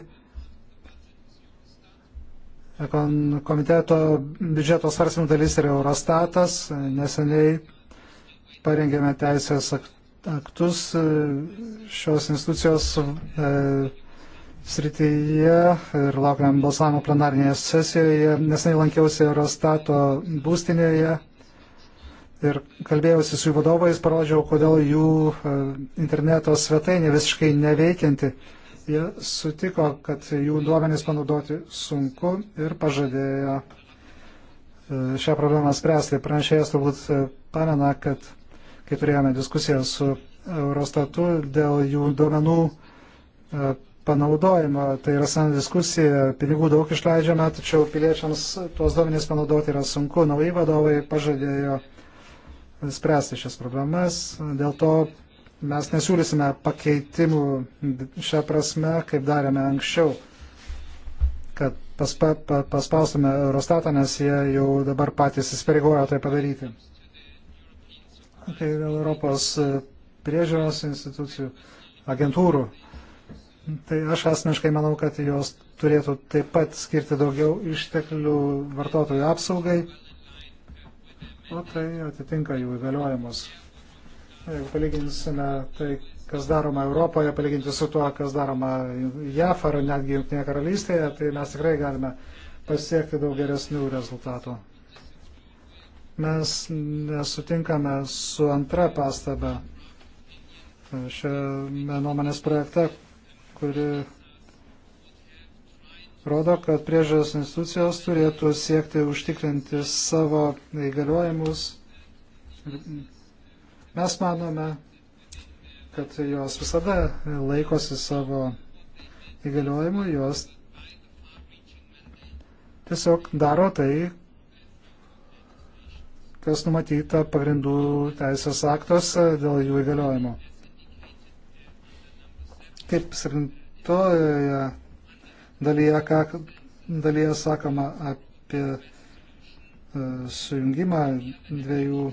komiteto biudžeto svarstymų dalis yra Eurostatas. Neseniai parengėme teisės aktus e, šios institucijos e, srityje ir laukiam balsavimo plenarnėje sesijoje. Neseniai lankiausi Eurostato būstinėje ir kalbėjausi su jų vadovais, parodžiau, kodėl jų e, interneto svetainė visiškai neveikianti jie sutiko, kad jų duomenys panaudoti sunku ir pažadėjo e, šią problemą spręsti. Pranešėjas turbūt e, pamena, kad kai turėjome diskusiją su Eurostatu dėl jų duomenų e, panaudojimo, tai yra sena diskusija, pinigų daug išleidžiame, tačiau piliečiams tuos duomenys panaudoti yra sunku. Naujai vadovai pažadėjo spręsti šias problemas, dėl to mes nesiūlysime pakeitimų šią prasme, kaip darėme anksčiau, kad paspa, pa, paspaustume Eurostatą, nes jie jau dabar patys įsipareigojo tai padaryti. Tai dėl Europos priežiūros institucijų, agentūrų. Tai aš asmeniškai manau, kad jos turėtų taip pat skirti daugiau išteklių vartotojų apsaugai, o tai atitinka jų įgaliojimus. Jeigu palyginsime tai, kas daroma Europoje, palyginti su tuo, kas daroma JAF ar netgi Junktinėje karalystėje, tai mes tikrai galime pasiekti daug geresnių rezultatų. Mes nesutinkame su antra pastaba šiame nuomonės projekte, kuri rodo, kad priežiūros institucijos turėtų siekti užtikrinti savo įgaliojimus Mes manome, kad jos visada laikosi savo įgaliojimų, jos tiesiog daro tai, kas numatyta pagrindų teisės aktuose dėl jų įgaliojimo. Kaip septintojoje dalyje, ką, dalyje sakoma apie e, sujungimą dviejų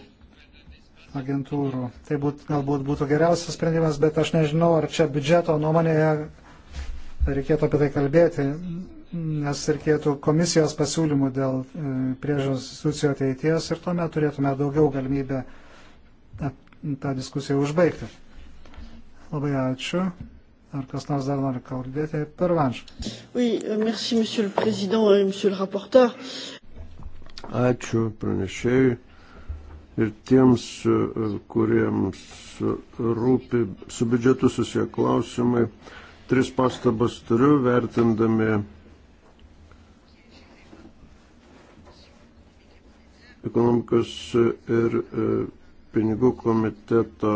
agentūrų. Tai būt, galbūt būtų geriausias sprendimas, bet aš nežinau, ar čia biudžeto nuomonėje reikėtų apie tai kalbėti, nes reikėtų komisijos pasiūlymų dėl e, priežos institucijų ateities ir tuomet turėtume daugiau galimybę tą diskusiją užbaigti. Labai ačiū. Ar kas nors dar nori kalbėti? Per vanš. Oui, euh, merci, monsieur le président, monsieur le rapporteur. Ačiū pranešėjui ir tiems, e, kuriems rūpi su biudžetu susiję klausimai. Tris pastabas turiu, vertindami ekonomikos ir e, pinigų komiteto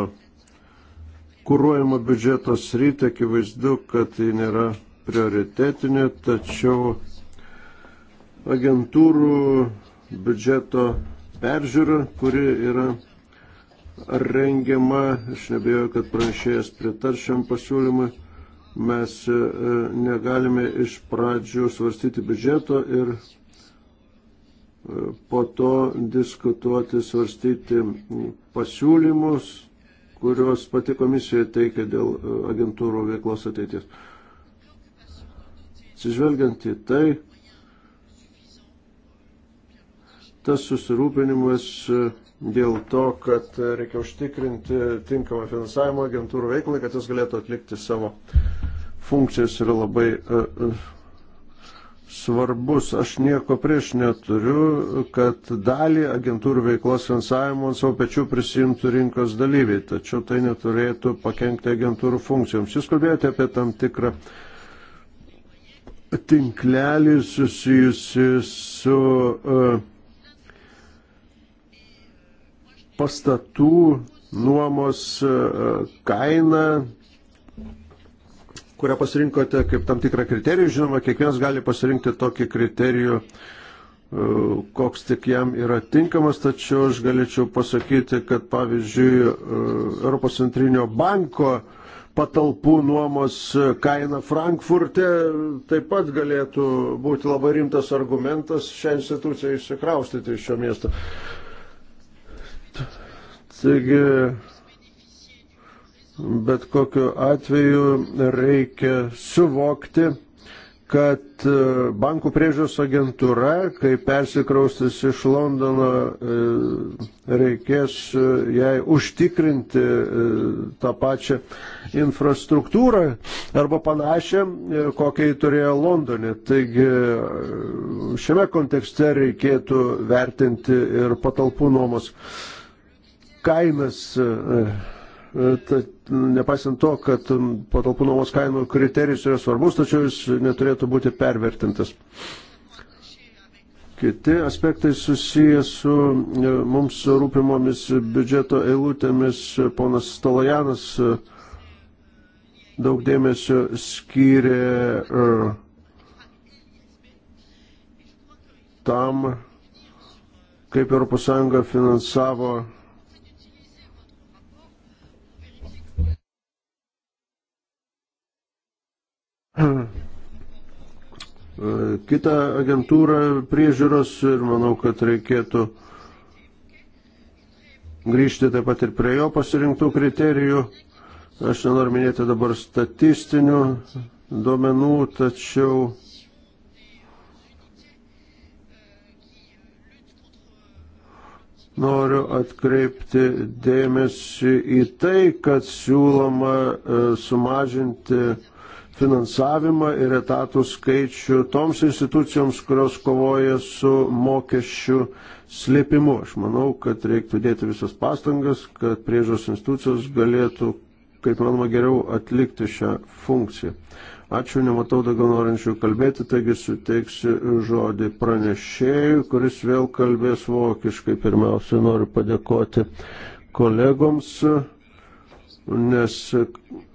kūruojama biudžeto srytė, akivaizdu, kad ji tai nėra prioritetinė, tačiau agentūrų biudžeto peržiūra, kuri yra rengiama. Aš nebejoju, kad pranešėjas pritars šiam pasiūlymui. Mes e, negalime iš pradžių svarstyti biudžeto ir e, po to diskutuoti, svarstyti pasiūlymus, kuriuos pati komisija teikia dėl e, agentūrų veiklos ateities. Atsižvelgiant į tai, tas susirūpinimas e, dėl to, kad reikia užtikrinti tinkamą finansavimo agentūrų veiklą, kad jis galėtų atlikti savo funkcijas yra labai e, e, svarbus. Aš nieko prieš neturiu, kad dalį agentūrų veiklos finansavimo ant savo pečių prisimtų rinkos dalyviai, tačiau tai neturėtų pakengti agentūrų funkcijoms. Jūs kalbėjote apie tam tikrą tinklelį susijusi su uh, pastatų nuomos e, kaina, kurią pasirinkote kaip tam tikrą kriterijų. Žinoma, kiekvienas gali pasirinkti tokį kriterijų, e, koks tik jam yra tinkamas, tačiau aš galėčiau pasakyti, kad pavyzdžiui, e, Europos centrinio banko patalpų nuomos kaina Frankfurte taip pat galėtų būti labai rimtas argumentas šią instituciją išsikraustyti iš šio miesto. Taigi, bet kokiu atveju reikia suvokti, kad e, bankų priežiūros agentūra, kai persikraustis iš Londono, e, reikės e, jai užtikrinti tą pačią infrastruktūrą arba panašią, kokią jį turėjo Londone. Taigi šiame kontekste reikėtų vertinti ir patalpų nuomos kainas, e, e, nepaisant to, kad patalpų nuomos kainų kriterijus yra svarbus, tačiau jis neturėtų būti pervertintas. Kiti aspektai susijęs su e, mums rūpimomis biudžeto eilutėmis. Ponas Stalajanas daug dėmesio skyrė tam, kaip ES finansavo *clears throat* kitą agentūrą priežiūros ir manau, kad reikėtų grįžti taip pat ir prie jo pasirinktų kriterijų. Aš nenoriu minėti dabar statistinių duomenų, tačiau noriu atkreipti dėmesį į tai, kad siūloma e, sumažinti finansavimą ir etatų skaičių toms institucijoms, kurios kovoja su mokesčių slėpimu. Aš manau, kad reiktų dėti visas pastangas, kad priežos institucijos galėtų, kaip manoma, geriau atlikti šią funkciją. Ačiū, nematau daugiau norinčių kalbėti, taigi suteiksiu žodį pranešėjui, kuris vėl kalbės vokiškai. Pirmiausia, noriu padėkoti kolegoms, nes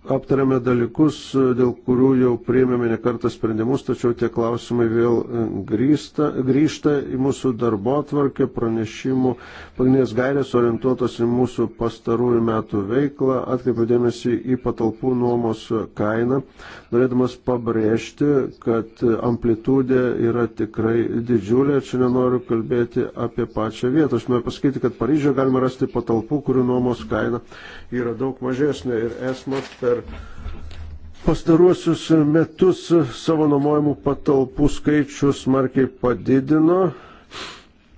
aptarėme dalykus, dėl kurių jau priėmėme nekartą sprendimus, tačiau tie klausimai vėl e, grįsta, grįžta į mūsų darbo atvarkę, pranešimų, pagrindinės gairės orientuotos į mūsų pastarųjų metų veiklą, atkreipiu dėmesį į patalpų nuomos kainą, norėdamas pabrėžti, kad amplitudė yra tikrai didžiulė, čia nenoriu kalbėti apie pačią vietą, aš noriu pasakyti, kad Paryžioje galima rasti patalpų, kurių nuomos kaina yra daug mažesnė ir esmas per per pastaruosius metus savo nuomojimų patalpų skaičių smarkiai padidino.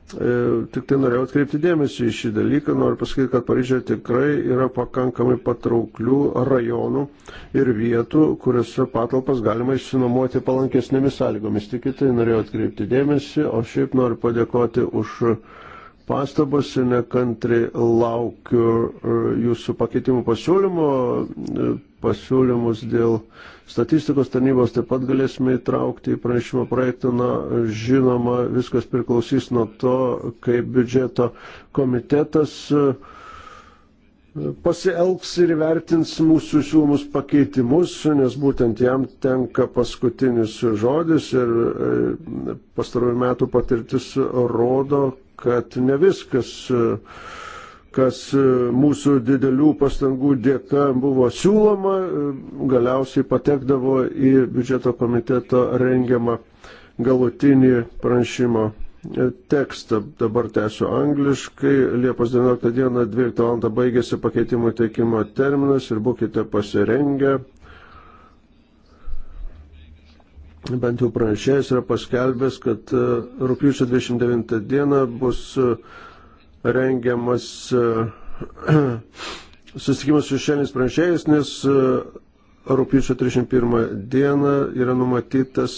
E, tik tai norėjau atkreipti dėmesį į šį dalyką, noriu pasakyti, kad Paryžioje tikrai yra pakankamai patrauklių rajonų ir vietų, kuriuose patalpas galima išsinuomoti palankesnėmis sąlygomis. Tik tai norėjau atkreipti dėmesį, o šiaip noriu padėkoti už pastabas ir nekantri laukiu e, jūsų pakeitimų pasiūlymo. E, pasiūlymus dėl statistikos tarnybos taip pat galėsime įtraukti į pranešimo projektą. Na, žinoma, viskas priklausys nuo to, kaip biudžeto komitetas e, pasielgs ir vertins mūsų siūlomus pakeitimus, nes būtent jam tenka paskutinis žodis ir pastarųjų metų patirtis rodo, kad ne viskas, kas mūsų didelių pastangų dėka buvo siūloma, galiausiai patekdavo į biudžeto komiteto rengiamą galutinį pranešimo tekstą. Dabar tęsiu angliškai. Liepos 19 dieną 12 val. baigėsi pakeitimų teikimo terminas ir būkite pasirengę bent jau pranešėjas yra paskelbęs, kad e, rūpiučio 29 dieną bus e, rengiamas e, *clears throat* susitikimas su šiandienis pranešėjais, nes rūpiučio 31 dieną yra numatytas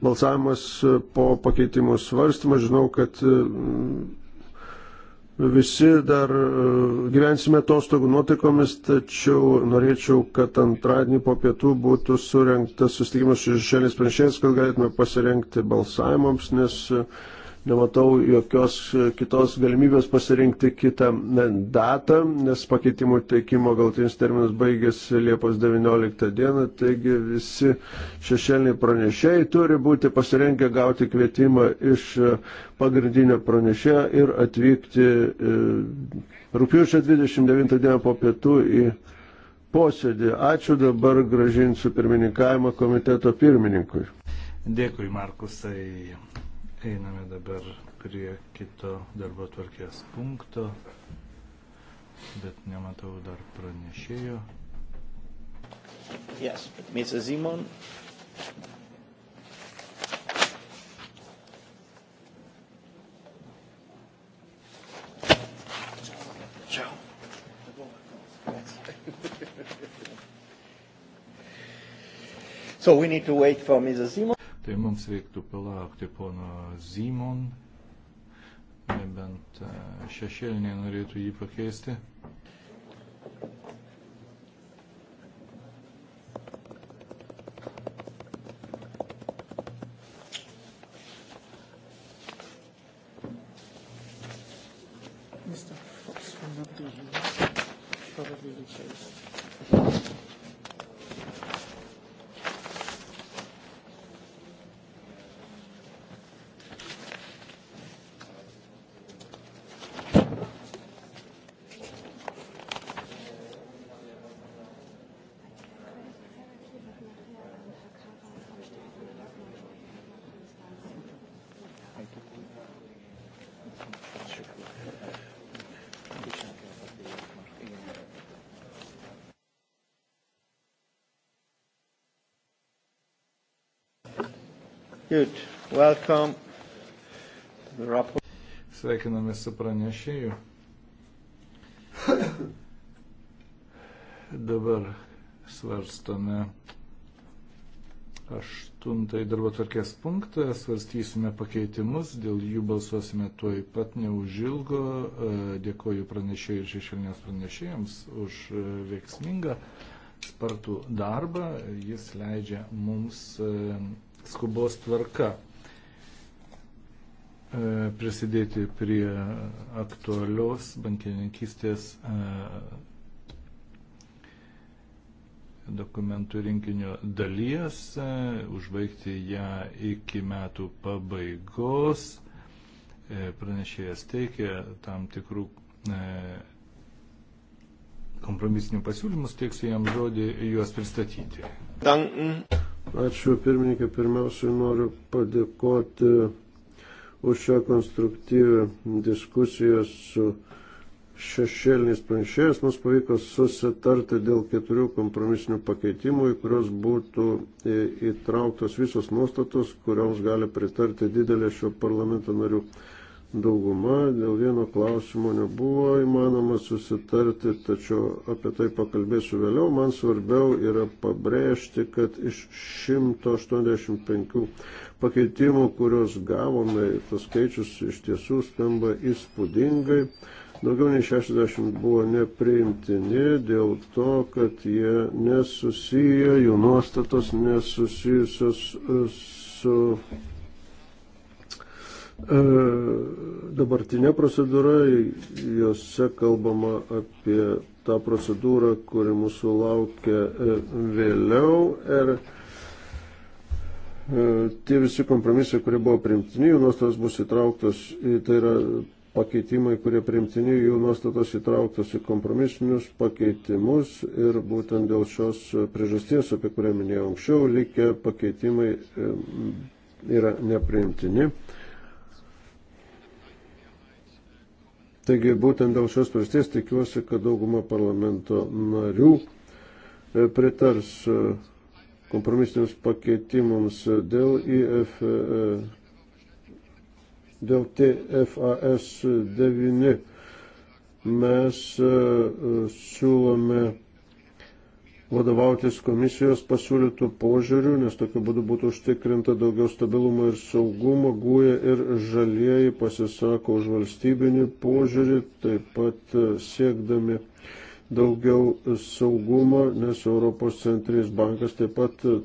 balsavimas po pakeitimų svarstymą. Žinau, kad visi dar e, gyvensime atostogų nuotaikomis, tačiau norėčiau, kad antradienį po pietų būtų surinktas susitikimas su šešėlės pranešėjais, kad galėtume pasirengti balsavimams, nes uh, nematau jokios kitos galimybės pasirinkti kitą datą, nes pakeitimų teikimo galtinis terminas baigėsi Liepos 19 dieną, taigi visi šešėliniai pranešėjai turi būti pasirenkę gauti kvietimą iš pagrindinio pranešėjo ir atvykti e, rūpiučio 29 dieną po pietų į posėdį. Ačiū dabar gražinsiu pirmininkavimą komiteto pirmininkui. Dėkui, Markusai. Einame dabar prie kito darbo tvarkės punkto, bet nematau dar pranešėjo. Yes, Mr. Simon. So we need to wait for Mrs. Simon tai mums reiktų palaukti pono Zymon, nebent e, šešėlinė norėtų jį pakeisti. Good. Welcome. The rapport. Sveikiname su pranešėju. Dabar svarstome aštuntąjį darbo tvarkės punktą, svarstysime pakeitimus, dėl jų balsuosime tuoj pat neužilgo. E, dėkoju pranešėjai ir šešėlinės pranešėjams už e, veiksmingą spartų darbą. Jis leidžia mums e, skubos tvarka e, prisidėti prie aktualios bankininkystės e, dokumentų rinkinio dalies, e, užbaigti ją iki metų pabaigos. Pranešėjas teikia tam tikrų kompromisinių pasiūlymų, teiksiu jam žodį juos pristatyti. Danken. Ačiū pirmininkė, pirmiausiai noriu padėkoti už šią konstruktyvę diskusiją su šešėlinis pranešėjas mums pavyko susitarti dėl keturių kompromisinių pakeitimų, į kurios būtų įtrauktos visos nuostatos, kurioms gali pritarti didelė šio parlamento narių dauguma, dėl vieno klausimo nebuvo įmanoma susitarti, tačiau apie tai pakalbėsiu vėliau. Man svarbiau yra pabrėžti, kad iš 185 pakeitimų, kuriuos gavome, tas skaičius iš tiesų skamba įspūdingai. Daugiau nei 60 buvo nepriimtini dėl to, kad jie nesusiję, jų nuostatos nesusijusios e, su E, dabartinė procedūra, jose kalbama apie tą procedūrą, kuri mūsų laukia e, vėliau. Ir e, tie visi kompromisai, kurie buvo primtini, jų nuostatos bus įtrauktos, tai yra pakeitimai, kurie primtini, jų nuostatos įtrauktos į kompromisinius pakeitimus ir būtent dėl šios priežasties, apie kurią minėjau anksčiau, likę pakeitimai yra nepriimtini. Taigi būtent dėl šios prasties tikiuosi, kad dauguma parlamento narių e, pritars e, kompromisiniams pakeitimams dėl IF, e, dėl TFAS 9. Mes siūlome vadovautis komisijos pasiūlytų požiūrių, nes tokiu būdu būtų užtikrinta daugiau stabilumo ir saugumo, guoja ir žalieji pasisako už valstybinį požiūrį, taip pat e, siekdami daugiau saugumo, nes Europos centrinis bankas taip pat e,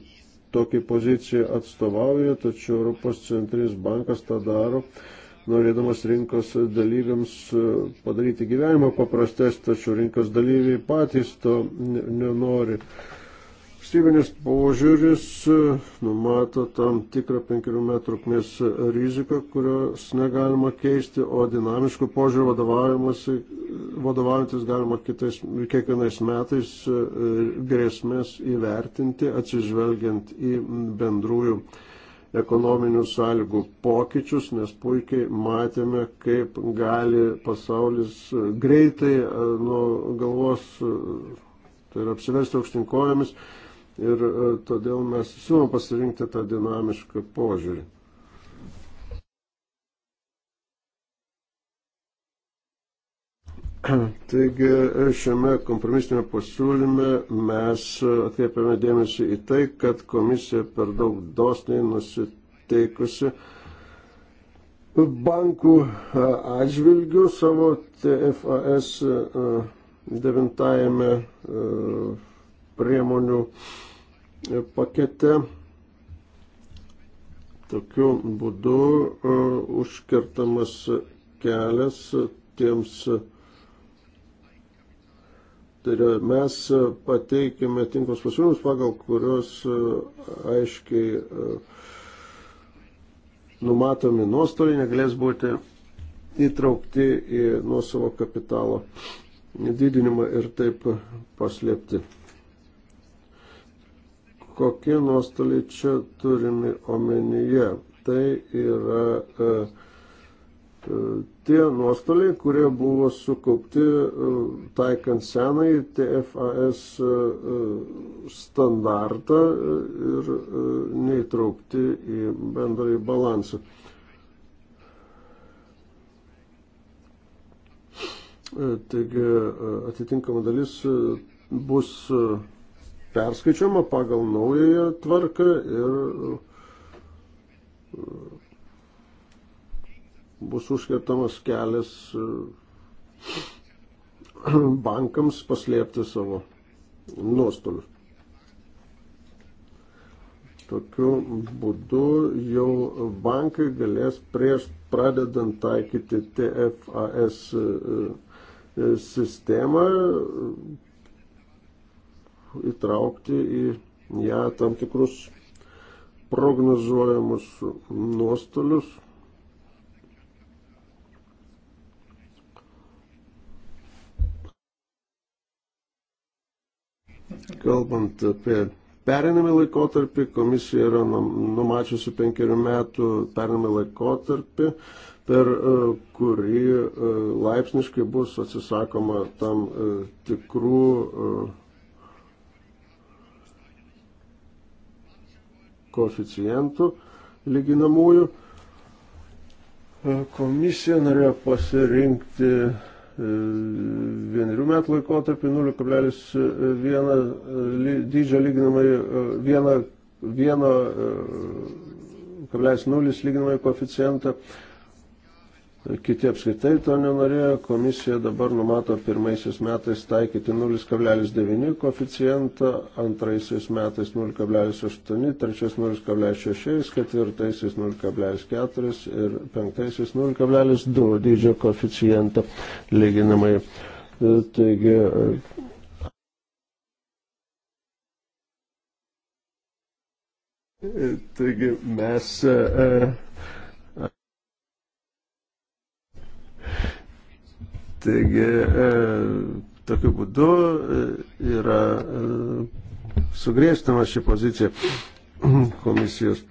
tokį poziciją atstovauja, tačiau Europos centrinis bankas tą daro norėdamas rinkos dalyviams e, padaryti gyvenimą paprastesnį, tačiau rinkos dalyviai patys to nenori. Valstybinis požiūris e, numato tam tikrą penkerių metrų trukmės riziką, kurios negalima keisti, o dinamiškų požiūrį vadovaujantis galima kitais, kiekvienais metais e, grėsmės įvertinti, atsižvelgiant į bendrųjų ekonominių sąlygų pokyčius, nes puikiai matėme, kaip gali pasaulis e, greitai e, nuo galvos, e, tai yra apsiversti aukštinkojomis ir todėl mes siūlom pasirinkti tą dinamišką požiūrį. Taigi šiame kompromisinėme pasiūlyme mes atkreipiame dėmesį į tai, kad komisija per daug dosniai nusiteikusi bankų atžvilgių savo TFAS devintajame priemonių pakete. Tokiu būdu užkirtamas kelias tiems uh, sektorių. Mes e, pateikėme tinklus pasiūlymus, pagal kurios e, aiškiai e, numatomi nuostoliai negalės būti įtraukti į nuosavo kapitalo didinimą ir taip paslėpti. Kokie nuostoliai čia turimi omenyje? Tai yra uh, tie nuostoliai, kurie buvo sukaupti e, taikant senai TFAS e, e, standartą ir neįtraukti į bendrąjį balansą. Taigi atitinkama dalis bus perskaičiuojama pagal naująją tvarką ir bus užkirtamas kelias e, *clears throat* bankams paslėpti savo nuostolius. Tokiu būdu jau bankai galės prieš pradedant taikyti TFAS e, e, sistemą įtraukti į ją tam tikrus prognozuojamus nuostolius Kalbant apie perinamį laikotarpį, komisija yra nu, numačiusi penkerių metų perinamį laikotarpį, per e, kurį e, laipsniškai bus atsisakoma tam e, tikrų koeficientų lyginamųjų. Komisija norėjo pasirinkti vienerių metų laikotarpį 0,1 e, dydžio lyginamai 1,0 e, e, lyginamai koeficientą kiti apskritai to nenorėjo. Komisija dabar numato pirmaisiais metais taikyti 0,9 koficijantą, antraisiais metais 0,8, trečiais 0,6, ketvirtaisiais 0,4 ir penktaisiais 0,2 dydžio koficijantą lyginamai. E, taigi, e, taigi mes. Uh, Taigi, e, tokiu būdu e, yra e, sugriežtama ši pozicija *clears throat* komisijos.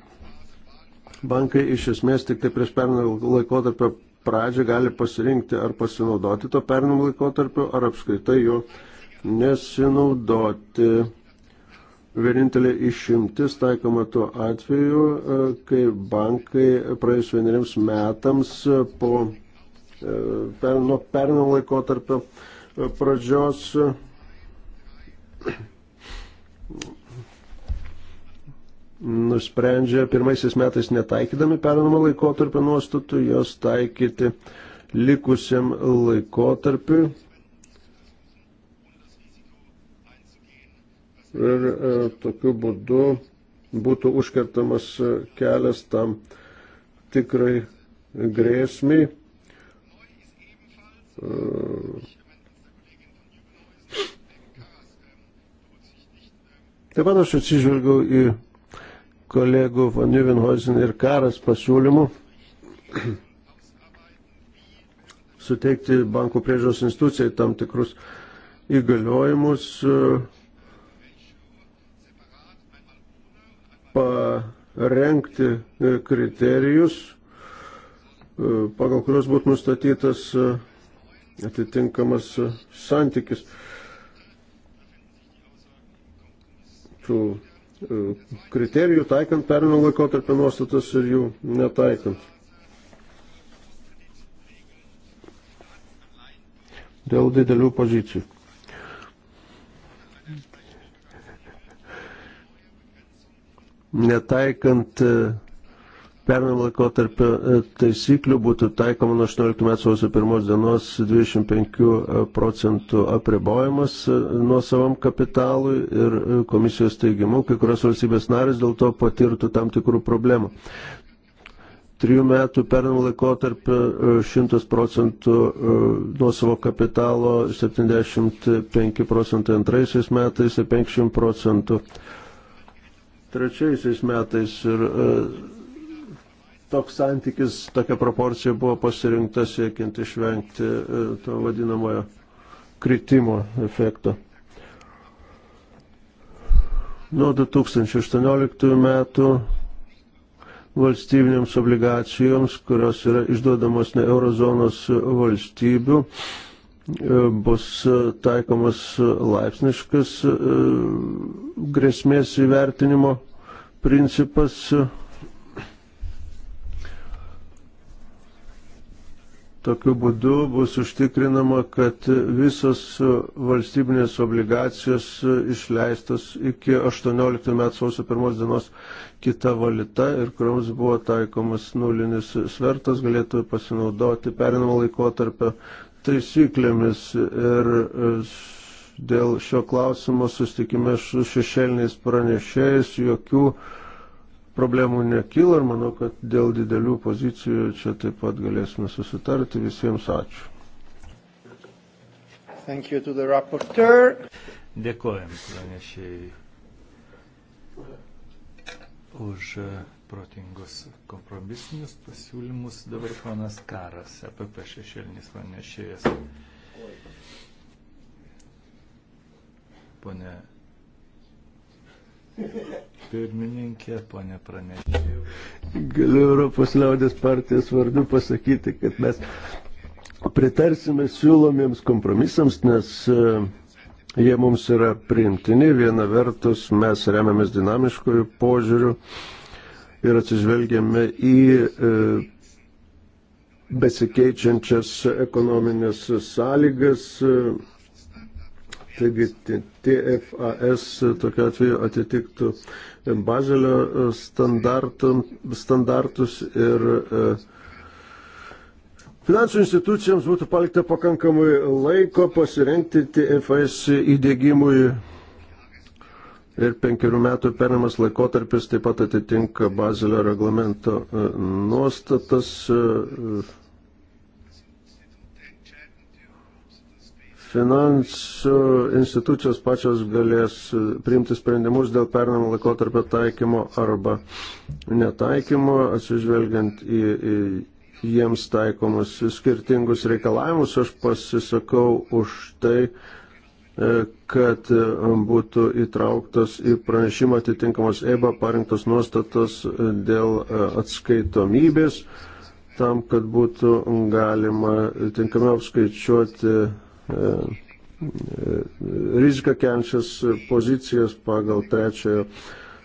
Bankai iš esmės tik tai prieš pernai laikotarpio pradžią gali pasirinkti ar pasinaudoti to pernam laikotarpio, ar apskritai jo nesinaudoti. Vienintelė išimtis taikoma tuo atveju, e, kai bankai praėjus vieneriams metams e, po E, per, nuo pernio laikotarpio e, pradžios e, nusprendžia pirmaisiais metais netaikydami pernamo laikotarpio nuostatų, jos taikyti likusiam laikotarpiu. Ir e, tokiu būdu būtų užkertamas kelias tam tikrai grėsmiai Taip pat aš atsižvelgiau į kolegų Van Juvenhoisen ir Karas pasiūlymų suteikti bankų priežiūros institucijai tam tikrus įgaliojimus parengti kriterijus, pagal kurios būtų nustatytas atitinkamas santykis tų e, kriterijų taikant perinamą laikotarpio nuostatas ir jų netaikant. Dėl didelių pozicijų. Netaikant e, pernam laikotarpio e, taisyklių būtų taikoma nuo 18 metų sausio 1 dienos 25 e, procentų apribojimas e, nuo savam kapitalui ir komisijos teigimu, kai kurios valstybės narės dėl to patirtų tam tikrų problemų. Trijų metų pernam laikotarpio 100 procentų nuo savo kapitalo, 75 procentai antraisiais metais ir 50 procentų trečiaisiais metais. Ir, toks santykis, tokia proporcija buvo pasirinkta siekiant išvengti e, to vadinamojo kritimo efekto. Nuo 2018 metų valstybinėms obligacijoms, kurios yra išduodamos ne eurozonos valstybių, e, bus taikomas laipsniškas e, grėsmės įvertinimo principas Tokiu būdu bus užtikrinama, kad visos valstybinės obligacijos išleistos iki 18 metų sausio 1 dienos kita valiuta ir kuriams buvo taikomas nulinis svertas, galėtų pasinaudoti perinamo laikotarpio taisyklėmis. Ir e, dėl šio klausimo sustikime su šešėliniais pranešėjais jokių problemų nekyla ir manau, kad dėl didelių pozicijų čia taip pat galėsime susitarti. Visiems ačiū. Dėkojam pranešėjai už e, protingus kompromisinius pasiūlymus. Dabar panas Karas, APP e šešėlinis pranešėjas. Pone Pirmininkė, ponė pranešėjau. Galiu Europos liaudės partijos vardu pasakyti, kad mes pritarsime siūlomiems kompromisams, nes e, jie mums yra priimtini. Viena vertus, mes remiamės dinamiškojų požiūrių ir atsižvelgiame į e, besikeičiančias ekonominės sąlygas e, Taigi TFAS tokiu atveju atitiktų Bazelio e, standartus ir e, Finansų institucijams būtų palikta pakankamai laiko pasirengti TFS įdėgymui ir penkerių metų perinamas laikotarpis taip pat atitinka Bazilio reglamento e, nuostatas. E, Finansų institucijos pačios galės e, priimti sprendimus dėl pernamo laikotarpio taikymo arba netaikymo, atsižvelgiant į, į jiems taikomus skirtingus reikalavimus. Aš pasisakau už tai, e, kad e, būtų įtrauktos į pranešimą atitinkamos EBA parinktos nuostatos dėl atskaitomybės, tam, kad būtų galima tinkamiau apskaičiuoti E, e, riziką kelčias pozicijas pagal trečiojo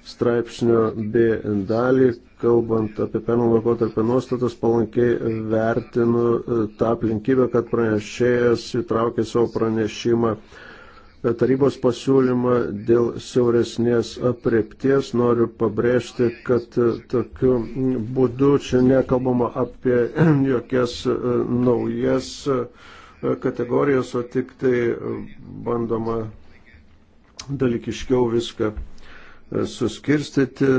straipsnio B dalį, kalbant apie penų laikotarpio nuostatas, palankiai vertinu e, tą aplinkybę, kad pranešėjas įtraukė savo pranešimą tarybos pasiūlymą dėl siauresnės apriepties. Noriu pabrėžti, kad tokiu būdu čia nekalbama apie *clears throat* jokias naujas uh, kategorijos, o tik tai e, bandoma dalykiškiau viską e, suskirstyti.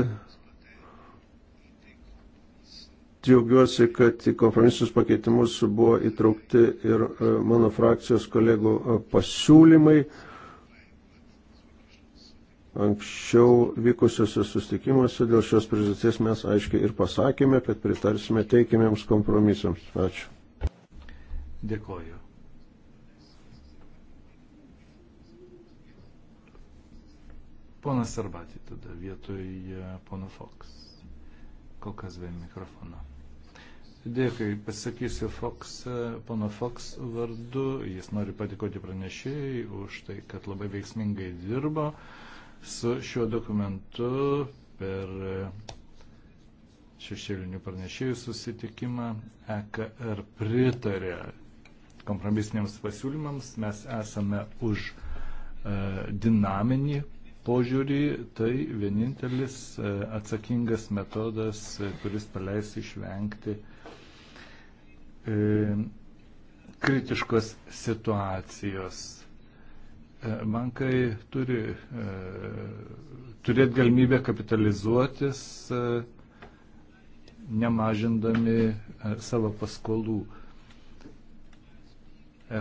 Džiaugiuosi, kad į kompromisus pakeitimus buvo įtraukti ir e, mano frakcijos kolegų pasiūlymai. Anksčiau vykusiuose sustikimuose dėl šios priežasties mes aiškiai ir pasakėme, kad pritarsime teikiamiems kompromisams. Ačiū. Dėkoju. Ponas Arbatį tada vietoj e, pono Fox. Kol kas be mikrofono. Dėkui, pasakysiu Fox, e, pono Fox vardu. Jis nori padėkoti pranešėjai už tai, kad labai veiksmingai dirbo su šiuo dokumentu per e, šešėlinių pranešėjų susitikimą. EKR pritarė kompromisiniams pasiūlymams. Mes esame už dinaminį požiūrį, tai vienintelis e, atsakingas metodas, e, kuris paleis išvengti e, kritiškos situacijos. Bankai turi turėti galimybę kapitalizuotis, nemažindami savo paskolų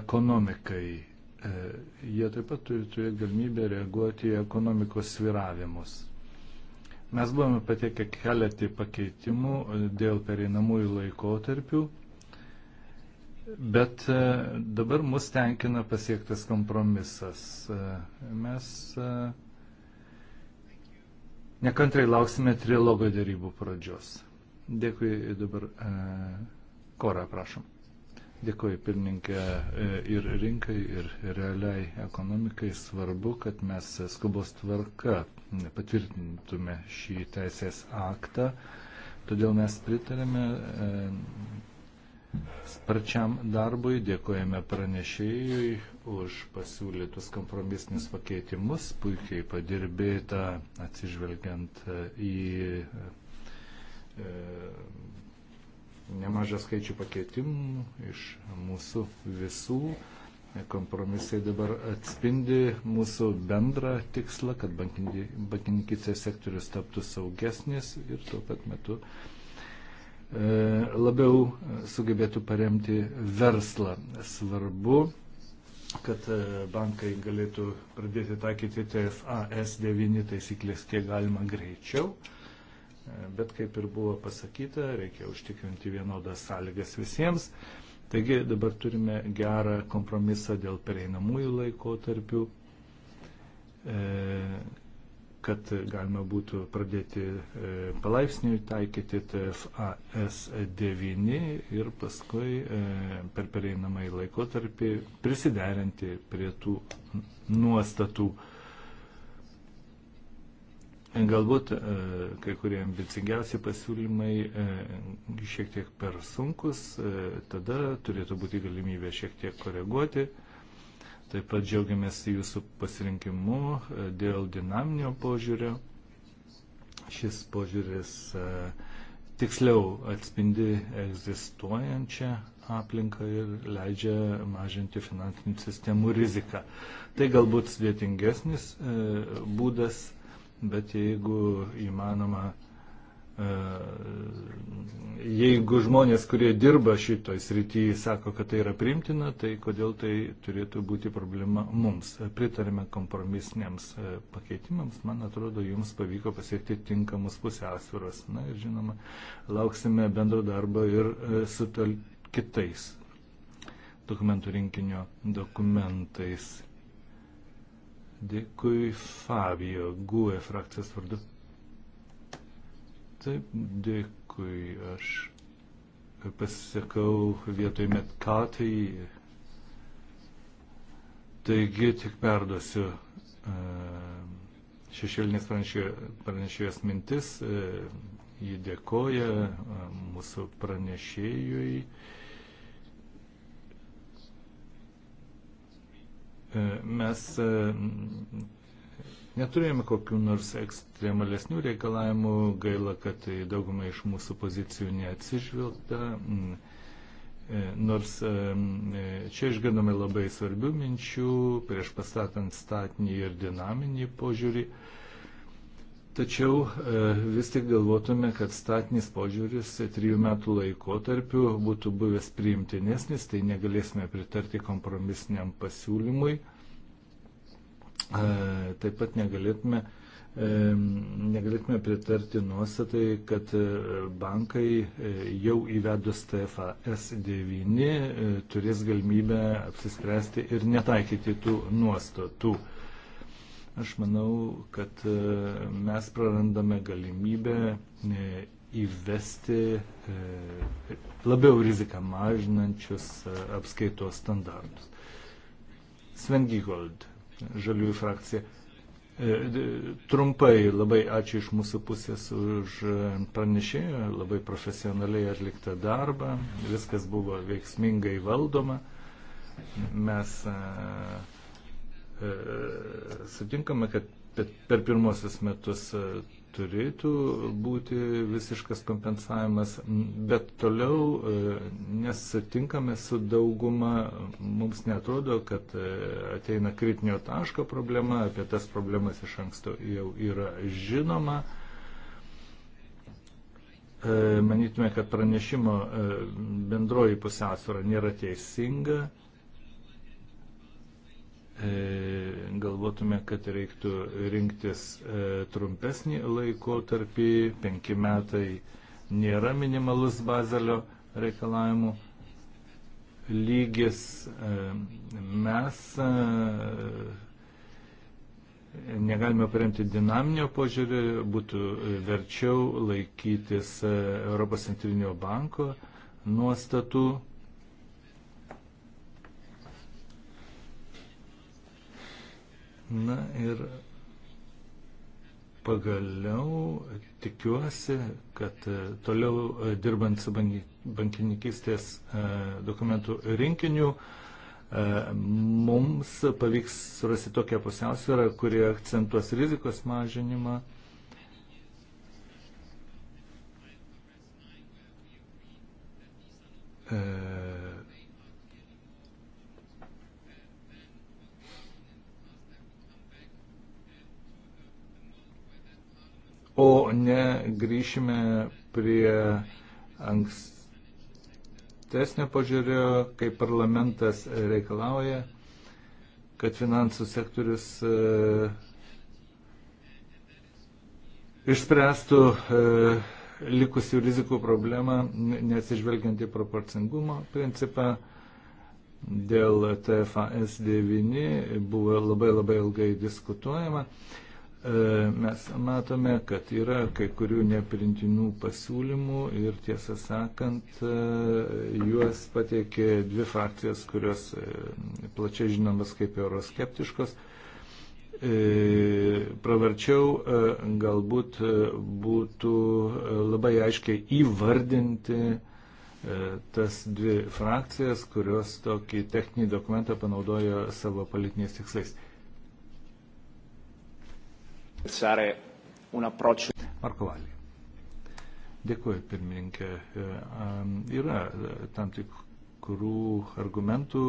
ekonomikai. E, jie taip pat turi turėti galimybę reaguoti į ekonomikos sviravimus. Mes buvome patiekę keletį pakeitimų dėl pereinamųjų laikotarpių, bet e, dabar mus tenkina pasiektas kompromisas. E, mes nekantrai lauksime trilogo dėrybų pradžios. Dėkui dabar. Kora, prašom. Dėkuoju pirmininkė e, ir rinkai, ir realiai ekonomikai svarbu, kad mes skubos tvarka patvirtintume šį teisės aktą. Todėl mes pritarėme e, sparčiam darbui, dėkojame pranešėjui už pasiūlytus kompromisinius pakeitimus, puikiai padirbėta atsižvelgiant e, į nemažą skaičių pakeitimų iš mūsų visų. Kompromisai dabar atspindi mūsų bendrą tikslą, kad bankininkistės sektorius taptų saugesnis ir tuo pat metu e, labiau sugebėtų paremti verslą. Svarbu, kad e, bankai galėtų pradėti taikyti TSAS 9 taisyklės kiek galima greičiau bet kaip ir buvo pasakyta, reikia užtikrinti vienodas sąlygas visiems. Taigi dabar turime gerą kompromisą dėl pereinamųjų laikotarpių, e, kad galima būtų pradėti e, palaipsniui taikyti TFAS 9 ir paskui e, per pereinamąjį laikotarpį prisiderinti prie tų nuostatų. Galbūt e, kai kurie ambicingiausi pasiūlymai e, šiek tiek per sunkus, e, tada turėtų būti galimybė šiek tiek koreguoti. Taip pat džiaugiamės jūsų pasirinkimu dėl dinaminio požiūrio. Šis požiūris tiksliau atspindi egzistuojančią aplinką ir leidžia mažinti finansinių sistemų riziką. Tai galbūt sudėtingesnis būdas bet jeigu įmanoma, e, jeigu žmonės, kurie dirba šitoj srityje, sako, kad tai yra primtina, tai kodėl tai turėtų būti problema mums. Pritarime kompromisiniams e, pakeitimams, man atrodo, jums pavyko pasiekti tinkamus pusiausvėros. Na ir žinoma, lauksime bendro darbo ir e, su kitais dokumentų rinkinio dokumentais. Dėkui Fabijo, GUE frakcijos vardu. Taip, dėkui, aš pasisakau vietoj metkatai. Taigi tik perduosiu e, šešėlinės pranešėjos mintis. E, Jį dėkoja e, mūsų pranešėjui. E, mes e, neturėjome kokių nors ekstremalesnių reikalavimų, gaila, kad tai daugumai iš mūsų pozicijų neatsižvilgta. Mm. E, nors čia išgirdome labai svarbių minčių prieš pastatant statinį ir dinaminį požiūrį. Tačiau e, vis tik galvotume, kad statinis požiūris trijų metų laikotarpiu būtų buvęs priimtinesnis, tai negalėsime pritarti kompromisiniam pasiūlymui. E, taip pat negalėtume, e, negalėtume pritarti nuostatai, kad bankai jau įvedus TFAS 9 turės galimybę apsispręsti ir netaikyti tų nuostatų. Aš manau, kad e, mes prarandame galimybę e, įvesti e, labiau riziką mažinančius apskaitos standartus. Sven Gigold, Žaliųjų frakcija. Trumpai labai ačiū iš mūsų pusės už pranešėją, labai profesionaliai atliktą darbą, viskas buvo veiksmingai valdoma. Mes uh, E, sutinkame, kad per pirmosius metus e, turėtų būti visiškas kompensavimas, bet toliau e, nesutinkame su dauguma, mums netrodo, kad ateina kritinio taško problema, apie tas problemas iš anksto jau yra žinoma. Manytume, kad pranešimo bendroji pusiausvara nėra teisinga E, galvotume, kad reiktų rinktis e, trumpesnį laikotarpį, penki metai nėra minimalus bazelio reikalavimų lygis. E, mes negalime paremti dinaminio požiūrio, būtų verčiau laikytis Europos centrinio banko nuostatų Na ir pagaliau tikiuosi, kad e, toliau e, dirbant su bankininkistės e, dokumentų rinkiniu, mums pavyks surasti tokią pusiausvyrą, kurie akcentuos rizikos mažinimą. E, o ne grįšime prie ankstesnio požiūrio, kai parlamentas reikalauja, kad finansų sektorius e, išspręstų e, likusių rizikų problemą, nesižvelgiant į proporcingumo principą. Dėl TFAS 9 buvo labai labai ilgai diskutuojama. E, mes matome, kad yra kai kurių neprintinų pasiūlymų ir tiesą sakant, e, juos pateikė dvi frakcijas, kurios e, plačiai žinomas kaip euroskeptiškos. Pravarčiau galbūt būtų labai aiškiai įvardinti tas dvi frakcijas, kurios tokį techninį dokumentą panaudojo savo politiniais tikslais. Markovalį. Dėkuoju, pirmininkė. E, yra e, tam tikrų argumentų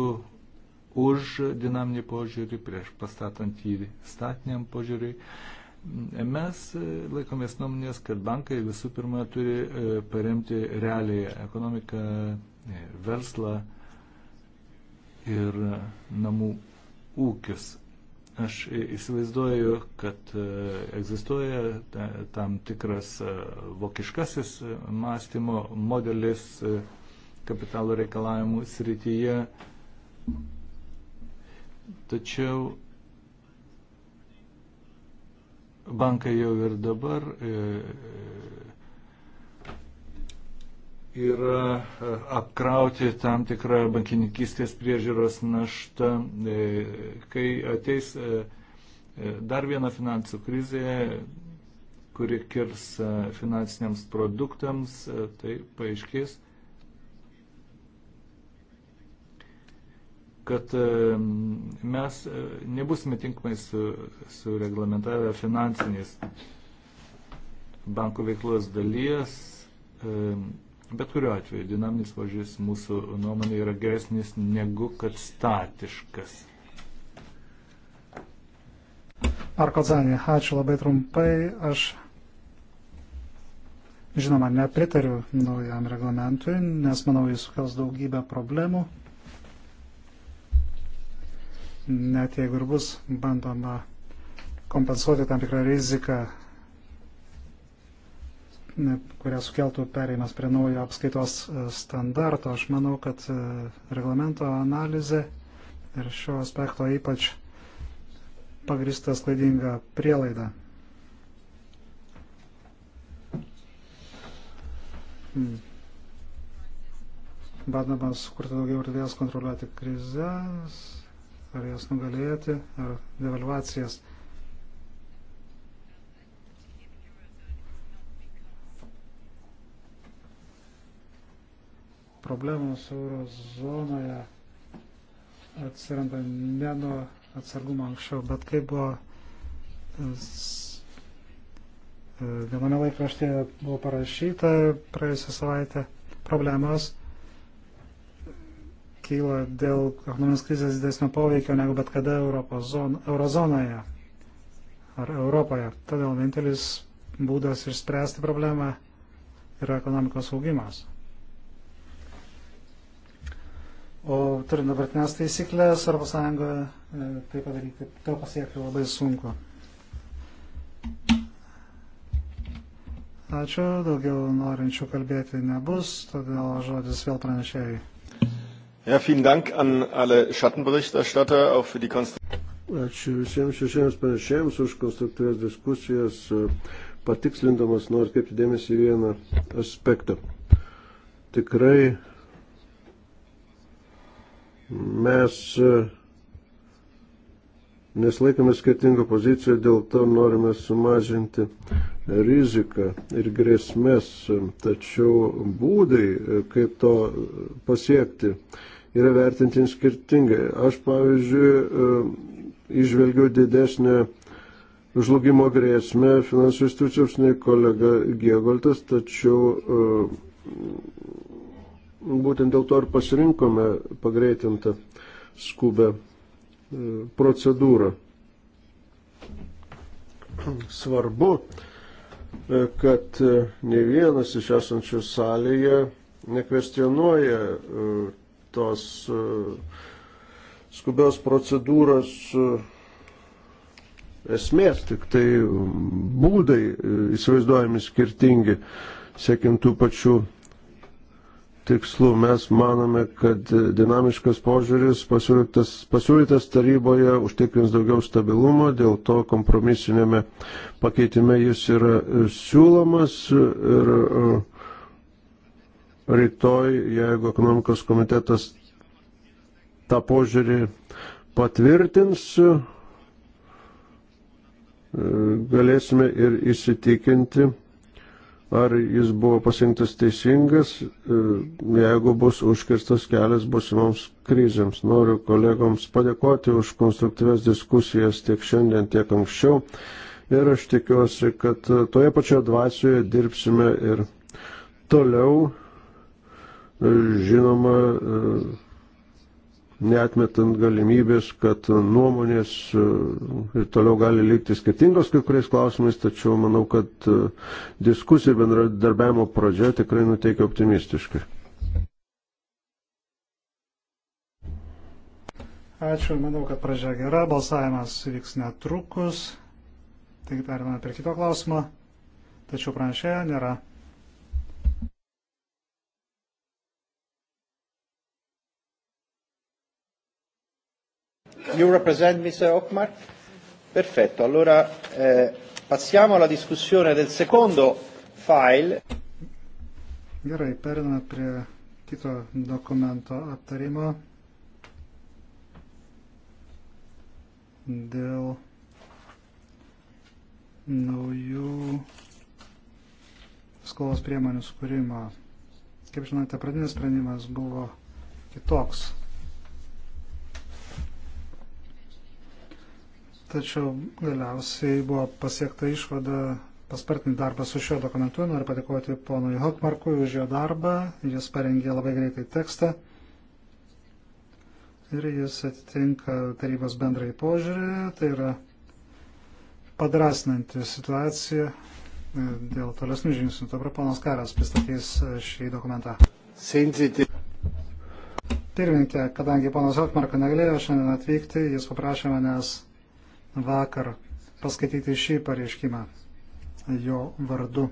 už dinaminį požiūrį, prieš pastatant jį statiniam požiūriui. Mes e, laikomės nuomonės, kad bankai visų pirma turi paremti realiai ekonomiką, verslą ir namų ūkius. Aš įsivaizduoju, kad e, egzistuoja tam tikras e, vokiškasis e, mąstymo modelis kapitalo reikalavimų srityje. Tačiau bankai jau ir dabar yra e, apkrauti tam tikrą bankininkystės priežiūros naštą. E, kai ateis e, dar viena finansų krizė, kuri kirs finansiniams produktams, tai paaiškės, kad mes nebusime tinkamai sureglamentavę su finansinės bankų veiklos dalies Bet kuriuo atveju dinaminis požiūris mūsų nuomonė yra geresnis negu kad statiškas. Marko Zanė, ačiū labai trumpai. Aš žinoma nepritariu naujam reglamentui, nes manau jis sukels daugybę problemų. Net jeigu ir bus bandoma kompensuoti tam tikrą riziką kurią sukeltų pereimas prie naujo apskaitos e, standarto. Aš manau, kad e, reglamento analizė ir šio aspekto ypač pagristas klaidinga prielaida. Hmm. Bandamas sukurti daugiau erdvės kontroliuoti krizės, ar jas nugalėti, ar devalvacijas. problemos eurozonoje atsiranda ne nuo atsargumo anksčiau, bet kaip buvo viename laikraštyje buvo parašyta praėjusią savaitę, problemos kyla dėl ekonominės krizės didesnio poveikio negu bet kada zon, eurozonoje ar Europoje. Todėl vienintelis būdas išspręsti problemą yra ekonomikos augimas. O turint dabartinės taisyklės, ES e, tai padaryti, to pasiekti labai sunku. Ačiū, daugiau norinčių kalbėti nebus, todėl žodis vėl pranešėjai. Ja, vielen Dank an alle Schattenberichterstatter, auch für die Ačiū visiems šešiems pranešėjams už konstruktyvės diskusijas, e, patikslindamas noriu atkreipti dėmesį į vieną aspektą. Tikrai Mes e, neslaikome skirtingų pozicijų, dėl to norime sumažinti riziką ir grėsmės, tačiau būdai, e, kaip to pasiekti, yra vertinti skirtingai. Aš, pavyzdžiui, išvelgiu e, didesnę žlugimo grėsmę finansų institucijoms nei kolega Giegoltas, tačiau būtent dėl to ir pasirinkome pagreitintą skubę e, procedūrą. Svarbu, e, kad e, ne vienas iš esančių salėje nekvestionuoja tos skubios procedūros esmės, tik tai būdai įsivaizduojami skirtingi, siekiant tų pačių tikslų. Mes manome, kad dinamiškas požiūris pasiūlytas, pasiūlytas taryboje užtikrins daugiau stabilumo, dėl to kompromisinėme pakeitime jis yra e, siūlomas ir e, rytoj, jeigu ekonomikos komitetas tą požiūrį patvirtins, e, galėsime ir įsitikinti ar jis buvo pasirinktas teisingas, e, jeigu bus užkirstas kelias busimoms krizėms. Noriu kolegoms padėkoti už konstruktyves diskusijas tiek šiandien, tiek anksčiau. Ir aš tikiuosi, kad toje pačioje dvasioje dirbsime ir toliau. E, žinoma, e, netmetant galimybės, kad nuomonės e, ir toliau gali likti skirtingos kai kuriais klausimais, tačiau manau, kad e, diskusijų bendradarbiavimo pradžia tikrai nuteikia optimistiškai. Ačiū, manau, kad pradžia gera, balsavimas vyks netrukus. Taigi perėmame prie kito klausimo, tačiau pranešėjo nėra. You represent Mr. Ockmark? Perfetto, allora eh, passiamo alla discussione del secondo file. Gerai, periname prie kito dokumento aptarimo dėl naujų skolos priemonių skūrimo. Kaip žinote, pradinis sprendimas buvo kitoks tačiau galiausiai buvo pasiekta išvada paspartinti darbą su šiuo dokumentu. Noriu padėkoti ponui Hokmarkui už jo darbą. Jis parengė labai greitai tekstą ir jis atitinka tarybos bendrai požiūrį. Tai yra padrasnanti situacija e, dėl tolesnių žingsnių. Dabar ponas Karas pristatys e, šį dokumentą. Sensitive. Pirmininkė, kadangi ponas Hokmarka negalėjo šiandien atvykti, jis paprašė manęs vakar paskaityti šį pareiškimą jo vardu.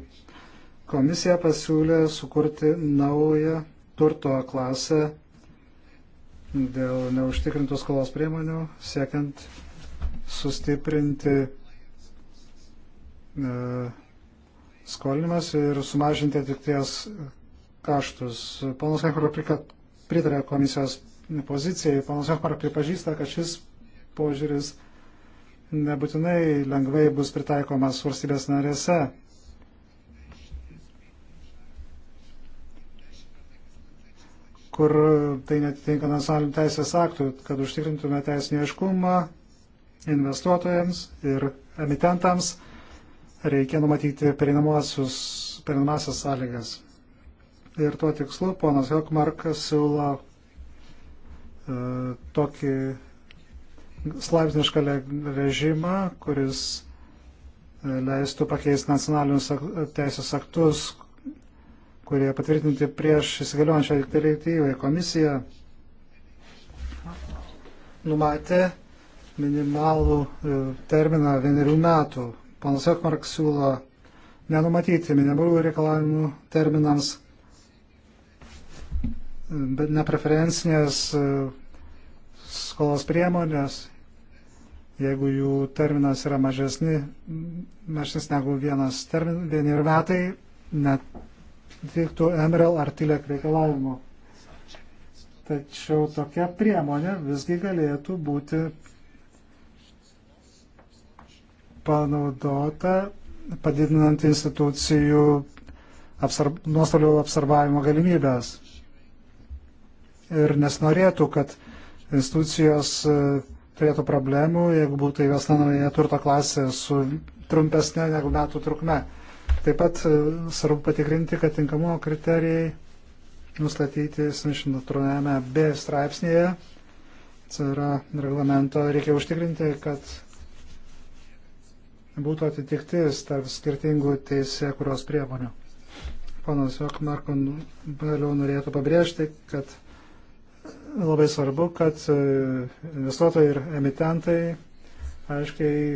Komisija pasiūlė sukurti naują turto klasę dėl neužtikrintos skolos priemonių, siekiant sustiprinti e, skolinimas ir sumažinti atlikties kaštus. Ponas Hekmar pritarė komisijos pozicijai. Ponas Hekmar pripažįsta, kad šis požiūris nebūtinai lengvai bus pritaikomas valstybės narėse. kur tai netitinka nacionalinių teisės aktų, kad užtikrintume teisinį aiškumą investuotojams ir emitentams, reikia numatyti perinamasias sąlygas. Ir tuo tikslu ponas Jokmarkas siūlo e, tokį slaipsnišką režimą, kuris e, leistų pakeisti nacionalinius teisės aktus, kurie patvirtinti prieš įsigaliojančią direktyvą. Komisija numatė minimalų e, terminą vienerių metų. Panas Jokmark siūlo nenumatyti minimalų reikalavimų terminams, e, bet nepreferencinės skolos priemonės, jeigu jų terminas yra mažesni, mažesnis negu vienas termin, vieni ir metai, net tiktų MRL ar TILEK reikalavimo. Tačiau tokia priemonė visgi galėtų būti panaudota padidinant institucijų apsar, nuostolių apsarbavimo galimybės. Ir nesinorėtų, kad institucijos e, turėtų problemų, jeigu būtų įvesta nauja turto klasė su trumpesnė negu metų trukme. Taip pat e, svarbu patikrinti, kad tinkamumo kriterijai nustatyti 72 B straipsnėje, tai yra reglamento, reikia užtikrinti, kad būtų atitiktis tarp skirtingų teisė kurios priemonių. Ponas Jokmarko vėliau norėtų pabrėžti, kad labai svarbu, kad e, investuotojai ir emitentai aiškiai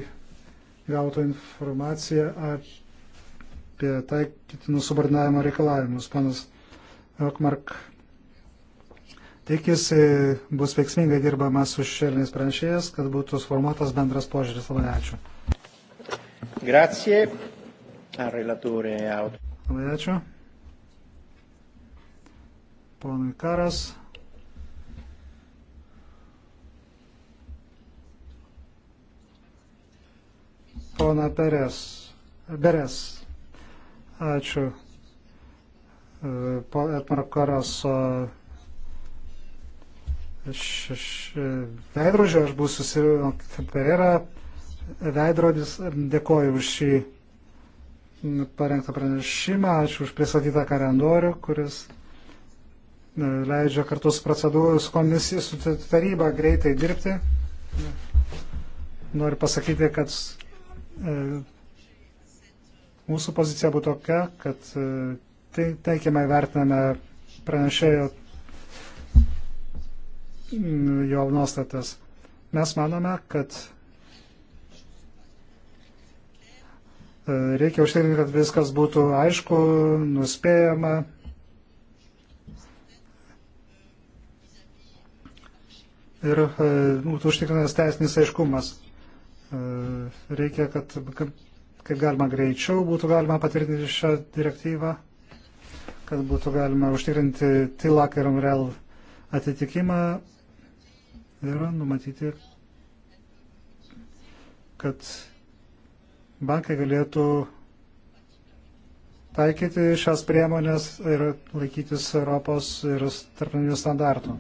gautų informaciją apie taikytinų subordinavimo reikalavimus. Panas Okmark tikisi, bus veiksmingai dirbama su šešėliniais pranešėjas, kad būtų sformuotas bendras požiūris. Labai ačiū. Grazie. Labai ačiū. Ponui Karas. pona Peres. Beres. Ačiū. E, po Edmar Karaso e, veidrodžio aš būsiu Silvio Pereira. Veidrodis, dėkoju už šį parengtą pranešimą, ačiū už pristatytą kalendorių, kuris e, leidžia kartu su procedūrų, su komisija, su taryba greitai dirbti. Noriu pasakyti, kad E, mūsų pozicija būtų tokia, kad tai teikiamai vertiname pranešėjo mm, jo nuostatas. Mes manome, kad e, reikia užtikrinti, kad viskas būtų aišku, nuspėjama. Ir būtų užtikrintas teisinis aiškumas. Reikia, kad kaip galima greičiau būtų galima patvirtinti šią direktyvą, kad būtų galima užtikrinti TILAK ir MREL atitikimą ir numatyti, kad bankai galėtų taikyti šias priemonės ir laikytis Europos ir tarptautinių standartų.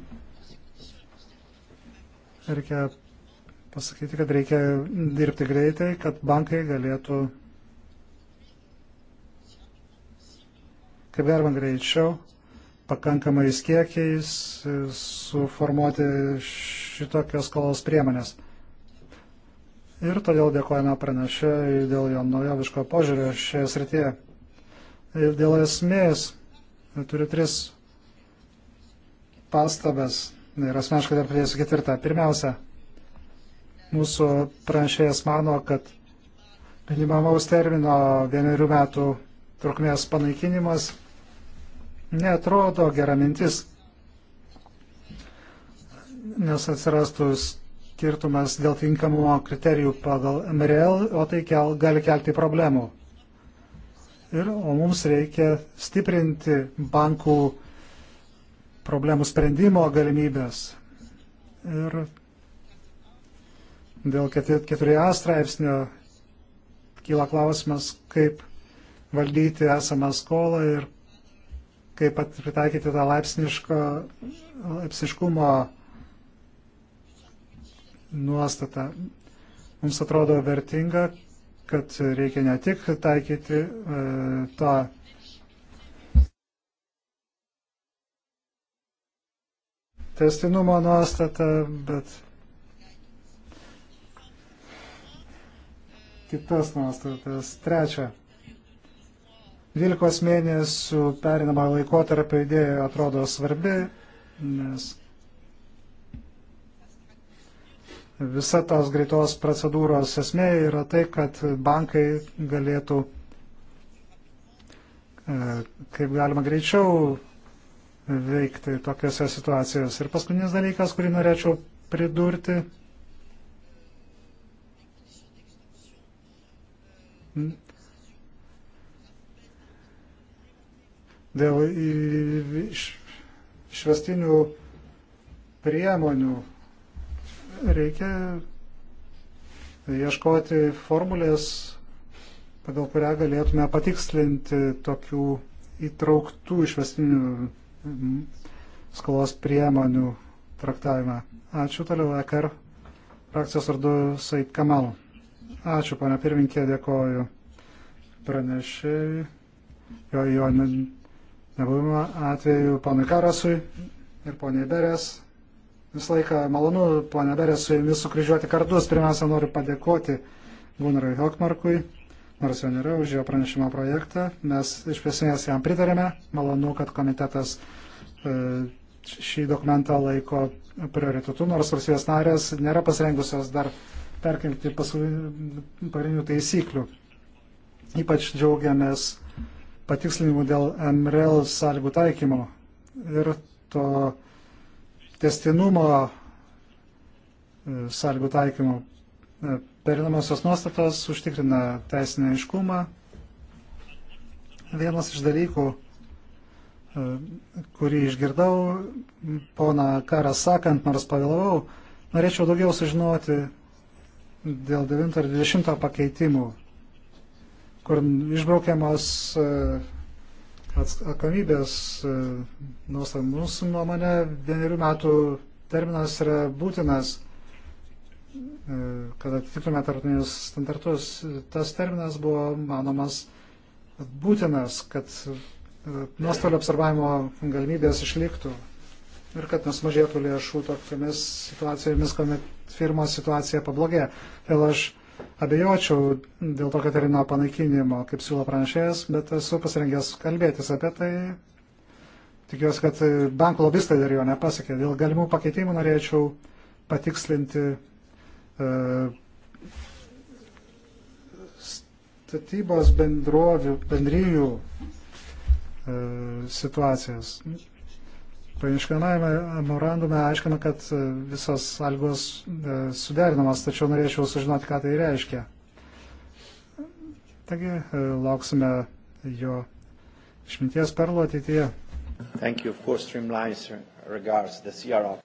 Reikia pasakyti, kad reikia dirbti greitai, kad bankai galėtų kaip galima greičiau pakankamais kiekiais suformuoti šitokios skolos priemonės. Ir todėl dėkojame pranešėjui dėl jo naujoviško požiūrio šioje srityje. Ir dėl esmės turiu tris pastabas ir asmeniškai dar pridėsiu ketvirtą. Pirmiausia, Mūsų pranešėjas mano, kad minimamaus termino vienerių metų trukmės panaikinimas netrodo gera mintis, nes atsirastų skirtumas dėl tinkamumo kriterijų pagal MRL, o tai kel, gali kelti problemų. Ir, o mums reikia stiprinti bankų problemų sprendimo galimybės. Ir Dėl 4a straipsnio kyla klausimas, kaip valdyti esamą skolą ir kaip pritaikyti tą laipsniškumo nuostatą. Mums atrodo vertinga, kad reikia ne tik taikyti e, tą testinumo nuostatą, bet kitas nuostatas. Trečia. 12 mėnesių perinamą laikotarpio idėja atrodo svarbi, nes visa tos greitos procedūros esmė yra tai, kad bankai galėtų e, kaip galima greičiau veikti tokiuose situacijose. Ir paskutinis dalykas, kurį norėčiau pridurti, Dėl išvestinių priemonių reikia ieškoti formulės, pagal kurią galėtume patikslinti tokių įtrauktų išvestinių skolos priemonių traktavimą. Ačiū toliau, Ekar, frakcijos vardu Said Kamal. Ačiū, pana pirminkė, dėkoju pranešėjui, jo, jo ne, nebuvimo atveju ponui Karasui ir poniai Berės. Visą laiką malonu, ponia Berės, su jumis sukryžiuoti kardus. Pirmiausia, noriu padėkoti Gunarui Hokmarkui, nors jo nėra, už jo pranešimo projektą. Mes iš esmės jam pritarėme. Malonu, kad komitetas e, šį dokumentą laiko prioritetu, nors valstybės narės nėra pasirengusios dar perkelti pagrindinių taisyklių. Ypač džiaugiamės patikslinimų dėl MRL sąlygų taikymo ir to testinumo e, sąlygų taikymo. E, Perinamosios nuostatos užtikrina teisinę aiškumą. Vienas iš dalykų, e, kurį išgirdau, pona Karas sakant, nors pavėlavau, norėčiau daugiau sužinoti dėl 9 ar 20 pakeitimų, kur išbraukiamas e, atsakomybės e, nuostatų. Mūsų nuomonė, vienerių metų terminas yra būtinas, e, kad atitiktume tarptautinius standartus. Tas terminas buvo manomas būtinas, kad nuostolio absorbavimo galimybės išliktų ir kad nesumažėtų lėšų tokiamis situacijomis, kuomet firmos situacija pablogė. Dėl aš abejočiau dėl tokio termino panaikinimo, kaip siūlo pranešėjas, bet esu pasirengęs kalbėtis apie tai. Tikiuosi, kad bankų lobistai dar jo nepasakė. Dėl galimų pakeitimų norėčiau patikslinti uh, statybos bendrovių, bendryjų uh, e, situacijas. Paaiškinamame memorandume aiškina, kad e, visos algos e, suderinamos, tačiau norėčiau sužinoti, ką tai reiškia. Taigi e, lauksime jo išminties perlo ateityje. Thank you. Of course, streamlines regards the CRO.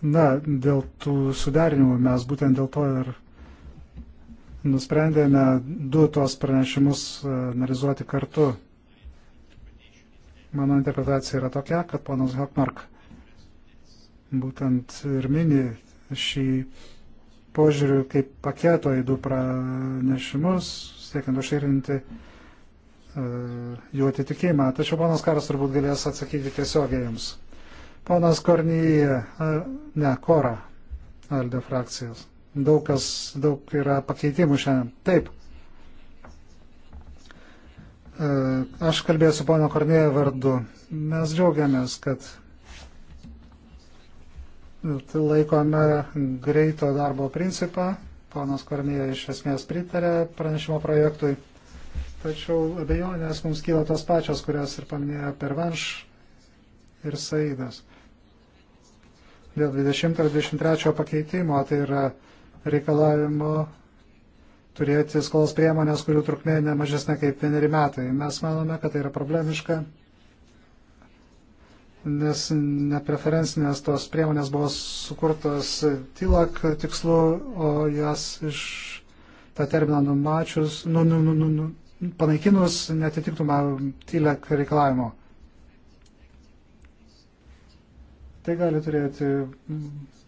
Na, dėl tų sudarinimų mes būtent dėl to ir nusprendėme du tuos pranešimus analizuoti kartu. Mano interpretacija yra tokia, kad ponas Hopmark būtent ir mini šį požiūrių kaip paketo į du pranešimus, siekiant užsirinti uh, e, jų atitikimą. Tačiau ponas Karas turbūt galės atsakyti tiesiogiai jums. Ponas Kornyje, uh, ne, Kora, Alde frakcijos. Daug, kas, daug yra pakeitimų šiandien. Taip, E, aš kalbėsiu pono Kornėjo vardu. Mes džiaugiamės, kad laikome greito darbo principą. Ponas Kornėjo iš esmės pritarė pranešimo projektui. Tačiau abejonės mums kyla tos pačios, kurias ir paminėjo Pervanš ir Saidas. Dėl 20-23 pakeitimo tai yra reikalavimo turėti skolos priemonės, kurių trukmė ne mažesnė kaip vieneri metai. Mes manome, kad tai yra problemiška, nes nepreferencinės tos priemonės buvo sukurtos tilak tikslu, o jas iš tą terminą numačius, nu, nu, nu, nu, panaikinus netitiktumą tilak reikalavimo. Tai gali turėti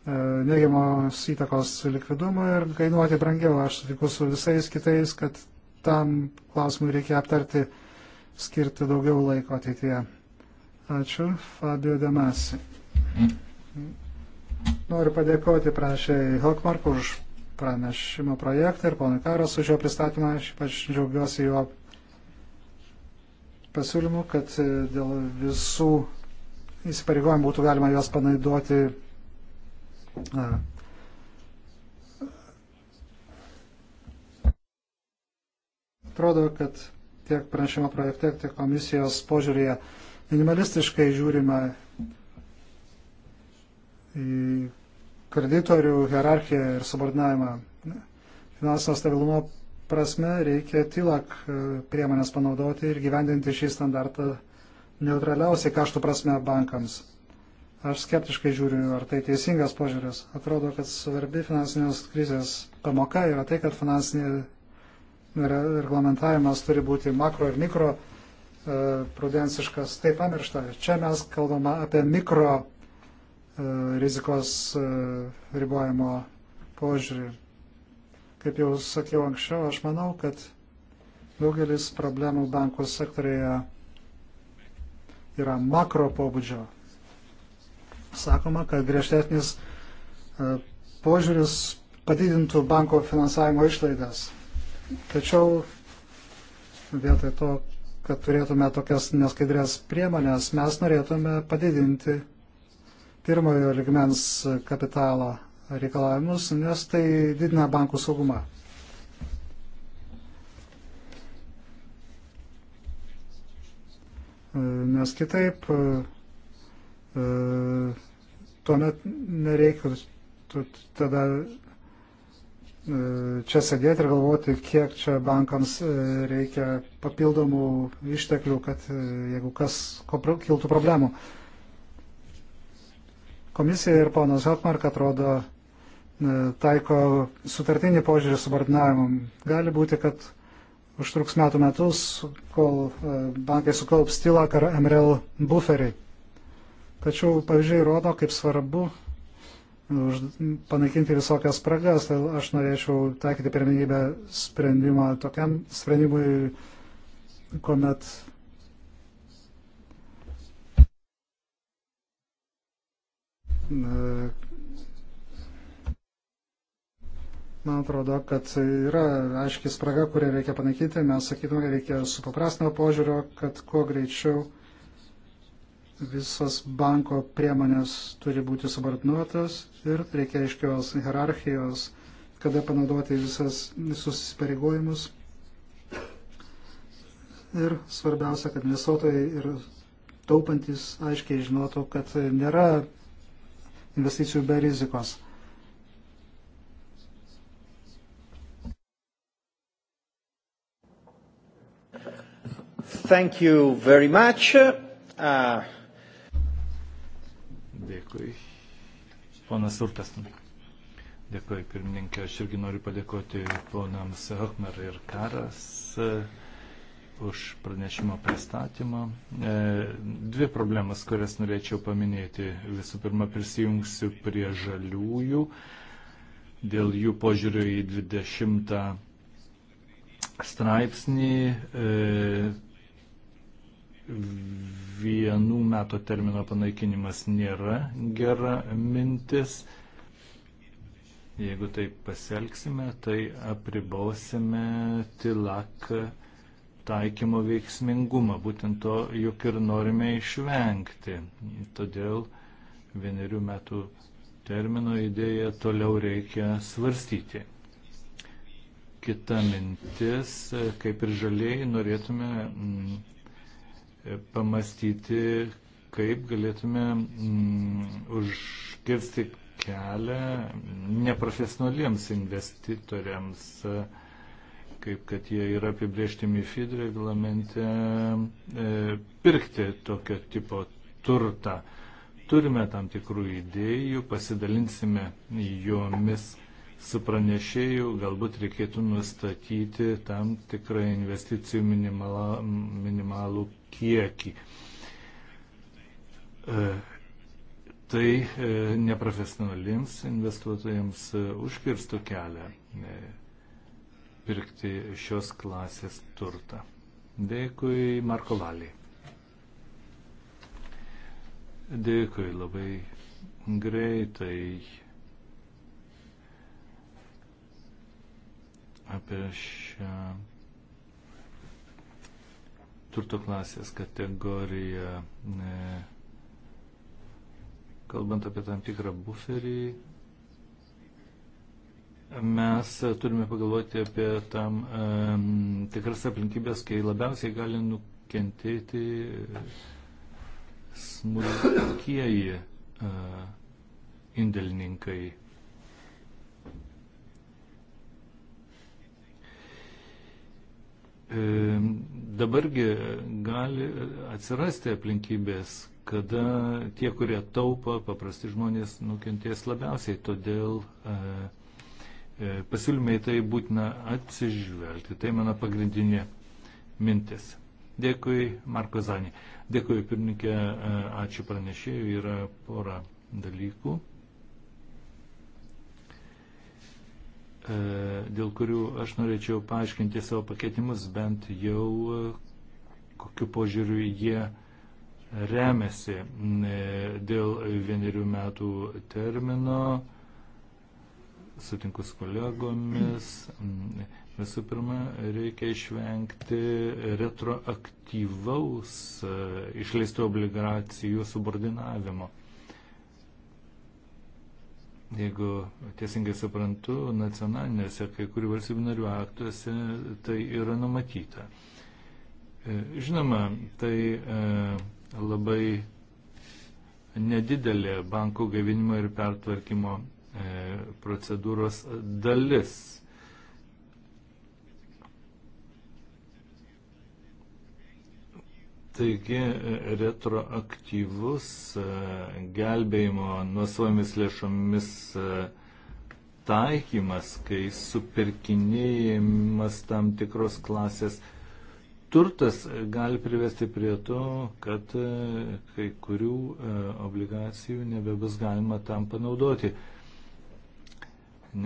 E, neigiamos įtakos likvidumui ir kainuoti brangiau. Aš sutiku su visais kitais, kad tam klausimui reikia aptarti, skirti daugiau laiko ateityje. Ačiū, Fabio Demasi. Noriu padėkoti pranešėjai Helkmark už pranešimo projektą ir ponui Karas už jo pristatymą. Aš ypač džiaugiuosi jo pasiūlymu, kad dėl visų įsipareigojimų būtų galima juos panaudoti Atrodo, kad tiek pranešimo projekte, tiek komisijos požiūrėje minimalistiškai žiūrima į kreditorių hierarchiją ir subordinavimą. Finansinio stabilumo prasme reikia tilak e, priemonės panaudoti ir gyvendinti šį standartą neutraliausiai kaštų prasme bankams. Aš skeptiškai žiūriu, ar tai teisingas požiūris. Atrodo, kad svarbi finansinės krizės pamoka yra tai, kad finansinė reglamentavimas turi būti makro ir mikro e, prudensiškas. Tai pamiršta. Čia mes kalbame apie mikro e, rizikos e, ribojimo požiūrį. Kaip jau sakiau anksčiau, aš manau, kad daugelis problemų bankų sektorėje yra makro pobūdžio sakoma, kad griežtesnis e, požiūris padidintų banko finansavimo išlaidas. Tačiau vietoj to, kad turėtume tokias neskaidrės priemonės, mes norėtume padidinti pirmojo ligmens kapitalo reikalavimus, nes tai didina bankų saugumą. E, nes kitaip e, E, tuomet nereikia tada e, čia sėdėti ir galvoti, kiek čia bankams e, reikia papildomų išteklių, kad jeigu kas kiltų problemų. Komisija ir ponas Hotmark atrodo taiko sutartinį požiūrį subordinavimam. Gali būti, kad užtruks metų metus, kol bankai sukaups tilą ar MRL buferį. Tačiau pavyzdžiai rodo, kaip svarbu e, panaikinti visokias spragas. Tai aš norėčiau taikyti pirmenybę sprendimą tokiam sprendimui, kuomet Man atrodo, kad yra aiškiai spraga, kurią reikia panaikyti. Mes sakytume, reikia supaprastino požiūrio, kad kuo greičiau visas banko priemonės turi būti subordinuotas ir reikia aiškios hierarchijos, kada panaudoti visas, visus įsipareigojimus. Ir svarbiausia, kad investuotojai ir taupantis aiškiai žinotų, kad nėra investicijų be rizikos. Thank you very much. Uh, Dėkui. Ponas Urtastan. Dėkui, pirmininkė. Aš irgi noriu padėkoti ponams Hokmer ir Karas e, už pranešimo pristatymą. E, dvi problemas, kurias norėčiau paminėti. Visų pirma, prisijungsiu prie žaliųjų dėl jų požiūrio į 20 straipsnį. E, vienų metų termino panaikinimas nėra gera mintis. Jeigu taip pasielgsime, tai apribosime tilak taikymo veiksmingumą. Būtent to juk ir norime išvengti. Todėl vienerių metų termino idėją toliau reikia svarstyti. Kita mintis, kaip ir žaliai, norėtume mm, E, pamastyti, kaip galėtume mm, užkirsti kelią neprofesionaliems investitoriams, e, kaip kad jie yra apibriežti MIFID reglamente, e, pirkti tokio tipo turtą. Turime tam tikrų idėjų, pasidalinsime jomis su pranešėju, galbūt reikėtų nustatyti tam tikrą investicijų minimalą, minimalų kiekį. E, tai e, neprofesionalims investuotojams e, užkirstų kelią pirkti šios klasės turtą. Dėkui Marko Valiai. Dėkui labai greitai. apie šią turto klasės kategoriją. Kalbant apie tam tikrą buferį, mes turime pagalvoti apie tam tikras aplinkybės, kai labiausiai gali nukentėti smulkieji e, indėlininkai. E, dabargi gali atsirasti aplinkybės, kada tie, kurie taupa, paprasti žmonės nukentės labiausiai. Todėl e, e, pasiūlymai tai būtina atsižvelgti. Tai mano pagrindinė mintis. Dėkui, Marko Zanį. Dėkui, pirmininkė, ačiū pranešėjui. Yra pora dalykų. E, dėl kurių aš norėčiau paaiškinti savo pakeitimus, bent jau e, kokiu požiūriu jie remiasi e, dėl vienerių metų termino, sutinku su kolegomis. Visų pirma, reikia išvengti retroaktyvaus išleistų obligacijų subordinavimo. Jeigu tiesingai suprantu, nacionalinėse kai kurių valstybių narių aktuose tai yra numatyta. E, žinoma, tai e, labai nedidelė bankų gavinimo ir pertvarkymo e, procedūros dalis Taigi retroaktyvus e, gelbėjimo nuosavomis lėšomis e, taikymas, kai supirkinėjimas tam tikros klasės turtas gali privesti prie to, kad e, kai kurių obligacijų nebebus galima tam panaudoti.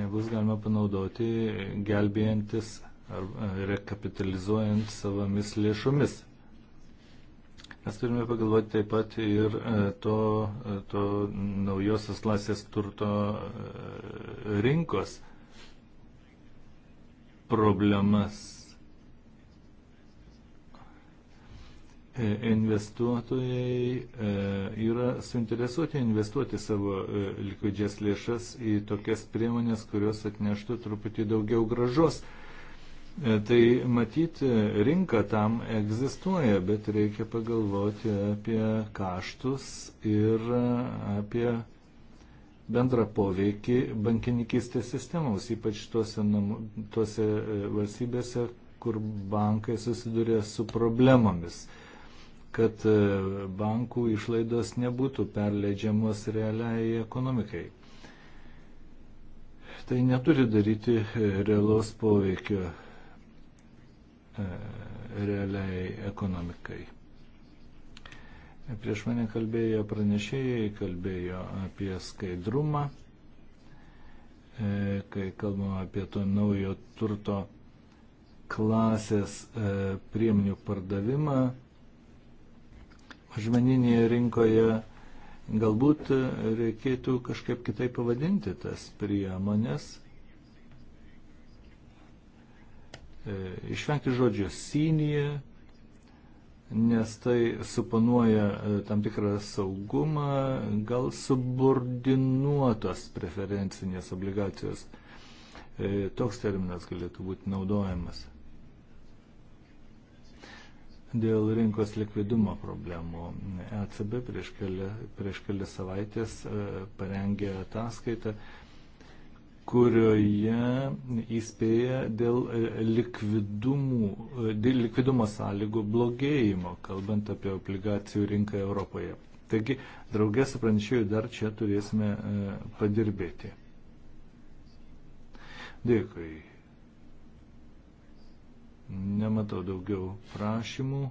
Nebus galima panaudoti gelbėjantis ar rekapitalizuojant savomis lėšomis. Mes turime pagalvoti taip pat ir e, to, e, to naujosios klasės turto e, rinkos problemas. Investuotojai yra suinteresuoti investuoti savo likvidžias lėšas į tokias priemonės, kurios atneštų truputį daugiau gražos E, tai matyti rinka tam egzistuoja, bet reikia pagalvoti apie kaštus ir apie bendrą poveikį bankininkystės sistemoms, ypač tuose, namu, tuose e, valstybėse, kur bankai susiduria su problemomis, kad e, bankų išlaidos nebūtų perleidžiamos realiai ekonomikai. Tai neturi daryti realaus poveikio E, realiai ekonomikai. Prieš mane kalbėjo pranešėjai, kalbėjo apie skaidrumą, e, kai kalbama apie to naujo turto klasės e, priemonių pardavimą mažmeninėje rinkoje. Galbūt reikėtų kažkaip kitaip pavadinti tas priemonės E, išvengti žodžio Sinija, nes tai suponuoja e, tam tikrą saugumą, gal subordinuotos preferencinės obligacijos. E, toks terminas galėtų būti naudojamas. Dėl rinkos likvidumo problemų ECB prieš kelias, prieš kelias savaitės parengė ataskaitą, kurioje įspėja dėl e, likvidumų, e, dėl likvidumo sąlygų blogėjimo, kalbant apie obligacijų rinką Europoje. Taigi, draugės su pranešėjų dar čia turėsime e, padirbėti. Dėkui. Nematau daugiau prašymų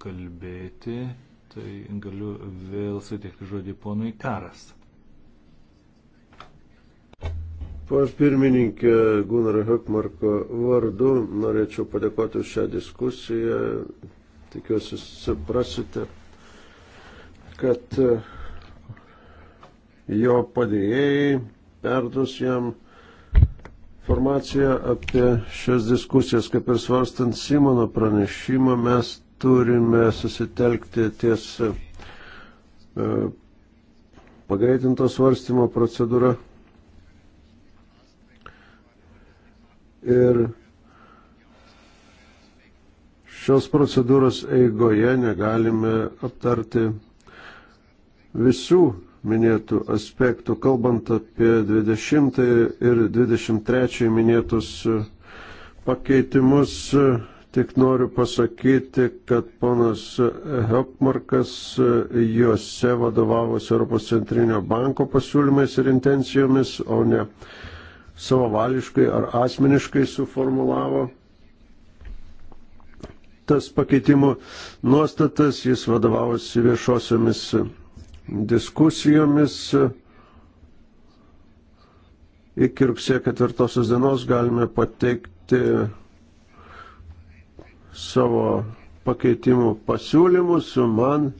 kalbėti, tai galiu vėl suteikti žodį ponui Karas. Pana pirmininkė Gunaro Hökmarko vardu norėčiau padėkoti už šią diskusiją. Tikiuosi suprasite, kad e, jo padėjėjai perduos jam informaciją apie šias diskusijas, kaip ir svarstant Simono pranešimą, mes turime susitelkti ties e, pagreitinto svarstymo procedūra Ir šios procedūros eigoje negalime aptarti visų minėtų aspektų, kalbant apie 20 ir 23 minėtus pakeitimus. Tik noriu pasakyti, kad ponas Hepmarkas juose vadovavosi Europos centrinio banko pasiūlymais ir intencijomis, o ne savavališkai ar asmeniškai suformulavo tas pakeitimų nuostatas, jis vadovavosi viešosiomis diskusijomis. Iki rugsėjo ketvirtosios dienos galime pateikti savo pakeitimų pasiūlymus. Man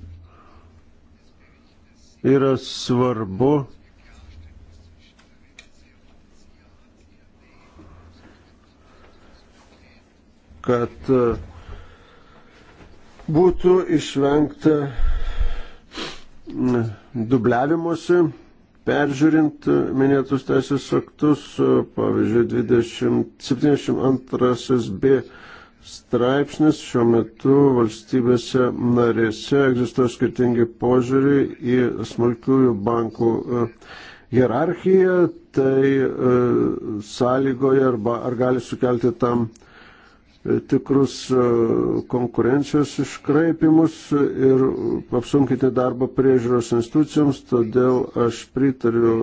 yra svarbu kad e, būtų išvengta dubliavimuose, peržiūrint minėtus teisės aktus, e, pavyzdžiui, 72b straipsnis šiuo metu valstybėse narėse egzistuoja skirtingi požiūriai į smulkiųjų bankų e, hierarchiją, tai sąlygoje arba ar gali sukelti tam E, tikrus e, konkurencijos iškraipimus ir apsunkinti darbą priežiūros institucijoms, todėl aš pritariu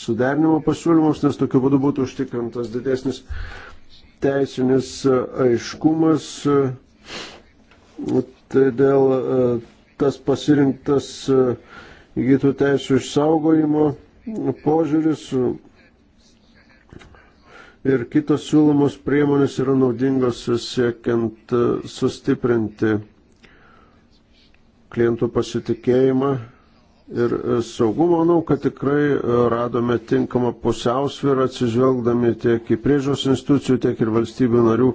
suderinimo pasiūlymams, nes tokiu būdu būtų užtikrintas didesnis teisinis aiškumas. Todėl e, tas pasirinktas įgytų teisų išsaugojimo požiūris ir kitos siūlomos priemonės yra naudingos siekiant e, sustiprinti klientų pasitikėjimą ir e, saugumą. Manau, kad tikrai e, radome tinkamą pusiausvyrą atsižvelgdami tiek į priežos institucijų, tiek ir valstybių narių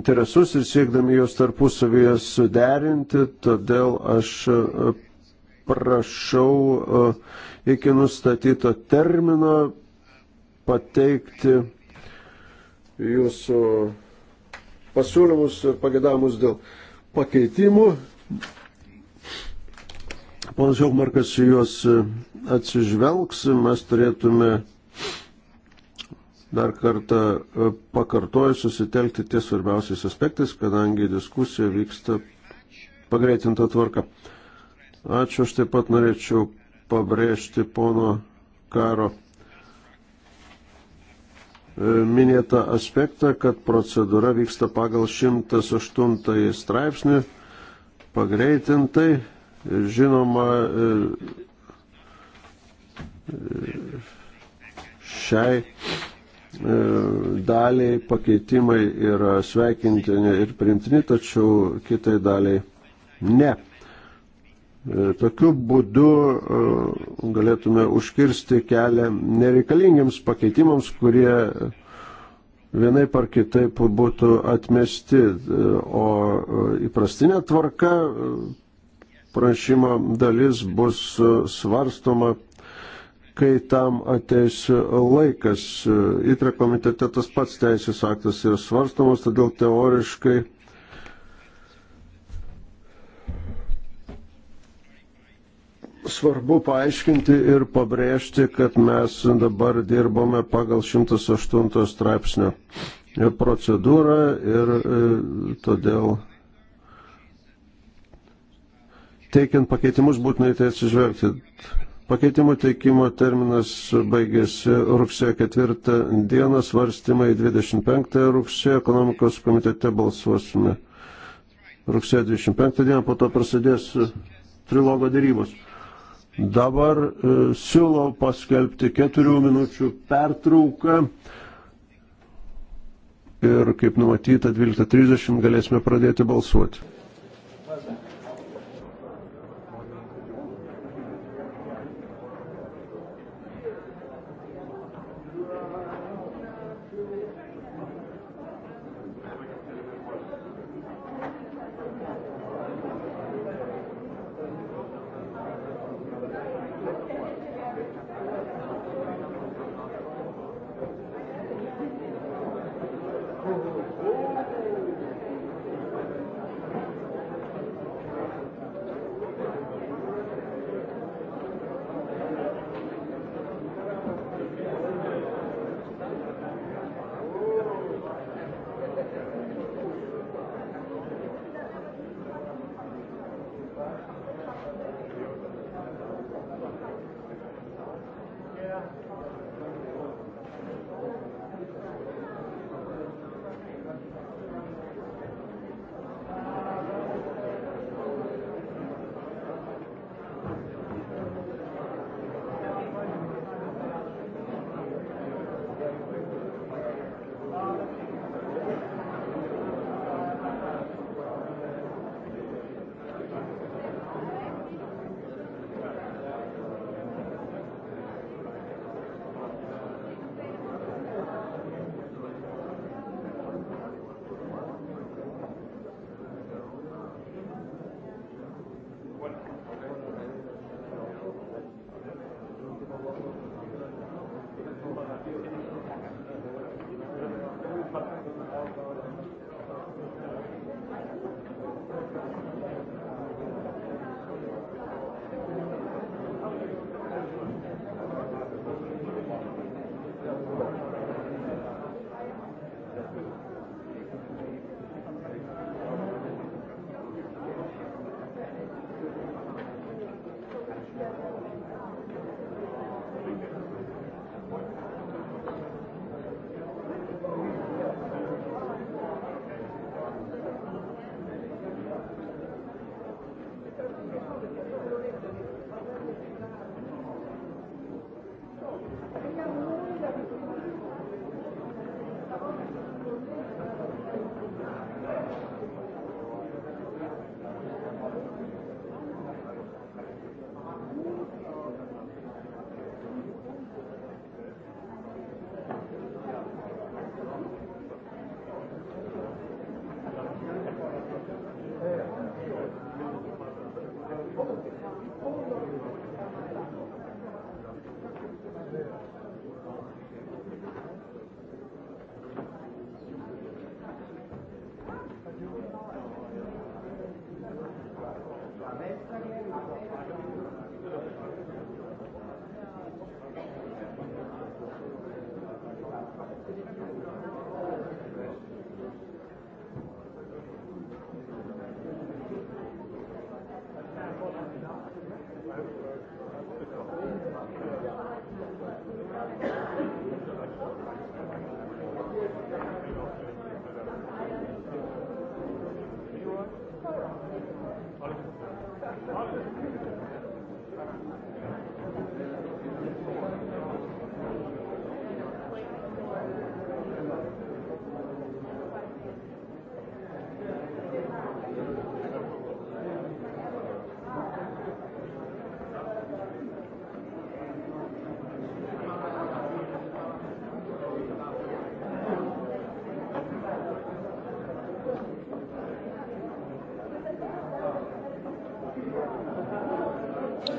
interesus ir siekdami juos tarpusavyje suderinti. Todėl aš prašau iki nustatyto termino pateikti jūsų pasiūlymus ir pagėdamus dėl pakeitimų. Ponas Jokmarkas į juos e, atsižvelgs, mes turėtume dar kartą e, pakartoju susitelkti ties svarbiausiais aspektais, kadangi diskusija vyksta pagreitinta tvarka. Ačiū, aš taip pat norėčiau pabrėžti pono karo E, minėtą aspektą, kad procedūra vyksta pagal 108 straipsnį pagreitintai ir žinoma e, e, šiai daliai pakeitimai yra sveikintini ir primtini, tačiau kitai daliai ne. E, tokiu būdu e, galėtume užkirsti kelią nereikalingiams pakeitimams, kurie vienai par kitaip būtų atmesti, e, o įprastinė tvarka prašymo dalis bus svarstoma, kai tam ateis laikas. Įtra komitete tas pats teisės aktas yra svarstomas, todėl teoriškai svarbu paaiškinti ir pabrėžti, kad mes dabar dirbame pagal 108 straipsnio procedūrą ir e, todėl teikiant pakeitimus būtinai tai atsižvelgti. Pakeitimų teikimo terminas baigėsi rugsėjo 4 dieną, svarstymai 25 rugsėjo, ekonomikos komitete balsuosime rugsėjo 25 dieną, po to prasidės trilogo dėrybos. Dabar e, siūlau paskelbti keturių minučių pertrauką ir kaip numatyta 12.30 galėsime pradėti balsuoti.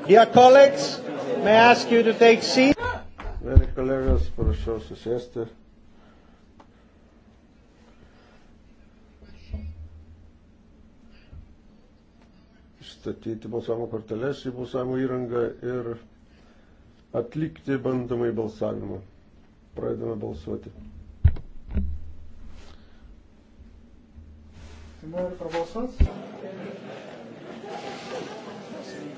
Dear colleagues, may I ask you to take seat? Mėly kolegos, prašau susėsti. Statyti balsavimo korteles į balsavimo įrangą ir atlikti bandomai balsavimą. Pradedame balsuoti. Noriu prabalsuoti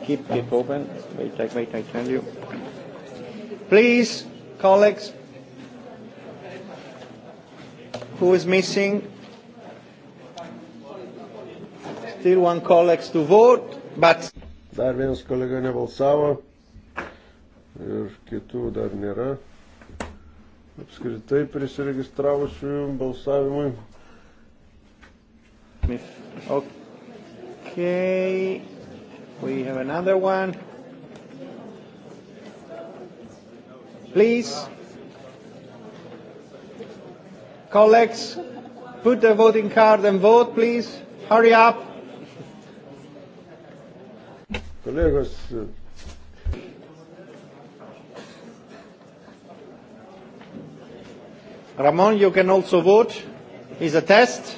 keep it open. Wait, I, wait, I tell you. Please, colleagues, who is missing? Still one colleague to vote, but. Dar vienas kolega nebalsavo ir kitų dar nėra. Apskritai prisiregistravusių balsavimui. Okay. We have another one. Please, colleagues, put the voting card and vote, please. Hurry up. Kolegos, Ramon, you can also vote. It's a test.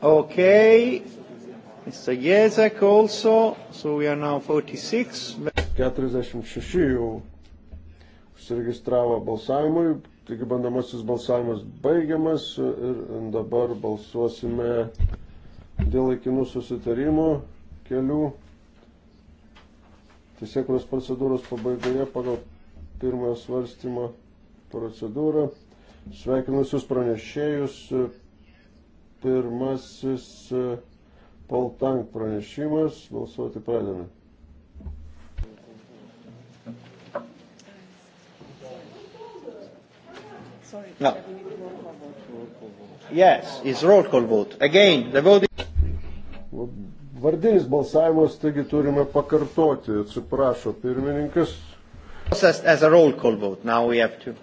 Okay. Mr. Jezek also. So we are now 46. 46 jau užsiregistravo balsavimui. Taigi bandamasis balsavimas baigiamas ir dabar balsuosime dėl laikinų susitarimų kelių teisėkuros procedūros pabaigoje pagal pirmojo svarstymo procedūrą. Sveikinusius pranešėjus Pirmasis e, Poltank pranešimas. Balsuoti pradedame. No. Yes, it's roll call vote. Again, the vote is... Vardinis balsavimas, taigi turime pakartoti. Atsiprašo pirmininkas. As, as a roll call vote, now we have to...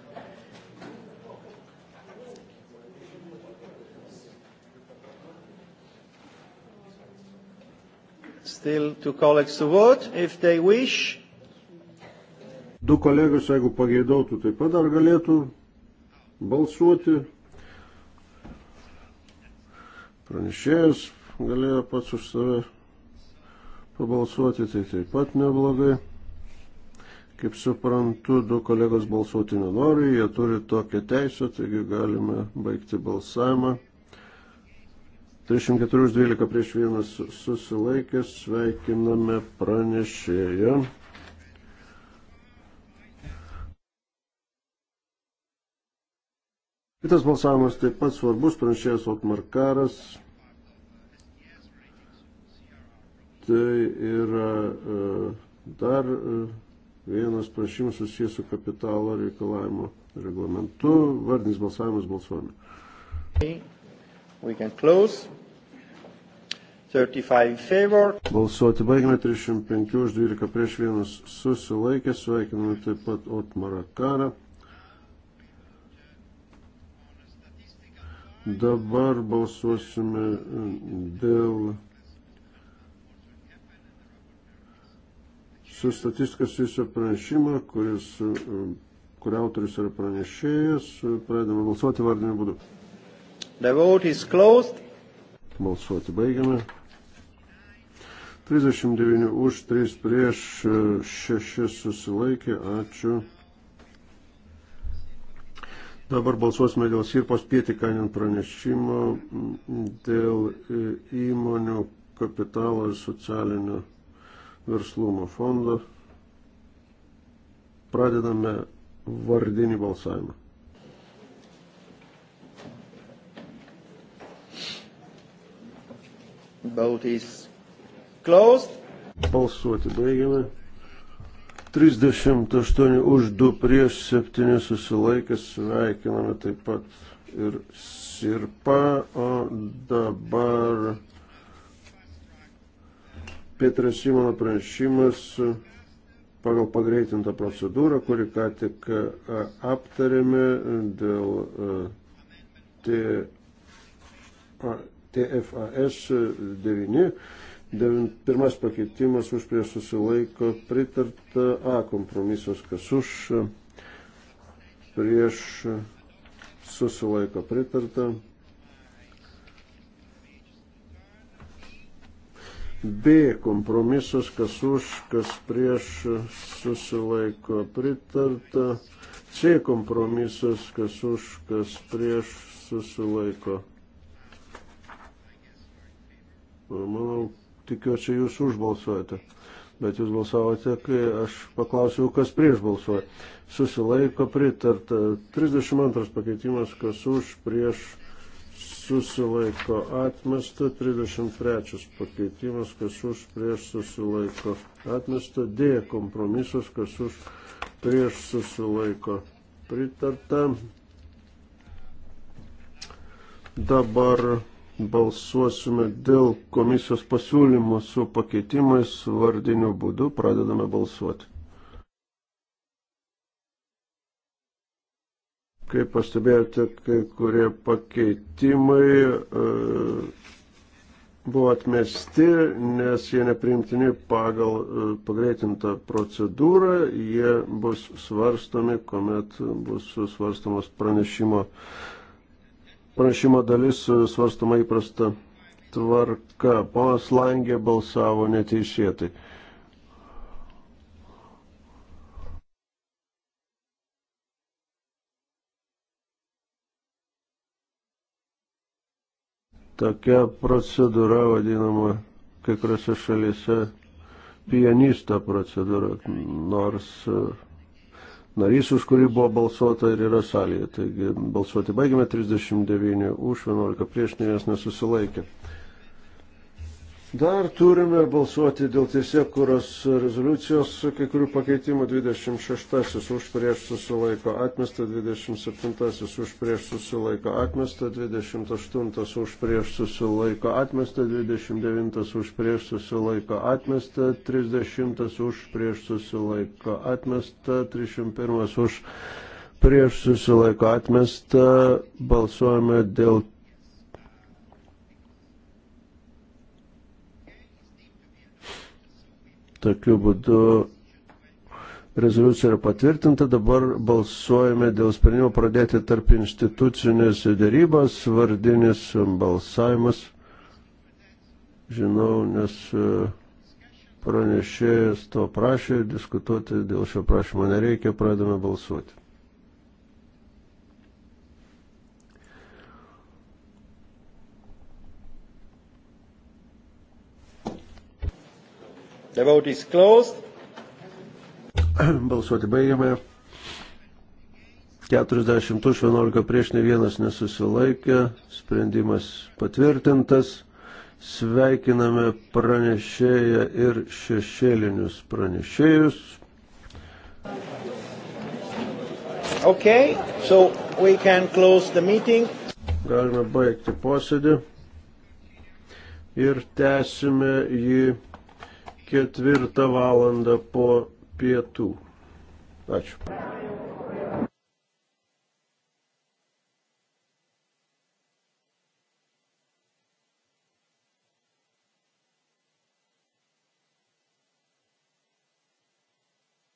still two colleagues to vote if they wish. Du kolegos, jeigu pageidautų, taip pat dar galėtų balsuoti. Pranešėjas galėjo pats už save pabalsuoti, tai taip pat neblogai. Kaip suprantu, du kolegos balsuoti nenori, jie turi tokią teisę, taigi galime baigti balsavimą. 34 už 12 prieš 1 susilaikęs, sveikiname pranešėją. Kitas balsavimas taip pat svarbus, pranešėjas Otmarkaras. Tai yra e, dar e, vienas prašymas susijęs su kapitalo reikalavimo reglamentu. Vardinis balsavimas balsuojame. We can close. 35 in favor. Balsuoti baigime 305 už 12 prieš 1 susilaikė, sveikiname taip pat Otmarą Karą. Dabar balsuosime dėl su statistika susijusio pranešimo, kuris, e, kurio autoris yra pranešėjas, pradedame balsuoti vardiniu būdu. The vote is closed. Balsuoti baigiame. 39 už, 3 prieš, 6 susilaikė. Ačiū. Dabar balsuosime dėl Sirpos pietikainin pranešimo dėl e, įmonių kapitalo ir socialinio verslumo fondo. Pradedame vardinį balsavimą. Vote is closed. Balsuoti baigiame. 38 už 2 prieš 7 susilaikęs sveikiname taip pat ir Sirpa, o dabar Petras Simono pranešimas pagal pagreitintą procedūrą, kurį ką tik e, aptarėme dėl TAE TFAS 9. Pirmas pakeitimas už prieš susilaiko pritarta A kompromisas, kas už prieš susilaiko pritarta. B kompromisas, kas už, kas prieš susilaiko pritarta. C kompromisas, kas už, kas prieš susilaiko pritarta Manau, tikiuosi jūs užbalsuojate. Bet jūs balsavote, kai aš paklausiau, kas prieš balsuoja. Susilaiko pritarta. 32 pakeitimas, kas už, prieš susilaiko atmesta. 33 pakeitimas, kas už, prieš susilaiko atmesta. D kompromisas, kas už, prieš susilaiko pritarta. Dabar balsuosime dėl komisijos pasiūlymų su pakeitimais vardiniu būdu. Pradedame balsuoti. Kaip pastebėjote, kai kurie pakeitimai e, buvo atmesti, nes jie nepriimtini pagal e, pagreitintą procedūrą. Jie bus svarstomi, kuomet bus svarstamos pranešimo Pranešimo dalis e, svarstama įprasta tvarka. Ponas Langė balsavo neteisėtai. Tokia procedūra vadinama kai kuriuose šalyse pianisto procedūra, nors uh, narys, už kurį buvo balsuota ir yra salėje. Taigi balsuoti baigėme 39 už, 11 prieš, nes nesusilaikė. Dar turime balsuoti dėl teisėkuros rezoliucijos kai kurių pakeitimų 26 už prieš susilaiko atmesta, 27 už prieš susilaiko atmesta, 28 už prieš susilaiko atmesta, 29 už prieš susilaiko atmesta, 30 už prieš susilaiko atmesta, 301 už prieš susilaiko atmesta. Balsuojame dėl Tokiu būdu rezoliucija yra patvirtinta, dabar balsuojame dėl sprendimo pradėti tarp institucinės dėrybas, vardinis balsavimas. Žinau, nes e, pranešėjas to prašė, diskutuoti dėl šio prašymo nereikia, pradame balsuoti. The vote is closed. Balsuoti baigiame. 40 už 11 prieš ne vienas nesusilaikė. Sprendimas patvirtintas. Sveikiname pranešėją ir šešėlinius pranešėjus. Okay, so we can close the meeting. Galime baigti posėdį ir tęsime jį ketvirtą valandą po pietų. Ačiū.